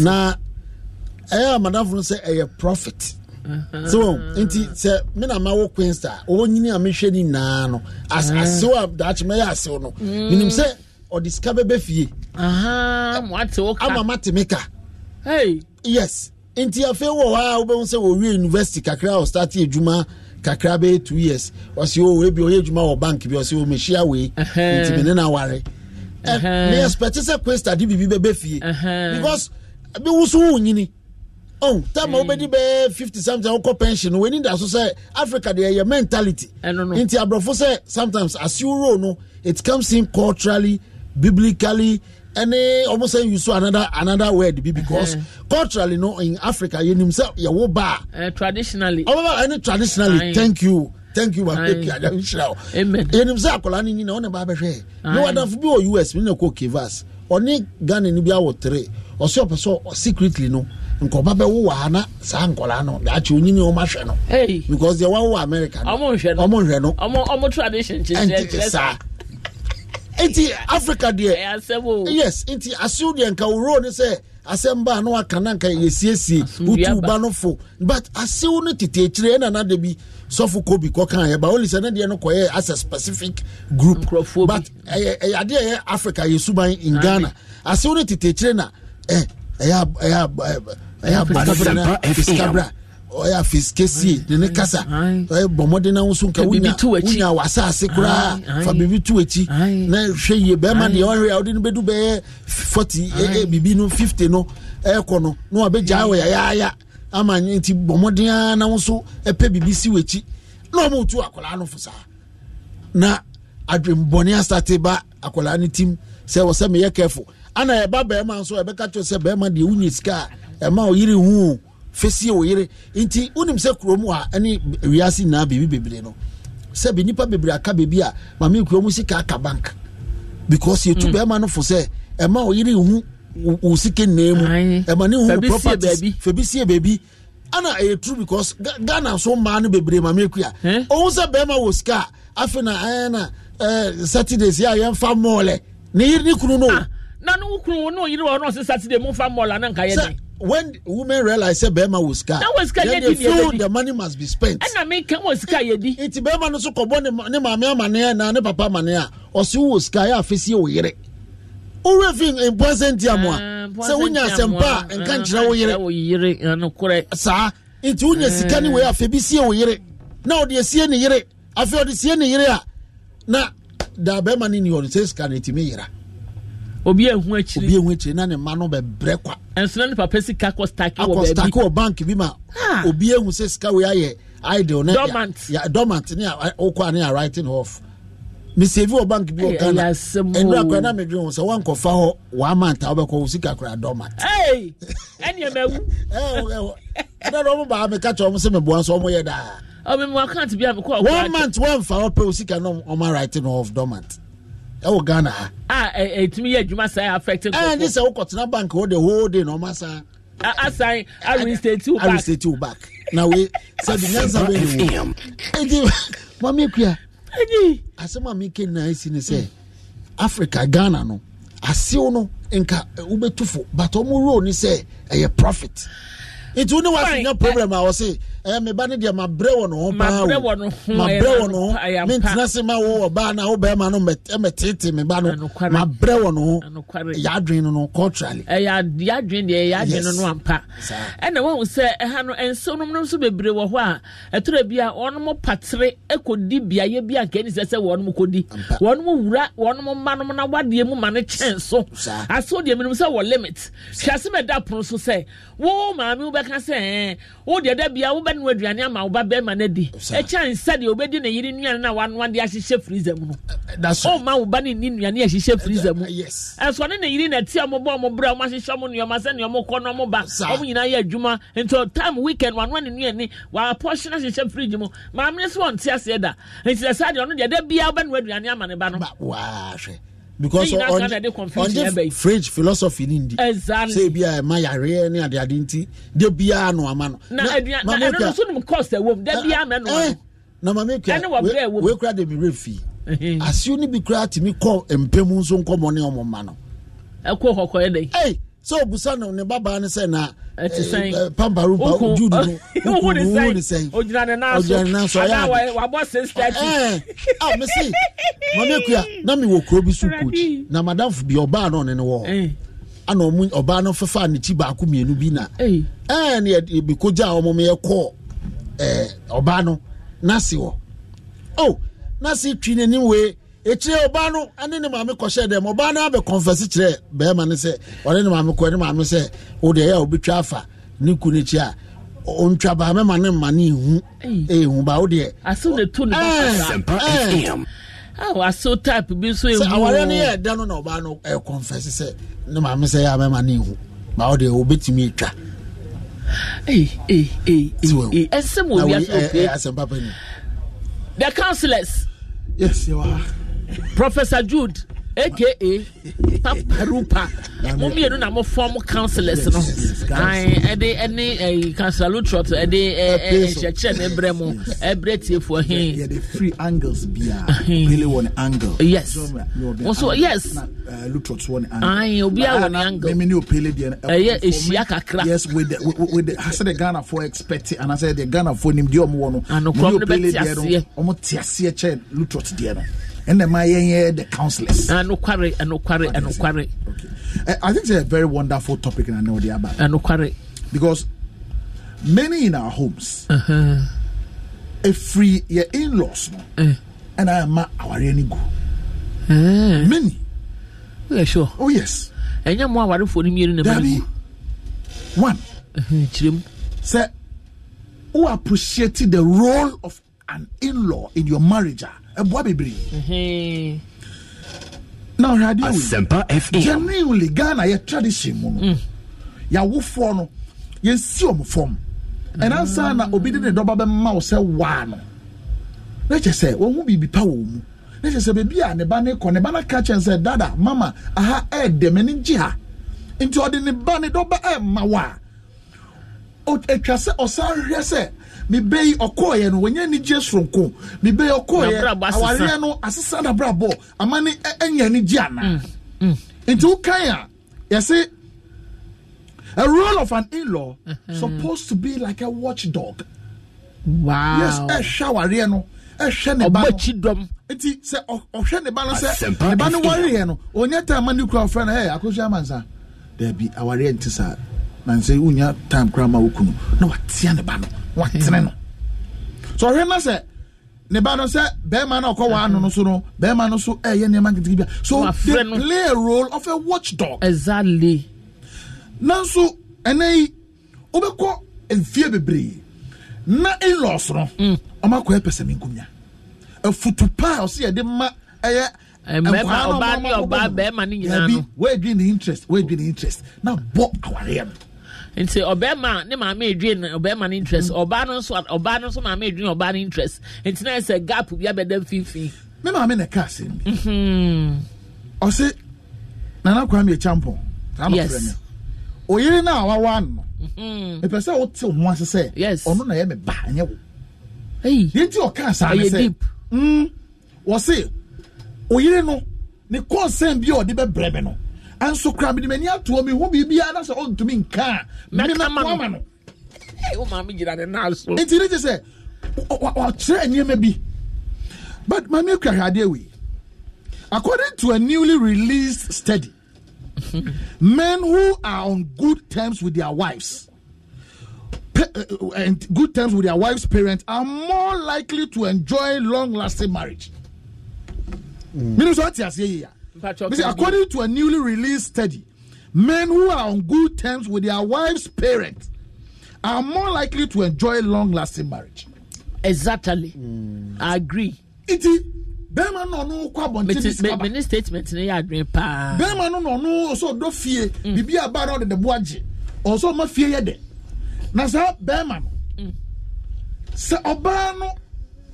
na ɛyɛ eh, amadamfo no sɛ ɛyɛ eh, profit uh-huh. so nti sɛ me na ma wo queens a wɔnyini a mehwɛ ni nyinaa no asew a daakye mɛyɛ asew no menim sɛ ɔde sika bɛbɛ fie ama mate me hey. yes nti afei wɔ hɔ a wobɛhu sɛ wɔwie university kakra a ɔstarte adwuma kakra bɛyɛ two years ɔsi oh, o ebi ɔyɛ adwuma wɔ bank bi ɔsi o oh, mehyia wei nti me ne na aware me expect sɛ kwesta de biribi bɛbɛ fie because bi eh, wusu wo nyini oh time a wobɛdi be fifty something wokɔ pension w'ani da so sɛ africa deɛ yɛ mentality nti aborɔfo sɛ sometimes asiwuro no it comes in culturally biblically. ɛne ɔmo sɛ use another another word bi because eh. culturally no in Africa yɛ nim sɛ yɛ wo ba. Eh, traditionally. ɔmo ba ɛne traditionally thank you. thank you wapepi adamehyira o yɛnim sɛ akwaraa no nyina wone baa bɛhwɛ ne wadafo bi wɔ us bi ne kɔ kivas ɔne ghana no bi awɔ tere ɔsɛ ɔpɛ sɛ secretly no nkɔba bɛwo wɔ ha na saa nkɔraa no daakye onyini ɔma hwɛ no because deɛ wawo wɔ america no ɔmo nhwɛ no ɔmo tradition kyerɛ saa nti africa deɛ yes nti asew deɛ nka wuro ne sɛ asɛm baa na waka na nka yɛsiesie wotu ba no fo but asew no tete ɛna na da bi sɔfo kobi kɔka yɛba oli sɛ ne deɛ no kɔyɛ as a specific group but ɛyɛ adeɛ ɛyɛ africa yɛ suban in ghana asew no tete na ɛ ɛyɛ ɛyɛ ɛyɛ abɔ na fisikabra ɔyɛ afis kɛsie de ne kasa ɔyɛ bɔ mmɔden na nso nka wonya wonya wasase koraa fa biribi to akyi na hwɛ yie bɛrima deɛ ɔhwɛ a wode no bɛdu bɛyɛ forty ɛɛ e, e, bibi no fifty no ɛɛkɔ no na wabɛgyaa wɔ yayaaya ama nti bɔ mmɔden ara na nso ɛpɛ biribi si wɔ akyi na wɔn tu akwadaa no fo na adwembɔne asate ba akwadaa no tim sɛ wɔsɛ meyɛ careful ana ɛba bɛrima nso ɛbɛka kyerɛ sɛ bɛrima deɛ wonya sika a ɛma ɔyere huu fɛsie wo yere nti wonim sɛ kurom a ɛne wiase nyinaa biribi bebree no sɛbi nnipa bebree aka baabi a mame kurom sika aka bank because yɛtu mm. bɛrima no fo sɛ ɛma ɔyere hu wo sika nnaa mu ɛma ne hu properties fɛbi sie baabi ana ɛyɛ true because ghana so mmaa no bebree mame ku a ɔhu sɛ bɛrima wɔ sika a afei na ɛɛ na saturdays a yɛmfa mɔɔlɛ ne yere ne kunu no ah, na no wo kunu no yere wɔ no ɔse saturday mu fa mɔɔlɛ ananka yɛ when women realize say bẹẹma wo sika then they feel the money must be spent. ẹnna mi kẹ́ wọ sika yẹ di. eti bẹẹma no so kọ bọ ne maame amaneya na ne papa amaneya ọsi wo sika yẹ afesi wo yere wúwo fi mpọ́nsẹ̀ ntí àmọ́ a ah, sẹ wúnyà sẹ̀mpa nǹkan ah, kyerẹ́ wo yere saa nti wúnyà sika ni wo yẹ eh. afẹ́ bi sie wo yere na ọ̀dẹ̀ sie ni yere afẹ́ ọ̀dẹ̀ sie ni yere a na dàbẹ́ẹ́ma ni ni ọ̀dẹ̀ sẹ́ sika ni ti mi yẹra obi ehu akyiri obi ehu akyiri na ne mma no bɛbrɛ kwa nsona ne papa sika kɔ staki wɔ baabi akɔ staki wɔ bank bi ma obi ehu sɛ sika wei ayɛ idle ne dormant ya dormant ne okɔ ne ya writing off mesevi wɔ bank bi wɔ ghana ɛnura kora na medwe ho sɛ woankɔfa hɔ waamanta wobɛkɔ wo sika kora dormant ɛnɛmawu ɛdɛ dɛ ɔmo baa meka kyerɛ ɔmo sɛ meboa nso ɔmo yɛ daa one month one hɔ pɛ wo sika no ɔma writing off dormant ɛwɔ ghana ha. a ɛtumi yɛ adwuma saa affect. ɛɛ ne sɛ wokɔtena bank hɔ de whole day na ɔma saa. asan aristate wo back aristate wo back na we sɛbi nyansa bɛ ne wo eti [LAUGHS] maame kuya asɛm a meke na esi ne sɛ africa ghana no asew no nka wobɛtu but ɔmo role ne sɛ ɛyɛ profit nti wo ne wa fi nya problem a wɔse ɛyɛ eh, mi ba ne deɛ ma brɛ wɔ ne ho paa o ma brɛ wɔ ne ho mi ntina se ma wo wɔ baa na wo bɛrima no ɛmɛ tete mi ba no ma brɛ wɔ ne ho yadwin no no culturally. ɛyɛ yadwin deɛ yadwin no no ampa ɛna wɔn sɛ ɛha no nsonum no nso bebree wɔ hɔ a ɛtura bi a wɔn patere ekodi beaeɛ bi a nkɛni sɛ sɛ wɔn kodi wɔn wura wɔn mma nom na wadeɛ mu ma ne kyɛn so aso deɛ minnu sɛ wɔ limit hwɛ wo maame wo bɛka sɛ anu aduane ama wo ba bɛrima no adi ɛkyɛn sɛdeɛ obɛdi ne nnuane no a de ahyehyɛ freezer mu no eh, eh, ɔma wo ba ni nnuane ahyehyɛ freezer mu eh, ɛsɔ ne ne yere na ti a mobɔ ɔmo berɛ a ɔmahyehyɛ sɛ nneɔma kɔ no ɔmo ba ɔmo nyinaa yɛ adwuma nti time weekend wanoa ne nnuane wɔapɔhye no ahyehyɛ fridge mu maame ne so wɔnte aseɛ da nti sɛ saa deɛ ɔno deɛ da biara wobɛnoa aduane ama ne ba no because on on ɔnye fridge philosophy ni ndi sɛ ebi a ɛma yareɛ ne ade ade nti de biara no ama no na ɛno no so nom cost ɛwɔ mu da biara mɛ no na maame kura wei kura de [LAUGHS] bi re fi asio ne bi kura timi kɔ mpɛmu nso nkɔmɔ ne ɔmo ma no ɛkɔ kɔkɔ yɛ dɛ. sɛ ɔbusa no ne babaa na pamparopa mame akua na mewɔ kuro bi so na madamfo bi ɔbaa no ɔne no wɔ eh. ana ɔbaa no baako mmienu bi na ɛɛ eh. eh, ne ɔmo ɔbaa no n'ase wɔ o oh, n'ase ekyire ɔbaa no ɛne ne maame kɔhyɛ dɛm ɔbaa no abɛ kɔnfɛsi kyerɛ bɛrima no sɛ ɔne ne maame kɔ ne maame sɛ o deɛ ɛyɛ a obitwa afa ne ku n'akyi a ontwa baa mɛma ne mma ne ehu ehu e baa o deɛ. aso ne to ne ba kasa awo aso type bi nso ehu. sɛ awaare no yɛ ɛda no na ɔbaa no ɛyɛ kɔnfɛsi sɛ ne maame sɛ ɛyɛ a mɛma ne ehu baa o deɛ obetumi etwa. ee ee ee ee ɛsɛm bi asopie. ɛyɛ the councillors. yes yɛ wɔ professor jude aka paparupa mo mmienu na mo form councillors no ɛde ɛne ɛyi councillor lutrot ɛde ɛɛ nkyɛkyɛ ne brɛ mu ɛbrɛ tie fo hin. yɛ free angles bia [LAUGHS] really one angle. yes nso uh, yes uh, lutrot one angle. ayi obi a one angle. mímí ni o pele deɛ. Uh, ɛyɛ ehyia kakra. yes with the with the ase de ghana for expect anase de ghana for nim deɛ ɔmo wɔ no. anukurɔm ne bɛ ti aseɛ. ɔmo ti aseɛ kyɛ lutrot deɛ no. And the yɛn the the councillors. ɛnukwari ɛnukwari Okay, I think it's a very wonderful topic and na ne o de aba. ɛnukwari. because many in our homes. Uh-huh. efiri yɛ in-laws no. ɛna eh. ɛma awaare ni gu. Eh. many. Oh, yeah, sure. oh yes. ɛnyɛ mu awarefo ni mmienu na ɛma ni gu. one. kyerɛ mu. sɛ who appreciated the role of an in-law in your marriage. Uh, ɛboa bebree na ɔhwɛ adeɛ asɛmpa fa genuinely ghana yɛ tradition mu no mm. yɛawofoɔ no yɛsi ɔmo fam ɛnansa mm. na obi de ne dɔba bɛma wo sɛ waa no na kyɛ sɛ wɔn ho biribi pa wɔ mu na kyɛ sɛ beebi a ne ba ne kɔ ne ba na kyɛn sɛ dada mama aha ɛɛdɛm ɛni gye ha nti ɔde ne ba ne dɔba ɛɛma waa atwa sɛ ɔsan hwɛ sɛ mebe yi ɔkɔɔyɛ no wɔnyɛ anigye soronko mebe yi ɔkɔɔyɛ awareɛ no asesa nabrabɔ ama ne ɛnyɛ anigye ana mm, mm. nti wokan a yɛse a role of an in-law supposed to be like a watchdog wow yes ɛhwɛ awareɛ no ɛhwɛ ne ba no nti sɛ ɔhwɛ ne ba no sɛ ne ba no wareɛ no ɔnyɛ time ma ne kura ɔfrɛ no ɛyɛ akosua amansa daabi awareɛ nti saa nansɛ wonya time kora ma wokunu na watea ne ba no watene no so ɔhwɛ na sɛ ne ba no sɛ bɛrima no ɔkɔ waano no so no bɛrima no so ɛyɛ nneɛma nketekete bia so they play a role of a watchdog exactly nanso ɛnɛ yi wobɛkɔ mfie bebree na in-laws no mm. ɔma kɔ ɛpɛ sɛ menkomnya afutu paa ɔsɛ yɛde ma ɛyɛ mmarima ɔbaa ne ɔbaa bɛrima ne nyinaa no wɔadwi ne interest wɔadwi ne interest na bɔ awareɛ no nti ɔbɛrima ne maame edwin ɔbɛrima ne interest ɔbaa mm. no nso ɔbaa no nso maame edwin ɔbaa ne interest nti na ɛsɛ gap bi abɛda mfimfini. ne maame na ɛka asɛm bi mhm. ɔsi nana kwame champo saa na ɔfrɛ mi oyiri na awawa ano mhm. mepɛ sɛ wote ho ase sɛ ɔno na yɛ me ba ɛnyɛ wo yɛnti ɔka saa ne sɛ mm, wɔsi oyiri no ne kɔnsɛn bi a ɔde bɛbrɛ mi no ɛnso kora mede m'ani atoɔ mehu biribiaa na sɛ ɔntumi nka a menakoama no nti ne gye sɛ wakyerɛ nneɛma bi but mame akura hwɛ adeɛ wei according to a newly released study [LAUGHS] men who are on good terms with their wives uh, uh, and good terms with their wife's parents are more likely to enjoy long lasting marriage. Mm. Meaning, so what you are saying according to a newly released study, men who are on good terms with their wife's parents are more likely to enjoy long lasting marriage. Exactly. Mm. I agree. It is. bẹẹma náà ọ̀nù kọ abọ̀ntín ní sikaba mẹni statement ni yà dùn paa. bẹẹma náà ọ̀nù ọ̀sọ̀ ọ̀dọ̀ fie mm. bìbí àbára ọ̀dẹ̀dẹ̀ bu àjẹ ọ̀sọ̀ ọ̀ma fie yẹ dẹ̀ na sá bẹẹma nọ mm. sẹ ọbaa nọ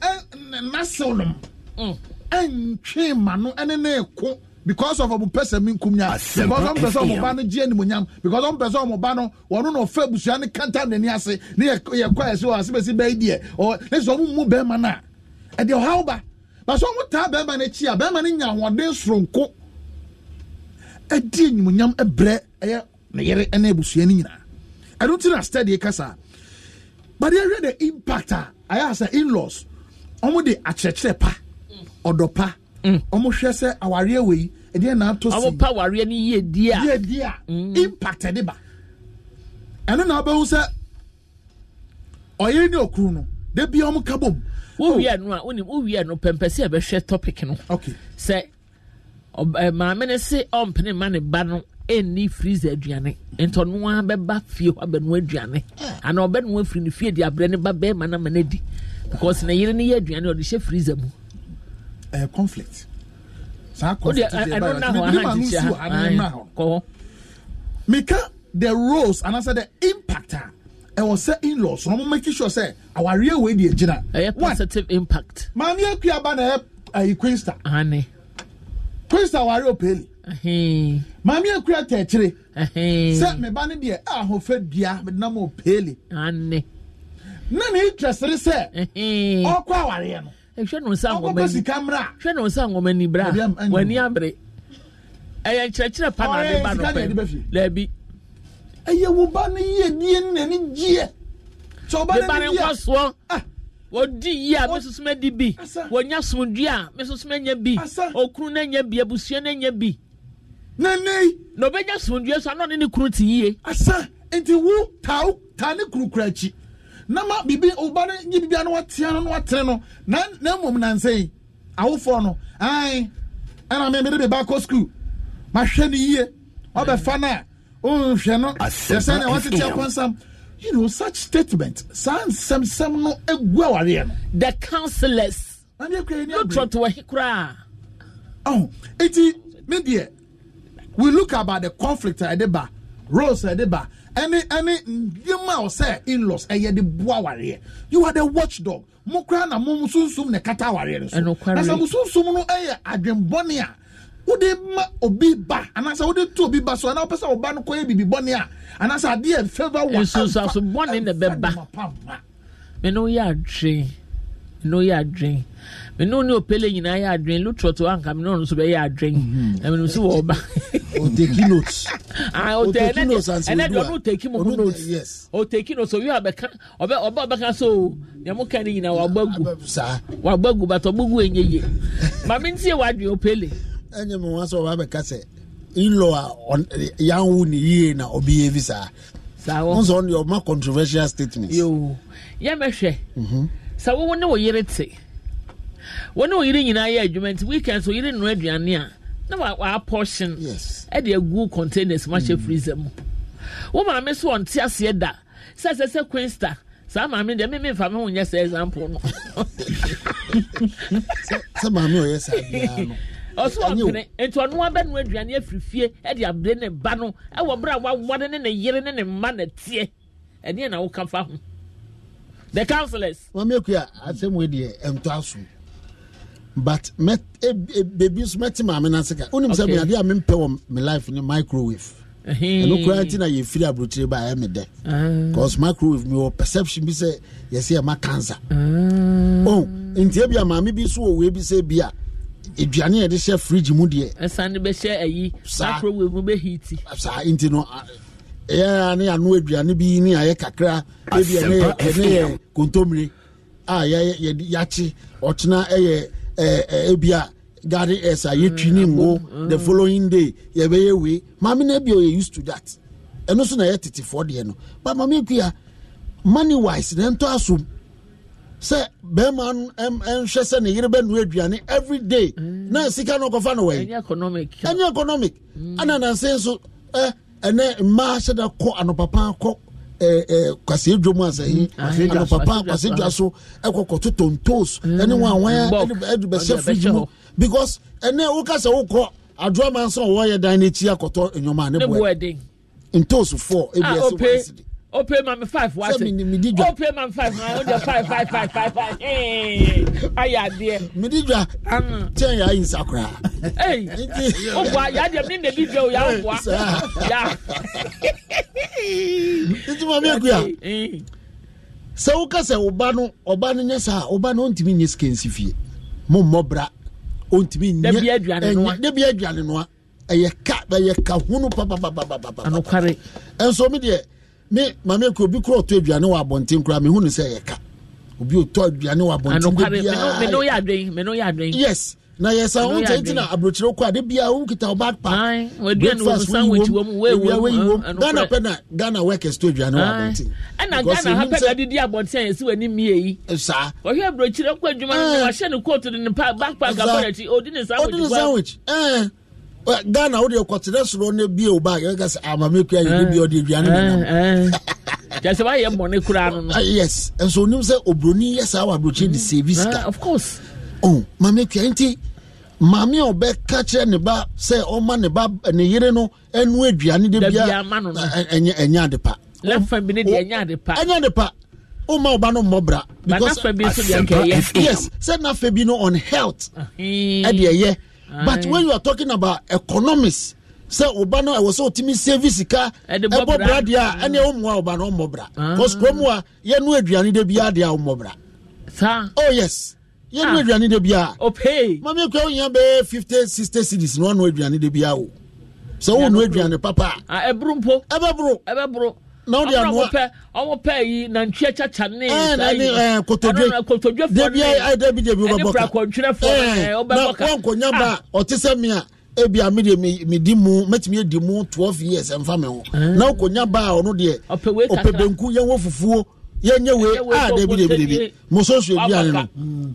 ẹ nà nà sẹwọn mm. ẹ ntwé ma nọ ẹ ní ẹ kọ because of ọmọ pẹsẹ mi nkun because ọmọ pẹsẹ ọmọ ba no jí ẹni because ọmọ pẹsẹ ọmọ ba no wọn nọ fẹ busua ni kanta nani ase ni yẹ yẹ kọ ẹsẹ wọn asebesi bẹẹ diẹ ọ ne sọ ọmọ mu bẹẹma na ẹdi e ọha ọba baso ọmọ taa bẹẹma n'ekyi a bẹẹma ni nya ahoɔden soronko ɛdi e ẹni mo nyam ɛbrɛ e ɛyɛ ne yere ɛna ebusua ni nyinaa ɛnu ti na steady kasa but yɛ hwɛ the impact a ayɛ asa in-laws ɔmo de pa ɔdɔ pa wɔn hwɛ sɛ awareɛ wɔ yi ɛdeɛ na ato si wɔn pa mm. awareɛ oh. ni yie di a yie di a impact ɛde ba ɛno na abɛho sɛ ɔyere ne okuru no de bi a wɔn ka bom. wowie no a wonim wowie no pɛmpɛ sɛ ɛbɛhwɛ topic no sɛ maame no se ɔmpene ma ne ba no ɛnni freezer aduane ntɔnoa bɛba fie hɔ abɛnoa aduane anaa ɔbɛnoa firi no fie de abrɛ ne ba bɛrima no ama no adi because ne yere no yɛ aduane ɔde hyɛ freezer mu uh, conflict saa constitution meka the roles anaasɛ the impact a ɛwɔ sɛ in-laws na ɔmo make sure sɛ awareɛ wei de egyina. ɛyɛ positive impact. maame akua ba na ɛyɛ ayi kwinsta. ani. kwinsta awareɛ opeli. maame akura tɛkyire sɛ meba ne deɛ a ahofa dua mede nam opeli na ne interest ne sɛ ɔkɔ awareɛ no ehwɛ no nsa ngɔmɔ ni hwɛ no nsa ngɔmɔ ni bra wani abere ɛyɛ nkyerɛkyerɛ pana de ba no pɛ lɛbi. ɛyɛ wo ba ni yie die ni n'ani gyeɛ sɛ ɔba n'ani gyeɛ wɔdi yi a ah! mesoso ma di bi wɔnya sumdue a mesoso ma nya bi okunu na nya bi abusua na nya bi. nane. na obɛnya sumdue so anɔ ne ne kunu ti yie. asa nti wo taa ta ne kuru kura akyi na ma biribi ɔba no nye ano watea no no watene no na na mmom nansa yi awofoɔ no ae ɛna mmemme de beba akɔ sukuu mahwɛ no yie ɔbɛfa no a ɔnhwɛ no yɛsɛ na wɔtete akɔnsam you know such statement saa nsɛmsɛm no egu awareɛ no. the councillors. wani ekura eni abiri. ɔn oh, eti mi deɛ we look about the conflict ɛde ba roles ɛde ba ɛne ɛne nneɛma a ɔsɛ in ɛyɛ de bu awareɛ you are the watchdog mo kura na mo sunsun na kata awareɛ no so na sɛ mo sunsun no ɛyɛ eh, adwenbɔne a wode ma obi ba anaasɛ wode to obi ba so anaa wopɛ sɛ ɔba no kɔyɛ bibi bɔne a anaasɛ adeɛ fɛva wɔ nsusuasobɔne na ɛbɛba me ne woyɛ adwen ne woyɛ adwen menu ne opele nyinaa yɛ adwen lutrɔto anka menu ɔno nso bɛyɛ adwen ɛmenu mhm. nso wɔ ɔba. [LAUGHS] oteki notes. [LAUGHS] ah oteki notes ansi odua ɛnɛ de ɔno oteki notes yes oteki notes owi abɛka ɔbɛ ɔba abɛka so deɛ mo ka ne nyinaa ah, wabɔ agu saa wabɔ agu bàtɔ bugu enye ye [LAUGHS] maame n tie wadwen opele. wọn sɔ ɔba abɛka sɛ ilọ a yanwu ni yie na obi yɛ bi saa. saa controversial statements. yoo yɛmɛhwɛ mhm. sɛ wɔwɔ ne wɔne oyiri nyinaa yɛ adwuma nti weekend so oyiri nnua aduane a na wa wa portion ɛde egu containers ma hyɛ mm. freezer mu wɔn maame so ɔnte aseɛ da sɛ sɛ sɛ quinsta saa maame deɛ mímí nfa mi ho nyɛ sɛ example no. [LAUGHS] sɛ maame ɔyɛ saa biara no [LAUGHS] ɔsọ ɔpene nti ɔno abɛnu aduane afiri fie ɛde abere ne ba no ɛwɔ bere a wawɔde ne ne yere ne ne mma na tie ɛneɛ na woka fa ho the councillors. maame ekuya asɛm wei deɛ ɛntɔ aso but eh, eh, baby nso mɛte maame n'ase ka onim sɛ miade a mempɛ wɔ me life ni microwave ɛno koraa nti na yɛfiri aburokyire ba ɛyɛ me dɛ ah. cause microwave mewɔ perception bi sɛ yɛsɛ yɛma cancer ah. oh nti ebi a maame bi so wɔ wei bi sɛ bi a aduane yɛde hyɛ fridge mu deɛ ɛsane bɛhyɛ ayi microwave mu bɛhiti saa nti no ɛyɛ ne ano aduane bi ne ayɛ kakra ebi ɛne yɛ kontomire a yɛakye ɔkyena ɛyɛ Eh, eh, ebia garden airs a yɛtwi ne ngo the mm. following day yɛbɛyɛ wei maame no bi ɔyɛ used to that ɛno so na yɛ tetefoɔ deɛ no but maame kua money wise na ɛntɔ asom sɛ bɛrima no ɛnhwɛ sɛ ne yere bɛnua aduane every day mm. na sika no ɔkɔfa no wɔyi ɛnyɛ economic mm. ana nanse nso ɛnɛ mmaa hyɛ da kɔ anɔpapa kɔ kwasi edwom asayi mm. papa, kwasi edwa so ɛkɔkɔ to tontos mm. ɛne wɔn a wɔn ɛde bɛhyɛ firiji mu because ɛnɛ wokasa wokɔ aduama nso a wɔyɛ dan n'akyi akɔtɔ nneɛma a ne bɔ ntoosofoɔ ebi ɛsɛ wɔn asidi o pay five wa se o pay five ma o de five five five five five ayi adeɛ. midi dwa tiɲɛ y'a yin sakura. ee o bua y'a jɛ min de bi jɛ o y'a bua ya. i ti ma min kuya. sɛw kasa ɔba no ɔba no nyɛ saa ɔba no ntumi nye sika nsi fie mo mmɔ bra ntumi nye debi aduane eh, noa debi aduane eh, noa ɛyɛ ka ɛyɛ eh, ka hunu papapapapapa. anokare. ɛnso mi deɛ mi maame kuro obi kuro ɔtɔ aduane wɔ abɔnten kura mehu ne sɛ yɛka obi ɔtɔ aduane wɔ abɔnten bɛ biara yes na yɛsa wo nkyɛn ntina aburokyerɛ kɔ ade biara wo kita wo pa breakfast wo yi wom ewia wo yi wom ghana pɛ na ghana workers tɔ aduane wɔ abɔnten ɛna ghana ha pɛ na didi abɔnten a yɛsi wɔ ani mie yi eh, saa wɔhwɛ aburokyerɛ kɔ adwuma no eh. wɔahyɛ ne coat de ne backpack abɔ n'akyi odi ne sandwich eh ghana wode kɔtena soro no bi o ba yɛka sɛ amame kura yɛde bi ɔde aduane nenam kyɛ sɛ woayɛ mmɔne koraa no no yes nso onim sɛ oburoni yɛ saa wɔ aburokyi de sɛvi sika of course oh, mame kura nti maame a ɔbɛka kyerɛ ne ba sɛ ɔma oh, ne ba ne yere no ɛnu aduane de bia ɛnyɛ ɛnyɛ ade pa lɛfa bi ne deɛ ɛnyɛ ade pa ɛnyɛ eh, ade pa o oh, ma ọba no mọbra. because yes sẹ n'afẹ bi no on health ẹ de ẹ yẹ but when you are talking about economics sɛ ɔba no ɛwɔ sɛ ɔtumi save sika ɛbɔ bra deɛ a ɛne ɛwomoa ɔba no ɔmmɔ bra ah. bcause kurom a yɛno aduane da biaa deɛ a wommɔ bra oh yes yɛno ah. aduane da biaa mame kua wohia bɛyɛ 50 60 cities na woano aduane da biaa o sɛ wono aduane papa a ah, ɛbɛboro na ɔde anoa ɔmɔ ɔmɔ pɛ yi eh, na ntwi ɛkyakya ne saa yi ɛɛ eh, kotodwe kotodwe fɔ ne debi ayi debi eh, na wɔnkɔnya ba ah. ɔte sɛ mia ebi a mi de mi di mu mɛtumi di mu twelve years ɛnfa mi ho na ɔkɔnya ba a ɔno deɛ ɔpɛ benku yɛn wɔ fufuo yɛn nye wee a ah, debi debi debi muso nsuo bi a ne no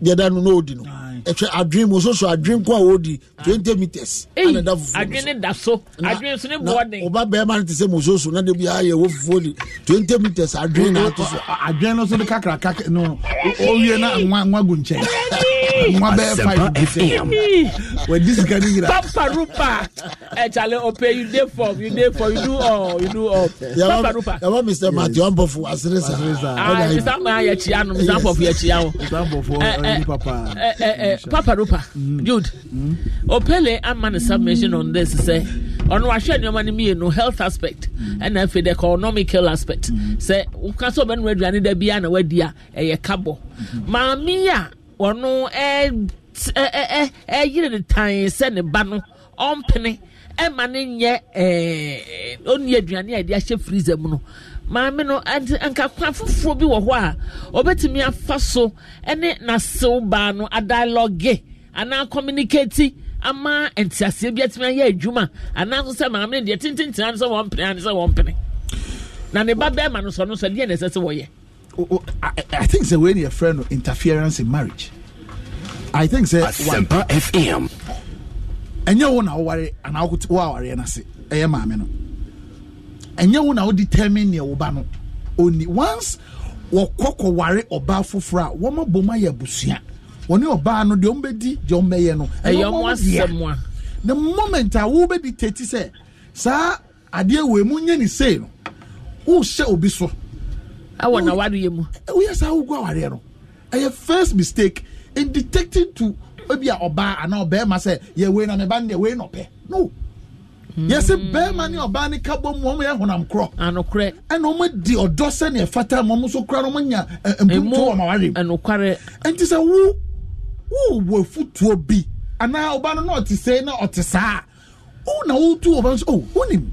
yɛda no n'odi no. Ah ɛtwɛ adwene mu soso adwene ko a wɔdi twenty meters ɛna da fufuo adwene ne da so adwene so ne bɔɔden ɔba bɛrima no te sɛ mu soso na de bi ayɛ wɔ fufuo li twenty meters adwene na ato so adwene no so de kakraka no ɔwie na nwa nwa gu nkyɛn nwa bɛɛ five wadi sika ni yira. papa rupa ɛ chale ope you dey for you dey for you do all you do all ah, eh, eh, papa rupa. yaba mr matthew anbɔfo asere sa. aa mr anbɔfo yɛ kyiya no mr anbɔfo yɛ kyiya o. mr anbɔfo ɛni papa. ɛ ɛ papa rupa dude mm. opele ama ne submission on this sɛ ɔno wahwɛ nneɛma no mmienu health aspect ɛna mm. afei the economical aspect sɛ woka sɛ ɔbɛnora aduane da biara na wadi a ɛyɛ kabɔ maame a ɔno ɛyere ne tan sɛ ne ba no ɔmpene ɛma ne nyɛ ɛɛ e, ɔnni aduane a yɛde ahyɛ freezer mu no maame no nka kwan foforɔ bi wɔ hɔ a ɔbɛtumi afa so ɛne n'asew baa no adalɔge anaa communicate ama ntiaseɛ bi atumi ayɛ adwuma anaa nso sɛ maame no deɛ tententena no sɛ wɔmpene ano sɛ wɔmpene na ne ba bɛrima no sɔ no sɔ deɛ na ɛsɛ sɛ wɔyɛ I, I think sɛ wei your friend interference in marriage i think sɛ Asempa fm ɛnyɛ wo na woware anaa woawareɛ worry, ase ɛyɛ maame no ɛnyɛ wo na wo determine neɛ wo ba no ɔni once wɔkɔ kɔware ɔbaa foforɔ a wɔma bom ayɛ abusua wɔne ɔbaa no the ɔmbɛdi di, ɔmbɛyɛ no ɛyɛ ɔmo asɛm the moment a wobɛdi thirty sɛ saa I wei we nyɛ ne sei Who wohyɛ obi so awɔ n'awareɛ mu eh, oh, woyɛ saa wogu awareɛ no ɛyɛ first mistake in detecting to ebi a ɔbaa anaa ɔbɛrima sɛ yɛ wei na ne ba ne deɛ wei na ɔpɛ no yɛsɛ bɛrima ne ɔbaa ne ka bɔ mu wɔn yɛ honam korɔ anokorɛ ɛna wɔn di ɔdɔ sɛnea fata wɔn nso kura wɔn nya eh, eh, mpuntu wɔn awareɛ mu ɛnokorɛ ɛnti sɛ wo wo wɔ futuo bi anaa ɔbaa no na ɔte sɛ na ɔte saa wo na wotu ɔbaa nso o oh, wonim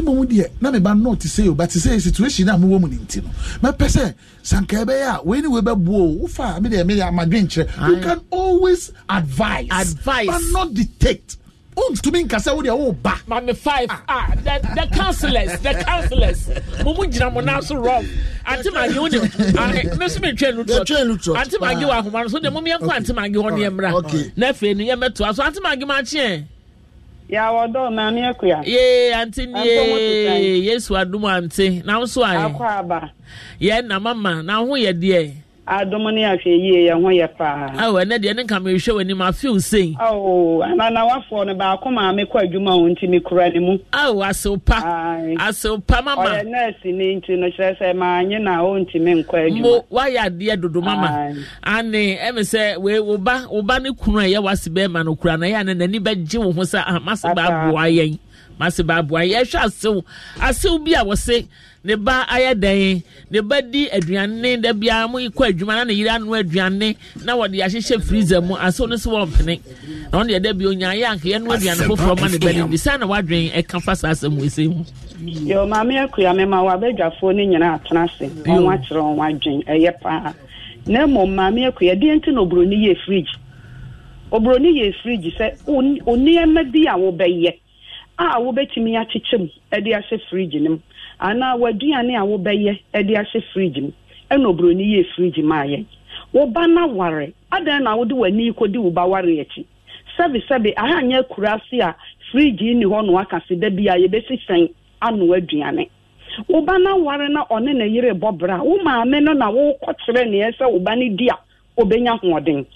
mmemme mu deɛ na ne ba nɔ te sɛ yɛ ba te sɛ situation a mowɔ mu ne nti no mɛpɛ sɛ sanka ɛbɛyɛ a wei ne wei bɛboɔ o wofa mi deɛ mi deɛ you can always advise advise but not dictate ontumi oh, nkasa wo deɛ woba mame five ah. ah the, the councillors the councillors mo mu gyina mo nan so rob ante mage wo de me so metwa no trot ante mage wɔ ahoma no so de mo miɛnkɔ ante mage hɔ ne ɛmmra na afei no yɛmɛtoa so ante mage maakyeɛ yàwọ dọọ maame akuya. yee ante nie yesu adum ante n'ahosuo ayɛ. akɔ aba. yɛ na mama n'aho yɛ deɛ. adom ne ahwɛ yie yɛ ho yɛ paa awo ɛnɛ deɛ ne nka mehwɛ w'anim afew sei ao ananawafoɔ no baako maa mekɔ adwuma wo nti mekura ne mu Awo asew pa mama ɔyɛ ne nti no kyerɛ sɛ nye na ɔntimi nkɔ adwuma mo adeɛ dodo mama sɛ ne kunu a no kura na ɛyɛ ane n'ani bɛgye ho sɛ ah yɛn yɛn asew asew ne ba ayɛ dɛn ne ba di aduane da biara mo kɔ adwuma na ne yiri ano aduane na wɔde ahyehyɛ freezer mu aso ne so wɔn pene na wɔn deɛ da bi onya ayɛ anka no aduane foforɔ ma ne ba ne bi saa na wadwen ɛka fa saa asɛm wɔ esi mu. yɛ maame akuya mi ma wabɛdwafoɔ ne nyinaa atena ase wɔn akyerɛ wɔn adwen ɛyɛ paa na mmom maame akuya deɛ nti na oburoni yɛ fridge oburoni yɛ fridge sɛ onneɛma bi a wɔbɛyɛ a wɔbɛtumi akyekyɛ mu de ahyɛ fridge no mu. anaa w'aduane a wobɛyɛ ɛde ahyɛ fridge mu ɛna oburoni yɛ fridge mu ayɛ wo ba na ware adan na wode w'ani kɔdi wo ba ware akyi sɛbesɛbe ahanyɛ akura ase a fridge ni hɔ na waka se da bi a yɛbɛsi sɛn anoa aduane wo ba na ware na ɔne ne yere bɔ bra wo maame no na wokɔkyerɛ neɛ sɛ wo ba no di a obɛnya hoɔden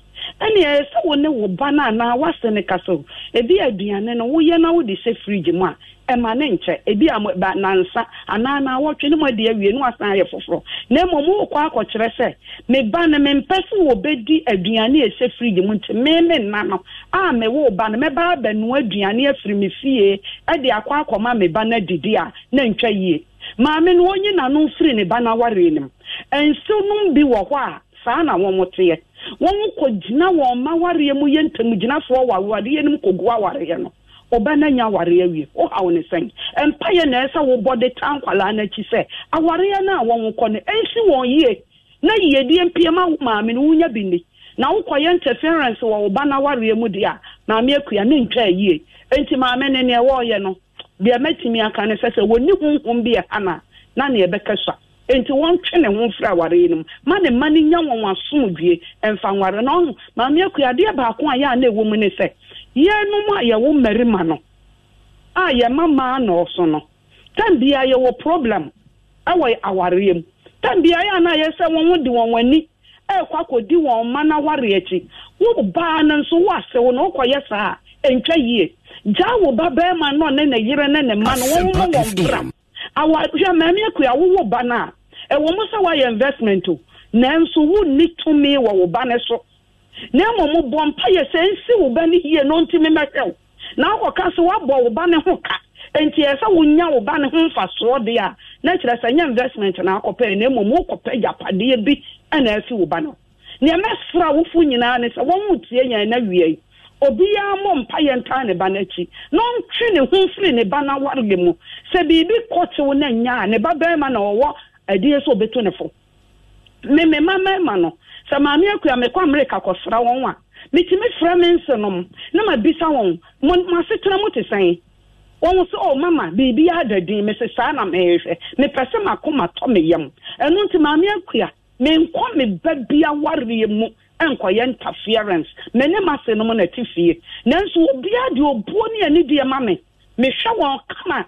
ɛnea sɛ wo ne wo ba no anaa woasɛ ne ka so ebi aduane no woyɛ na wode hyɛ fridge mu a ɛma ne nkyɛ ebi a nansa anaa na wɔtwe ne mu adi awie ne wasan ayɛ foforɔ na mmom wokɔ akɔkyerɛ sɛ me ba no mempɛ sɛ wɔbɛdi aduane a ɛhyɛ fridge mu nti me me nna no a me wo ba no mɛba abɛnoa aduane afiri me fie ɛde akɔ akɔma me ba no adidi a na ntwa yie maame no wɔnyi n'ano mfiri ne ba no awareɛ no mu nsu nom bi wɔ hɔ a saa na wɔn teɛ wọn wɔn gyina wɔn mma awareɛ mu yɛ ntɛmugyinafoɔ wɔ awareɛ no mu kɔgu awareɛ no ɔba no anya awareɛ awie wohaw ne sɛn mpaeɛ na ɛsɛ wobɔ de ta nkwalaa no akyi sɛ awareɛ na a wɔn kɔ no esi wɔn yie na yiedie mpie ma maame no wonya bi ni na wokɔyɛ interference wɔ wo ba no awareɛ mu deɛ a maame akua ne ntwa yie enti maame ne neɛ wɔɔyɛ no deɛ mɛtumi aka ne sɛ sɛ wɔnni honhom bi ɛha ha na na neɛ ɛbɛkɛ sua nti wɔntwe ne ho mfiri aware yi no mu ma ne mma no nya wɔn die mfa nware na ɔho maame akua adeɛ baako a yɛ a na ɛwɔ mu ne sɛ yɛnom a yɛwo mmarima no a ma maa na ɔso no tam bia yɛwɔ problem ɛwɔ awareɛ mu tam bia yɛ a na yɛsɛ wɔn ho de wɔn ani ɛrekɔ akɔdi wɔn mma na aware akyi wo baa no nso wo asew na wokɔyɛ saa ntwa yie gyaa wo ba barima no ne ne yere ne ne mma no wɔn ho wɔn bram awahwɛ maame akua wowo ba no a ɛwɔ mu sɛ woayɛ investment o nanso wonni tumi wɔ wo ba ne so na mmom bɔ mpa yɛ sɛ nsi wo ba no yie no ntumi mɛhwɛ wo na wokɔka sɛ woabɔ wo ba ne ho ka nti ɛsɛ wonya wo ba ne ho mfasoɔ deɛ a na kyerɛ sɛ nyɛ investment na akɔpɛ na mmom wokɔpɛ gyapadeɛ bi ɛna afi wo ba no nea mɛsra wofo nyinaa ne sɛ wɔn tie yɛn na wie obiara mmɔ mpa yɛ ntaa ne ba n'akyi na ɔntwe ne ho mfiri ne ba n'awaregye mu sɛ biribi kɔtew na nya ne ba barima na ɔwɔ ɛdeɛ sɛ obeto ne fo meme ma mɛma no sɛ maame akua mekɔ amerika kɔsra wɔn a metumi frɛ me nsenom na mabisa wɔn masetena mo te sɛn wɔn so, ɔ oh, mama biribi ada din mese saa na mehwehwɛ mepɛ sɛ mako matɔ me yam ɛno nti maame akua menkɔ me ba bi awareɛ mu nkɔyɛ interference mene masenom na ti fie nanso obiara deɛ obuo ne ani deɛ ma me mehwɛ wɔn kama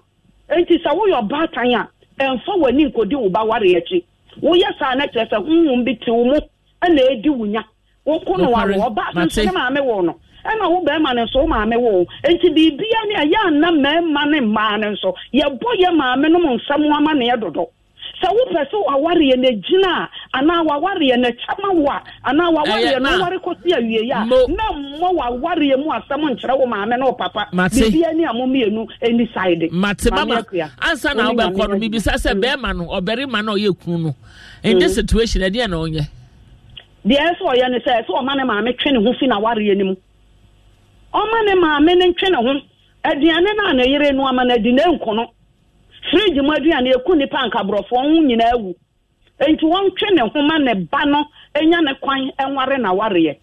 nti sɛ woyɛ ɔbaatan a ɛmfa w'ani nkɔdi wo ba ware akyi woyɛ saa na kyerɛ sɛ honhom bi te mu ɛna ɛdi wo nya woko no ware ɔba sensɛ ne maame wo no ɛna wo bɛrima no nso wo maame wo nti biribia ne a yɛanna mmarima ne mmaa no nso yɛbɔ yɛ maame nom nsɛm ama ne yɛ dodo sɛ wopɛ sɛ wawareɛ no gyina a anaa wawareɛ no kyama wo a anaa wawareɛ no ware kɔsi awieɛ a na mmɔ wawareɛ mu asɛm nkyerɛ wo maame ne wo papa biribia ni a momienu ɛni side mate mama ansa na wobɛkɔ no bibisa sɛ mm. bɛrima no ɔbɛrima no ɔyɛ kunu no in this mm. situation ɛdeɛ na ɔnyɛ deɛ ɛsɛ ɔyɛ no sɛ ɛsɛ ɔma ne maame twe ne ho fi na wareɛ no mu ɔma ne maame ne ntwe ne ho aduane no a ne yere no ama no adi ne nkono firiji mu aduane eku nipa nkaborɔfo ɔmo nyinaa ewu etu wɔn twe ne ho ma ne ba no enya ne kwan nware na wareɛ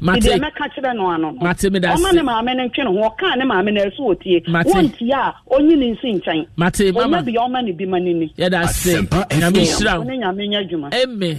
mate mɛka kyerɛ no ano no ọma me ne maame ne ntwe ne ho ɔka ne maame na esu otie wɔntie a onye ne nsi nkyɛn ọma mama ɔma bi ɔma ne bi ma ne ni yɛ nyame nhyira wo ne nyame nyɛ adwuma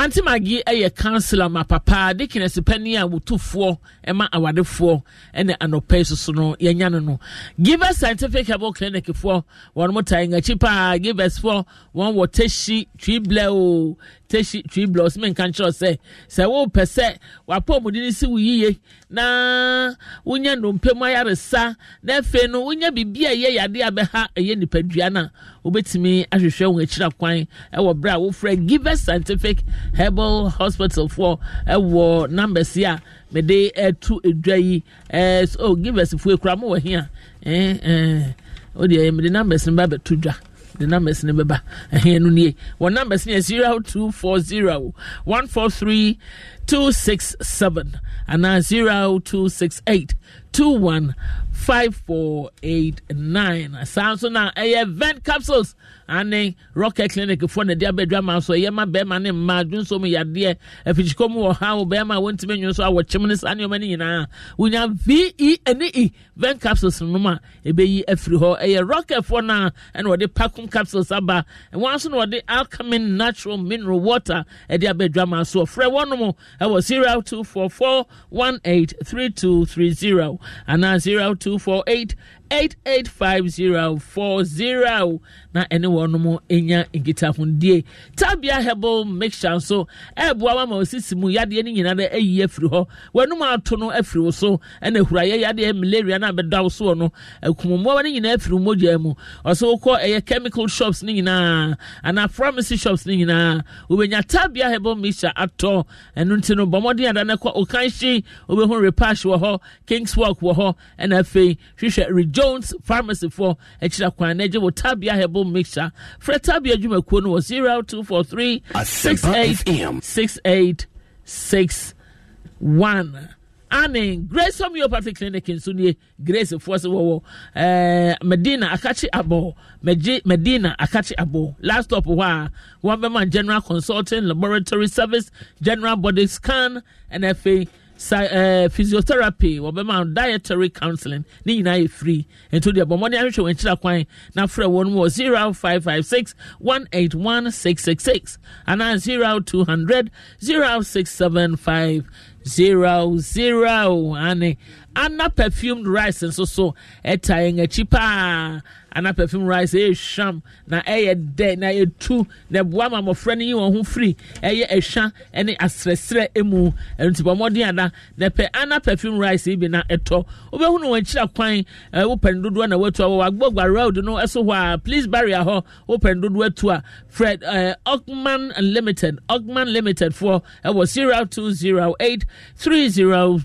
anti magi eh, yɛ councillor ma papa dikines panyin a wotufoɔ eh, ma awadefoɔ eh, ne anɔpɛ soso no yɛnya no no givers scientific herbal clinic foɔ wɔn mo ta nkakyi paa givers foɔ wɔn wɔ tɛhyi twiblɛ o teshi tree blocks menka nkyerɛ sɛ sɛ wopɛ sɛ wapɔmude no si wo yie na wonya nnompɛ mu ayaresa na afei no wonya biribi a ɛyɛ yade a bɛha ɛyɛ nipadua no a wobɛtumi ahwehwɛ wo akyira kwan ɛwɔ berɛ a wofrɛ giver scientific herbal hospital foɔ ɛwɔ numbers a mede ɛtu edwa yi ɛɛ so oh, givers foɔ ekura mo wɔ hia ɛɛ ɛɛ o deɛ mede numbers no ba bɛtu dwa. the numbers ne bɛba Here, no nie wɔn numbers ne yɛ zero two four zero one four three two six seven ana zero two six eight two one five four eight nine Sounds so now. ɛyɛ vent capsules. ane rocket clinic foɔ na ɛde abɛdwa ma so ɛyɛ ma bɛrima ne mmaa adwonso mu yadeɛ afikyiko mu wɔ ha wo bɛrima a wɔntumi nwo so a wɔkyem ne saa nneɛma e e, no nyinaa wonya ve ne e ven capsules nom a ɛbɛyi afiri hɔ ɛyɛ rocket foɔ no a ɛna wɔde pacom capsules aba wɔn nso na wɔde alkamin natural mineral water ɛde abɛdwa ma so frɛ wɔnom ɛwɔ 0244 anaa 0248 885040 na ɛne wɔnom nya nkitahodie tabia hebel mixture nso ɛɛboa ma ma osisi mu yadeɛ no nyinaa no ayi afiri hɔ w'anom ato no afiri wo so ɛna ahurayɛ yadeɛ malaria no abɛda wo so no akumummoa no nyinaa afiri mmogyaa mu ɔsɛ wokɔ ɛyɛ chemical shops no nyinaa ana pharmacy shops no nyinaa wobɛnya tabia hebel mixture atɔ ɛno nti no bɔmmɔden ada no kɔ okanhye wobɛhu repash wɔ hɔ kings walk wɔ hɔ ɛna afei hwehwɛ Jones Pharmacy for Echira Kwan Neje Tabia Herbal Mixture. Fred Tabia Juma Kuno was 0243 6861. Ane Grace Homeopathy Clinic in Sunye Grace Force Wowo eh, Medina Akachi Abo Medina Akachi Abo last up wa man, General Consulting Laboratory Service General Body Scan NFA uh, physiotherapy wɔbɛma dietary counseling ne nyinaa yɛ free nti deɛ bɔ mmɔden ahwehwɛ wɔn akyira kwan na frɛ wɔn mu wɔ zero five five six one eight one six six six anaa zero two hundred zero six seven five zero zero ane. ana perfumed rice nso so ɛta yɛn akyi paa ana perfumed rice ɛyɛ hwam na ɛyɛ dɛ na ɛtu na ɛboa ma mmɔfra no yi wɔn ho firi ɛyɛ ɛhwa ɛne asrɛsrɛ emu ntoma mmɔden ada na pɛ ana perfumed rice yi bi na ɛtɔ wobɛhu no wɔn akyira kwan ɛwɔ pɛn dodoɔ na wɔatu a wɔwɔ agbogba road no ɛso hɔ a police barrier hɔ wɔ dodoɔ atu a fred ɛɛ ogman limited ogman limited foɔ ɛwɔ zero two zero eight three zero.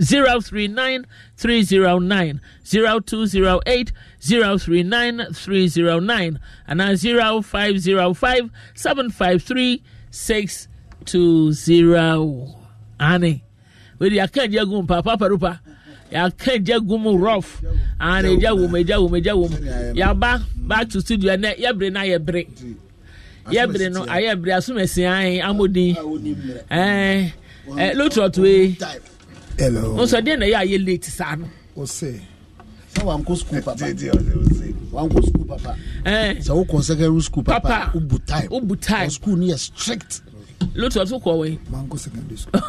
039 309 0208 039 309 and 0505 753 620. Ani, with your candy gum, papa, parupa. yàkẹ́ jẹ́ gumu rough àná ẹ̀jẹ̀ wòmù ẹ̀jẹ̀ wòmù ẹ̀jẹ̀ wòmù yàbá back to studio ẹ̀ yẹ́bìrì náà yẹ́bìrì yẹ́bìrì no ayẹ́bìrì asúmẹ̀sìn ayé amódì ẹ̀ lótú ọ̀tún ẹ̀ hello nso deɛ na yɛ ayɛ late saa no ɔsɛ sɛ wankɔ school papa wankɔ school papa sɛ wokɔ secondary school papa wobu time wobu time school no yɛ strict lotus wokɔ wɔ mankɔ secondary school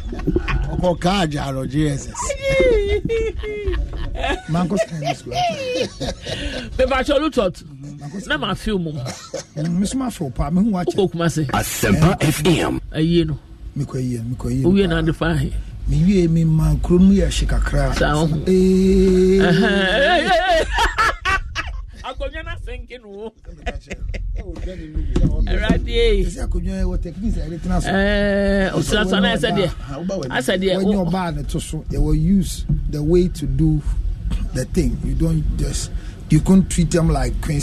[LAUGHS] ọkọ káàdì àrò gss mango secondary school. bẹ̀bà àti olùtọ̀t náà máa fi òmùmù. mísúmáfọ̀ pa mi hùwà jẹ. ó kò kuma se. àsẹ̀mbá fm. ayé nu. No mekɔyie mekɔyie wowie na ade fa he mewie me ma kuro mu yɛ hye kakra akonnwa no asenke no use the way to do the thing you don't just you couldn't treat them like queen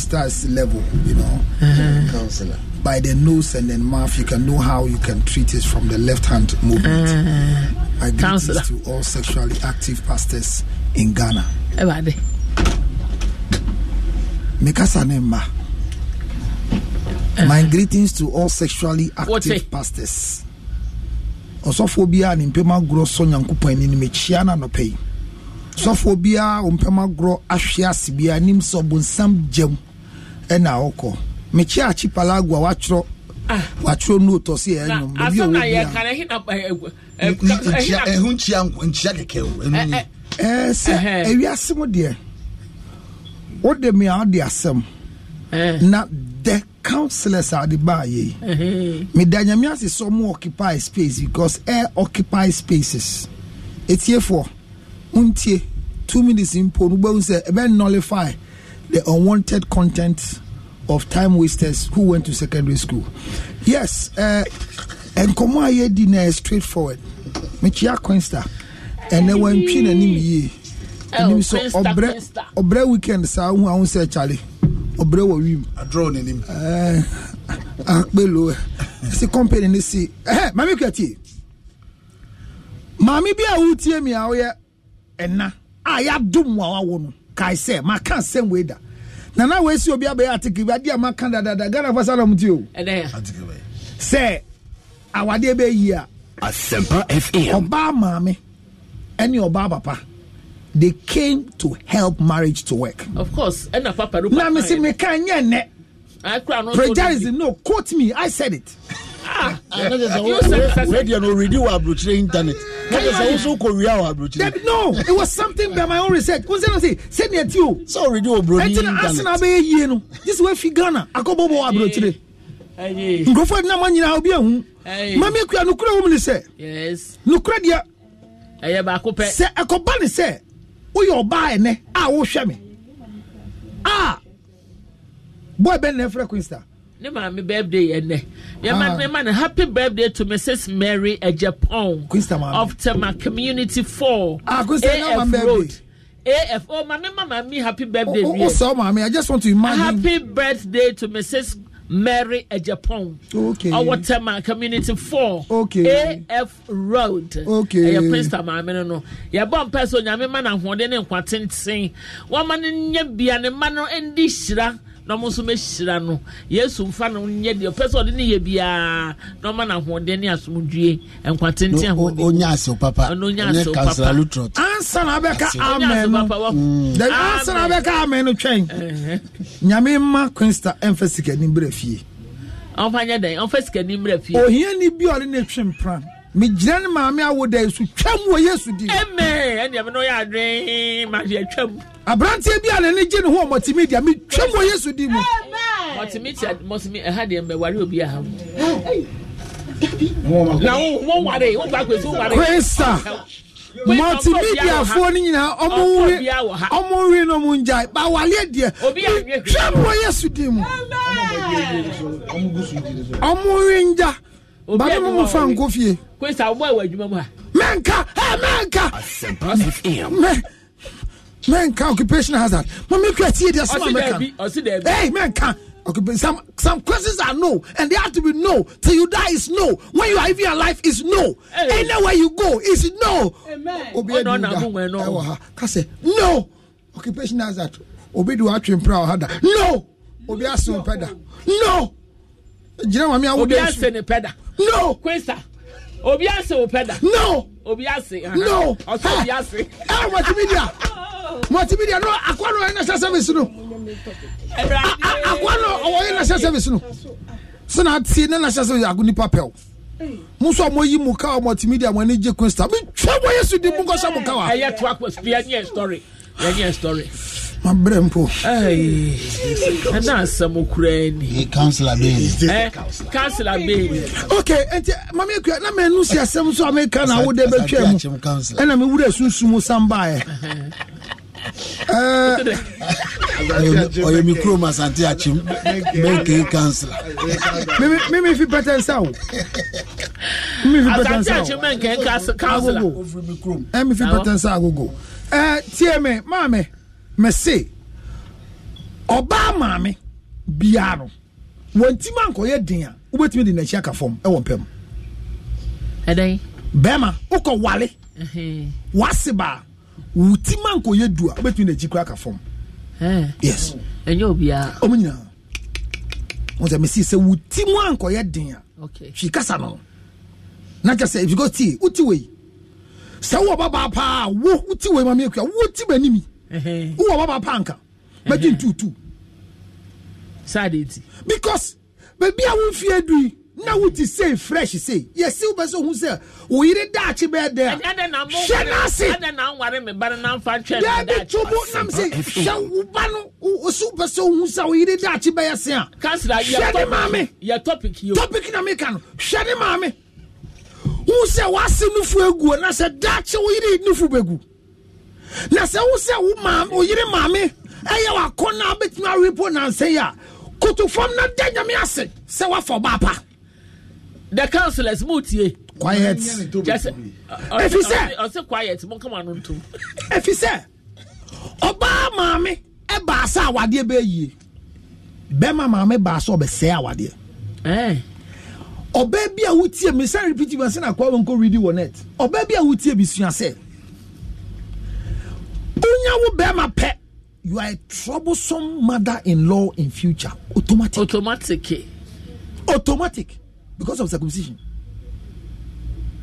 level you know uh-huh. counselor by the nose and then mouth, you can know how you can treat it from the left hand movement. Uh, I give this to all sexually active pastors in Ghana. Mekasanema. My uh-huh. greetings to all sexually active pastors. ɔsɔfoɔ biara ne mpɛma agorɔ sɔ nyankopɔn ani no mekyia no anɔpɛ yi sɔfoɔ biara ɔmpɛma agorɔ ahwe nim sɛ ɔbonsam gyam ɛna ɔkɔ mekye akyi palagua watwerɛ ah. watwerɛ no otɔ eh, eh, eh, se ɛnom baabi ɔwɔ biaɛho nkyia kɛkɛ o sɛ awiase mu deɛ wode me a wode asɛm na the councillors a de baa yei meda nyame ase sɛ ɔmo occupy space because air occupy spaces ɛtiefoɔ wontie two minutes mpo no wobɛhu sɛ ɛbɛ nullify the unwanted content of time wasters who went to secondary school. Yes, uh, eh, and Komo Ayedi dinner straightforward. Michia Quinsta, and then when Pina Nim Ye, and eh, him so Obre Obre weekend, sir, who I say Charlie. Obre wɔ A drone in him. Ɛɛ eh, akpelo It's a company in the sea. Eh, kura tie maame bi a wotie mi a ɔyɛ ɛna a yɛ adum a wawɔ no kae sɛ maka asɛm wei nana woesi obi abɛyɛ atike bi adeɛ ama ka dadada ghana fa salom ti o sɛ awadeɛ bɛyi a asɛmpa fm ɔbaa maame ɛne ɔbaa papa they came to help marriage to work of course ɛna papa do papa na me se me kan nyɛ nɛ prejudice no quote me i said it radio no ready wɔ aburokyire internet na kyerɛ sɛ wosow kɔ wia wɔ aburokyire. no it was something by my own research n sɛ na se sɛ ni ɛti o. sɛ o ready wɔ buroni internet ɛnti na asena abɛyɛ yie no yisi wo efi ghana akɔbɔbɔ wɔ aburokyire nkurɔfoɔ ɛdina ma nyinaa obi ehu maame ekuya nukura wɔm ni sɛ nukura deɛ ɛyɛ baako pɛ sɛ ɛkɔba ni sɛ woyɛ ɔbaa ɛnɛ a wohwɛ mi a bɔɔ ɛbɛn na ɛfrɛ queen star ne maame birthday ɛnɛ yɛma ah. ne ma no happy birthday to mrs mary ajapon of tema community four ah, af road af oh maame ma maame happy birthday oh, oh, oh, so, maame, i just want to imagine happy birthday to mrs Mary Ejapon. Okay. Our Tema Community 4. Okay. AF Road. Okay. Ɛyɛ Princeton maame no no. Yɛbɔ mpɛ so nyame ma n'ahoɔden ne nkwatenten. Wɔn ma no nyɛ bia ne ma no ndi hyira na ɔmo nso mɛhyira no yesu nfa no nyɛ deɛ ɔpɛ sɛ ɔde ne yɛ biara na ɔma no ahoɔden ne asomdwie nkwa tenten ahoɔden onya asew papa onya asew papa ansa na abɛka amen no mm. ansa na abɛka amen no twɛn [LAUGHS] nyame mma kwinsta ɛmfa sikani mbrɛ fie ɔmfa nyɛ dɛn ɔmfa sikani mbrɛ fie ohia ni bi ɔde ne twe mpran megyina ne maame awo da so twam wɔ yesu di aberanteɛ bi a nane gye ne ho mɔtimedia metwam wɔ yesu di mu kwesa mɔtimediafoɔ no nyinaa ɔmo we no mu ngyae bawaleɛ deɛ metwam wɔ yesu di mu ɔmo we ngya bade mo mofa nkɔ fie kwesa wobɔ ɛwɔ adwuma mu a menka eh, menka menka occupational hazard mamekwa tie deɛ soma mɛka some some questions are no and they have to be no till you die is no when you are living your life is no hey. anywhere you go is no Amen. Oh no, no, no, no. Eh, no occupation hazard obi di wa atwe mpira ɔha da no obi asom no da no gyina maame awo de asu obi ase ne pɛda no kwesa obi ase o pɛda no obi ase no ɔsɛ obi ase ɛɛ [LAUGHS] eh, multimedia multimedia no akwa no ɔyɛ national service no akwa no ɔyɛ national service no sani ati ne national service ago nipa pɛw musu a moyi mu kawa multimedia mo ani gye kwesa mi twɛ mo yesu di mu nkɔsɛ mo kawa. ɛyɛ to akɔ yɛ ni yɛ story yɛ ni yɛ story mabrɛ mpo ɛna asɛm koraa ni councilor bɛni ok enti mame akua na manu si asɛm so a meka na wode bɛtwa mu ɛna mewura sunsum sam baeɛ ɔyɛ me kurom asante akyem mɛnkei councilor memefi pɛtɛn sa o memefi pɛtɛn sa o memefi pɛtɛn sa agogo tie me maame mɛse ɔbaa maame biara no wɔn ti ma nkɔyɛ den a wobɛtumi de n'akyi aka fam ɛwɔ mpɛm. ɛdɛn. bɛrima wokɔ wale wase baa wò ti ma nkɔyɛ du a wobɛtumi de n'akyi kura aka fam. yes. ɛnyɛ obiara. ɔmu nyinaa wọn sɛ mesi sɛ wò ti mu ankɔyɛ den a. okay. fi kasa no na kyerɛ sɛ ebi ko tie o ti wei sɛ wo ɔbaa baa paa wo ti wei ma mi ekura wo ti bɛ ni mi wowɔ waba pa anka magye ntuutu sade nti because baabi a womfie adui na wote sei fresh sei yɛse wobɛ sɛ hu sɛ wo yere daakye bɛɛ dɛ hyɛ no ase daabi to mo nam sɛ hyɛ wo ba no ɔse wopɛ sɛ wohu sɛ wo yere daakye bɛyɛ se a hyɛ ne maame topic na meka no hyɛ ne maame hu sɛ woase no fu aguo na sɛ daakye wo yere ne fu bɛgu na sɛ wo sɛ wo maame oyere maame ɛyɛ wakɔ na wobɛtumi awepo nansɛ yi a kotofam no da nyame ase sɛ woafa ɔba pa the councillors motie quiet ɛfi sɛ ɔsɛ quiet monkama no ntom ɛfi sɛ ɔbaa maame ɛbaa sɛ awadeɛ bɛyie bɛma maame baa sɛ ɔbɛsɛe awadeɛ eh. ɔbaa bi a wotie me sɛ repeat bi sɛ na kwa wɔnkɔ redi wɔ net ɔbaa bi a wotie bi sua sɛ wonya wo bɛrima you are a troublesome mother-in-law in future automatic automatic automatic because of circumcision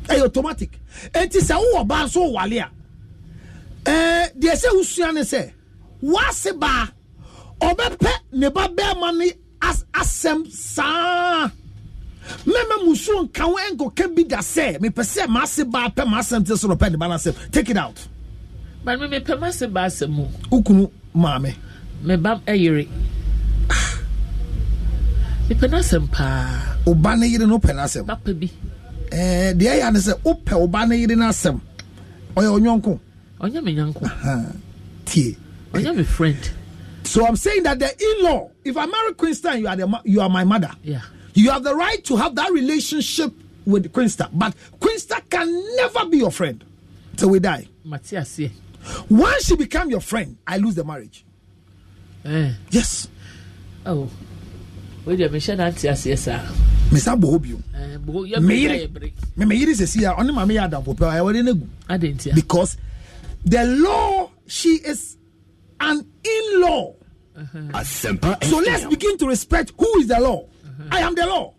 ɛyɛ automatic eti sɛ wowɔ baa nso wale a ɛɛ eh, deɛ sɛ wosua ne sɛ waase baa ɔbɛpɛ ne ba bɛrima ne asɛm saa mɛma musuo nka ho ɛnkɔka bi da sɛ mepɛ sɛ maase baa pɛ maasɛm te soro pɛ ne ba n'asɛm take it out but me mepɛ ma se baasa mu. ukunu maame. me ba ɛyere. Eh, mepɛ n'asɛm paa. ɔba ne yere no pɛ n'asɛm. bapa bi. ɛɛ deɛ yɛ ani sɛ ɔpɛ ɔba ne yere n'asɛm ɔyɛ ɔnyɔnko. ɔnyɛ mi nyɔnko. tie. ɔnyɛ mi friend. so i'm saying that the in-law if i marry queenstown you are the you are my mother. Yeah. you have the right to have that relationship with queenstown but queenstown can never be your friend till we die. matiasi. Once she become your friend, I lose the marriage. Eh. Yes. Oh. Wait a minute, auntie, yes, yes, sir. Mr. Bohobio. Meyiri says here, only Mammy Adam for I already I didn't. Because the law, she is an in law. Uh-huh. So let's begin to respect who is the law. I am the law.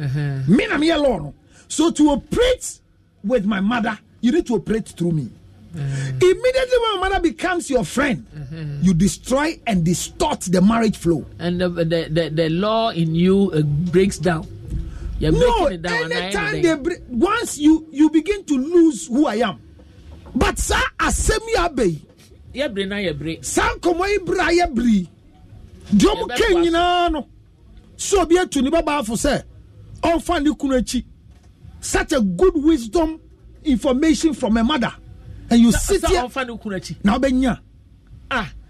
Uh-huh. Me, I'm here law. So to operate with my mother, you need to operate through me. Mm. Immediately when mother becomes your friend, mm-hmm. you destroy and distort the marriage flow. And the, the, the, the law in you uh, breaks down. You're no, breaking it down. Anytime they break, once you you begin to lose who I am. But sir, asemi abey. Yebre na yebri, San komo ibra yebre. Diomu ken nyinaa no. So bi etu ni baba afo se. Onfa ni kunu Such a good wisdom information from a mother. and you sit here na wobɛnya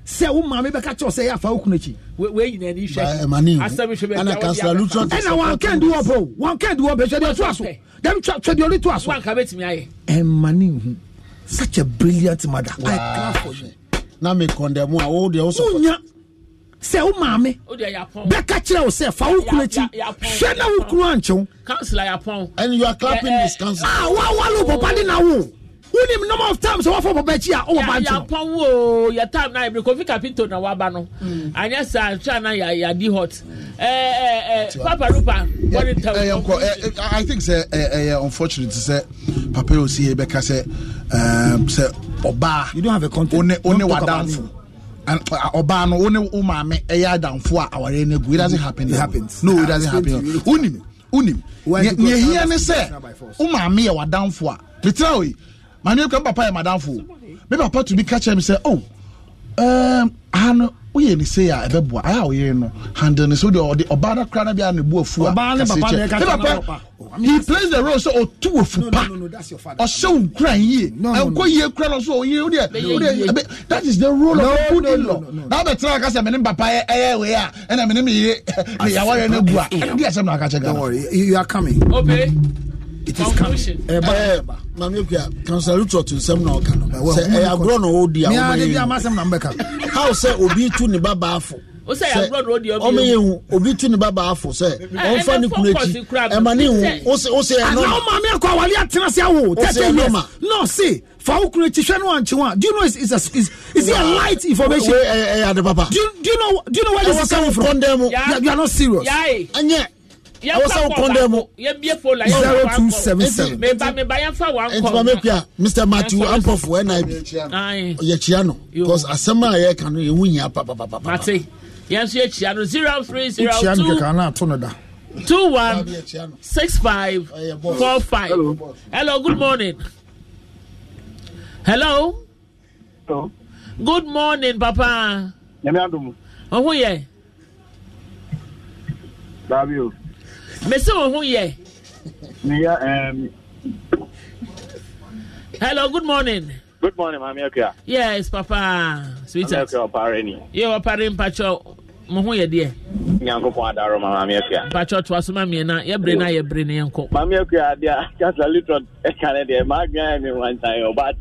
sɛ wo maame bɛka kyɛw sɛ yɛafa wo kunakyi ɛna wankan di wɔpɛ wankan di wɔpɛ hwɛdeɛ toa so dɛm hwɛdeɛ ɔde toa so ɛma ne nhu such a brilliant mother wow. i clap for you na me condemn a wo deɛ wo sɛ sɛ wo maame bɛka kyerɛ wo sɛ fa wo kunu akyi hwɛ na wo kunu ankyew and you are clapping eh, eh. this council ah wa wa lo papa de na wo wonim number of times wɔfɔ papa akyi a ɔwɔ bantu no. yàpɔn wo yɛ time na ebire kofi kapinto na waba no hmm. anya sa atwa na yà yà di hot ɛɛ eh, ɛɛ eh, eh, papa rupa bɔdi tɛw. ɛyɛ nkɔ i think sɛ ɛyɛ unfortunate sɛ papa yɛ osi yɛ bɛka sɛ sɛ ɔbaa. you don't have a content. one one wadanfo uh, ɔbaa no one ne wo maame ɛyɛ adamfo a awari ne gu it doesn't happen it happens no it ah, doesn't happen wonim wonim nea ehia ne sɛ wo maame yɛ wadanfo a bitira oyi maame kwan papa yɛ madamfo me papa tumi ka kyerɛ me sɛ o oh, um, ha no woyɛ ne sei a ɛbɛboa ayɛ a woyere no handle ne so deɛ ɔde ɔbaa no kora no bi a ne bu afu a he plays the role sɛ ɔtu wɔ fu pa ɔhyɛ wo nkura yie ɛnkɔ yie kura no so ɔyere wodeɛ that is the role of good in law na wobɛtena ka sɛ mene papa ɛyɛ wei a ɛna mene meyere [LAUGHS] meyawareɛ no agu a ɛne deɛ asɛm no aka kyɛ ghana you are coming okay it is coming. ɛɛ maame kuya kansala ruto to nsɛm na ɔka no sɛ ɛyɛ eh, agorɔ na ɔdi a ɔmɛ yɛ hu how sɛ obi tu ni ba baafo sɛ ɔmɛ yɛ hu obi tu ne ba baafo sɛ eh, eh, ɔnfa ne kunu ekyi ɛma ne hu ose ose yɛ nɔma. ana maame akɔ awale atena se awo tɛtɛ yɛ nɔɔse fawo kunu ekyi hwɛ no ankye do you know is is a is is it a light information. ɛyɛ ade papa. do you know do you know where this is coming from. ɛwɔ sɛ o kɔndɛmu. you are not serious. ɛnyɛ ɛwɔ sɛ wokɔndɛ mu0277 ntimamɛpia mr matthew ampɔfo ɛna bi yɛkyia no bcause asɛm a yɛka no yɛho hia papapapa yɛnso yɛkyia no Zero three zero two. Two one six five four five. hello good morning hello, hello. good morning papa nyame adom ɔho yɛ daabi mese wo ho yɛ um, hello good morning good morning maame akua yes papa sweetheart maame akua ɔpare ni yɛ ɔpare mpatsɔ mo ho yɛ deɛ nyankopɔn adaro ma maame akua mpatsɔ to aso ma mmiɛna yɛbere na yɛbere ne yɛnkɔ maame akua adeɛ kasa litron ɛka ne deɛ maa gbɛn mi wantan yɛ ɔba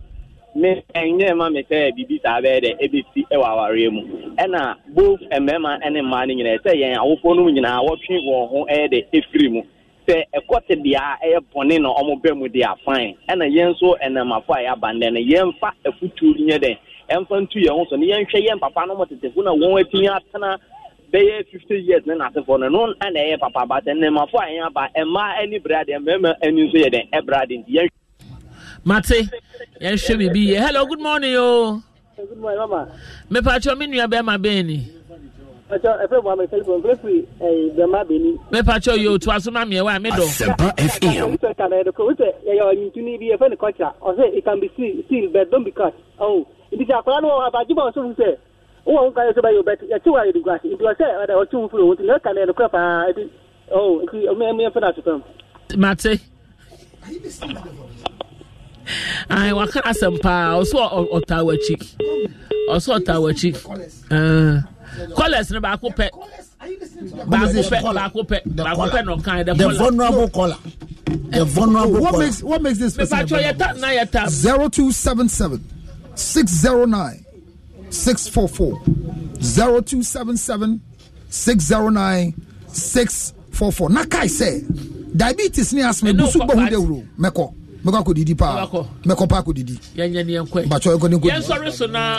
me ɛnyɛ eh, ma me sɛ biribi saa bɛyɛ dɛ ɛbɛsi e wɔ e awareɛ mu ɛna both eh, mmarima eh, e ne mmaa no nyinaa sɛ yɛn awofoɔ no nyinaa wɔtwe wɔn ho ɛyɛ dɛ ɛfiri mu sɛ ɛkɔte deɛ a ɛyɛ bɔne na ɔmo bɛ mu deɛ afan ɛna yɛn nso ɛnamafo a yɛaba ndɛ no yɛmfa afutuo nyɛ dɛ ɛmfa ntu yɛn ho so no yɛnhwɛ yɛn papa no mo tete fo wɔn atumi atena bɛyɛ fifty years ne n'asefoɔ no no ɛna ɛyɛ papa ba sɛ nnamafo a yɛn aba mmaa mate yɛhwɛ biribi yɛ hello good morning o mepatwɛ me nua bɛrima bɛn ni mepatwɛ yɛ otua so ma meɛ wa me dɔ nti sɛ akwadaa no wɔ hɔ abagye bɔ ɔsofo sɛ wowɔ wo nkaeɛ sɛ bɛyɛ wobɛte yɛkye wo ayɛ de guase nti ɔsɛ ɔda ɔkye wo firi wo nti na ɛka na ɛnokorɛ paa nti nti mɛmfɛ no atotɔm mate ayi waka asɛm paa ɔso ɔta w'akyi ɔso ɔta w'akyi kɔlɛs no baako pɛ baako pɛ baako pɛ baako pɛ na ɔkan dɛ kɔlɛs. the vulnerable caller. The eh, vulnerable caller. what makes what makes this person vulnerable? Zero two seven seven six zero nine six four four zero two seven seven six zero nine six four four. Nakai say diabetes ni asthma. Eh, busu bohu de uro meko mɛkɔ akɔdidi paa mɛkɔ pa akɔdidi batwɛ nkɔ ne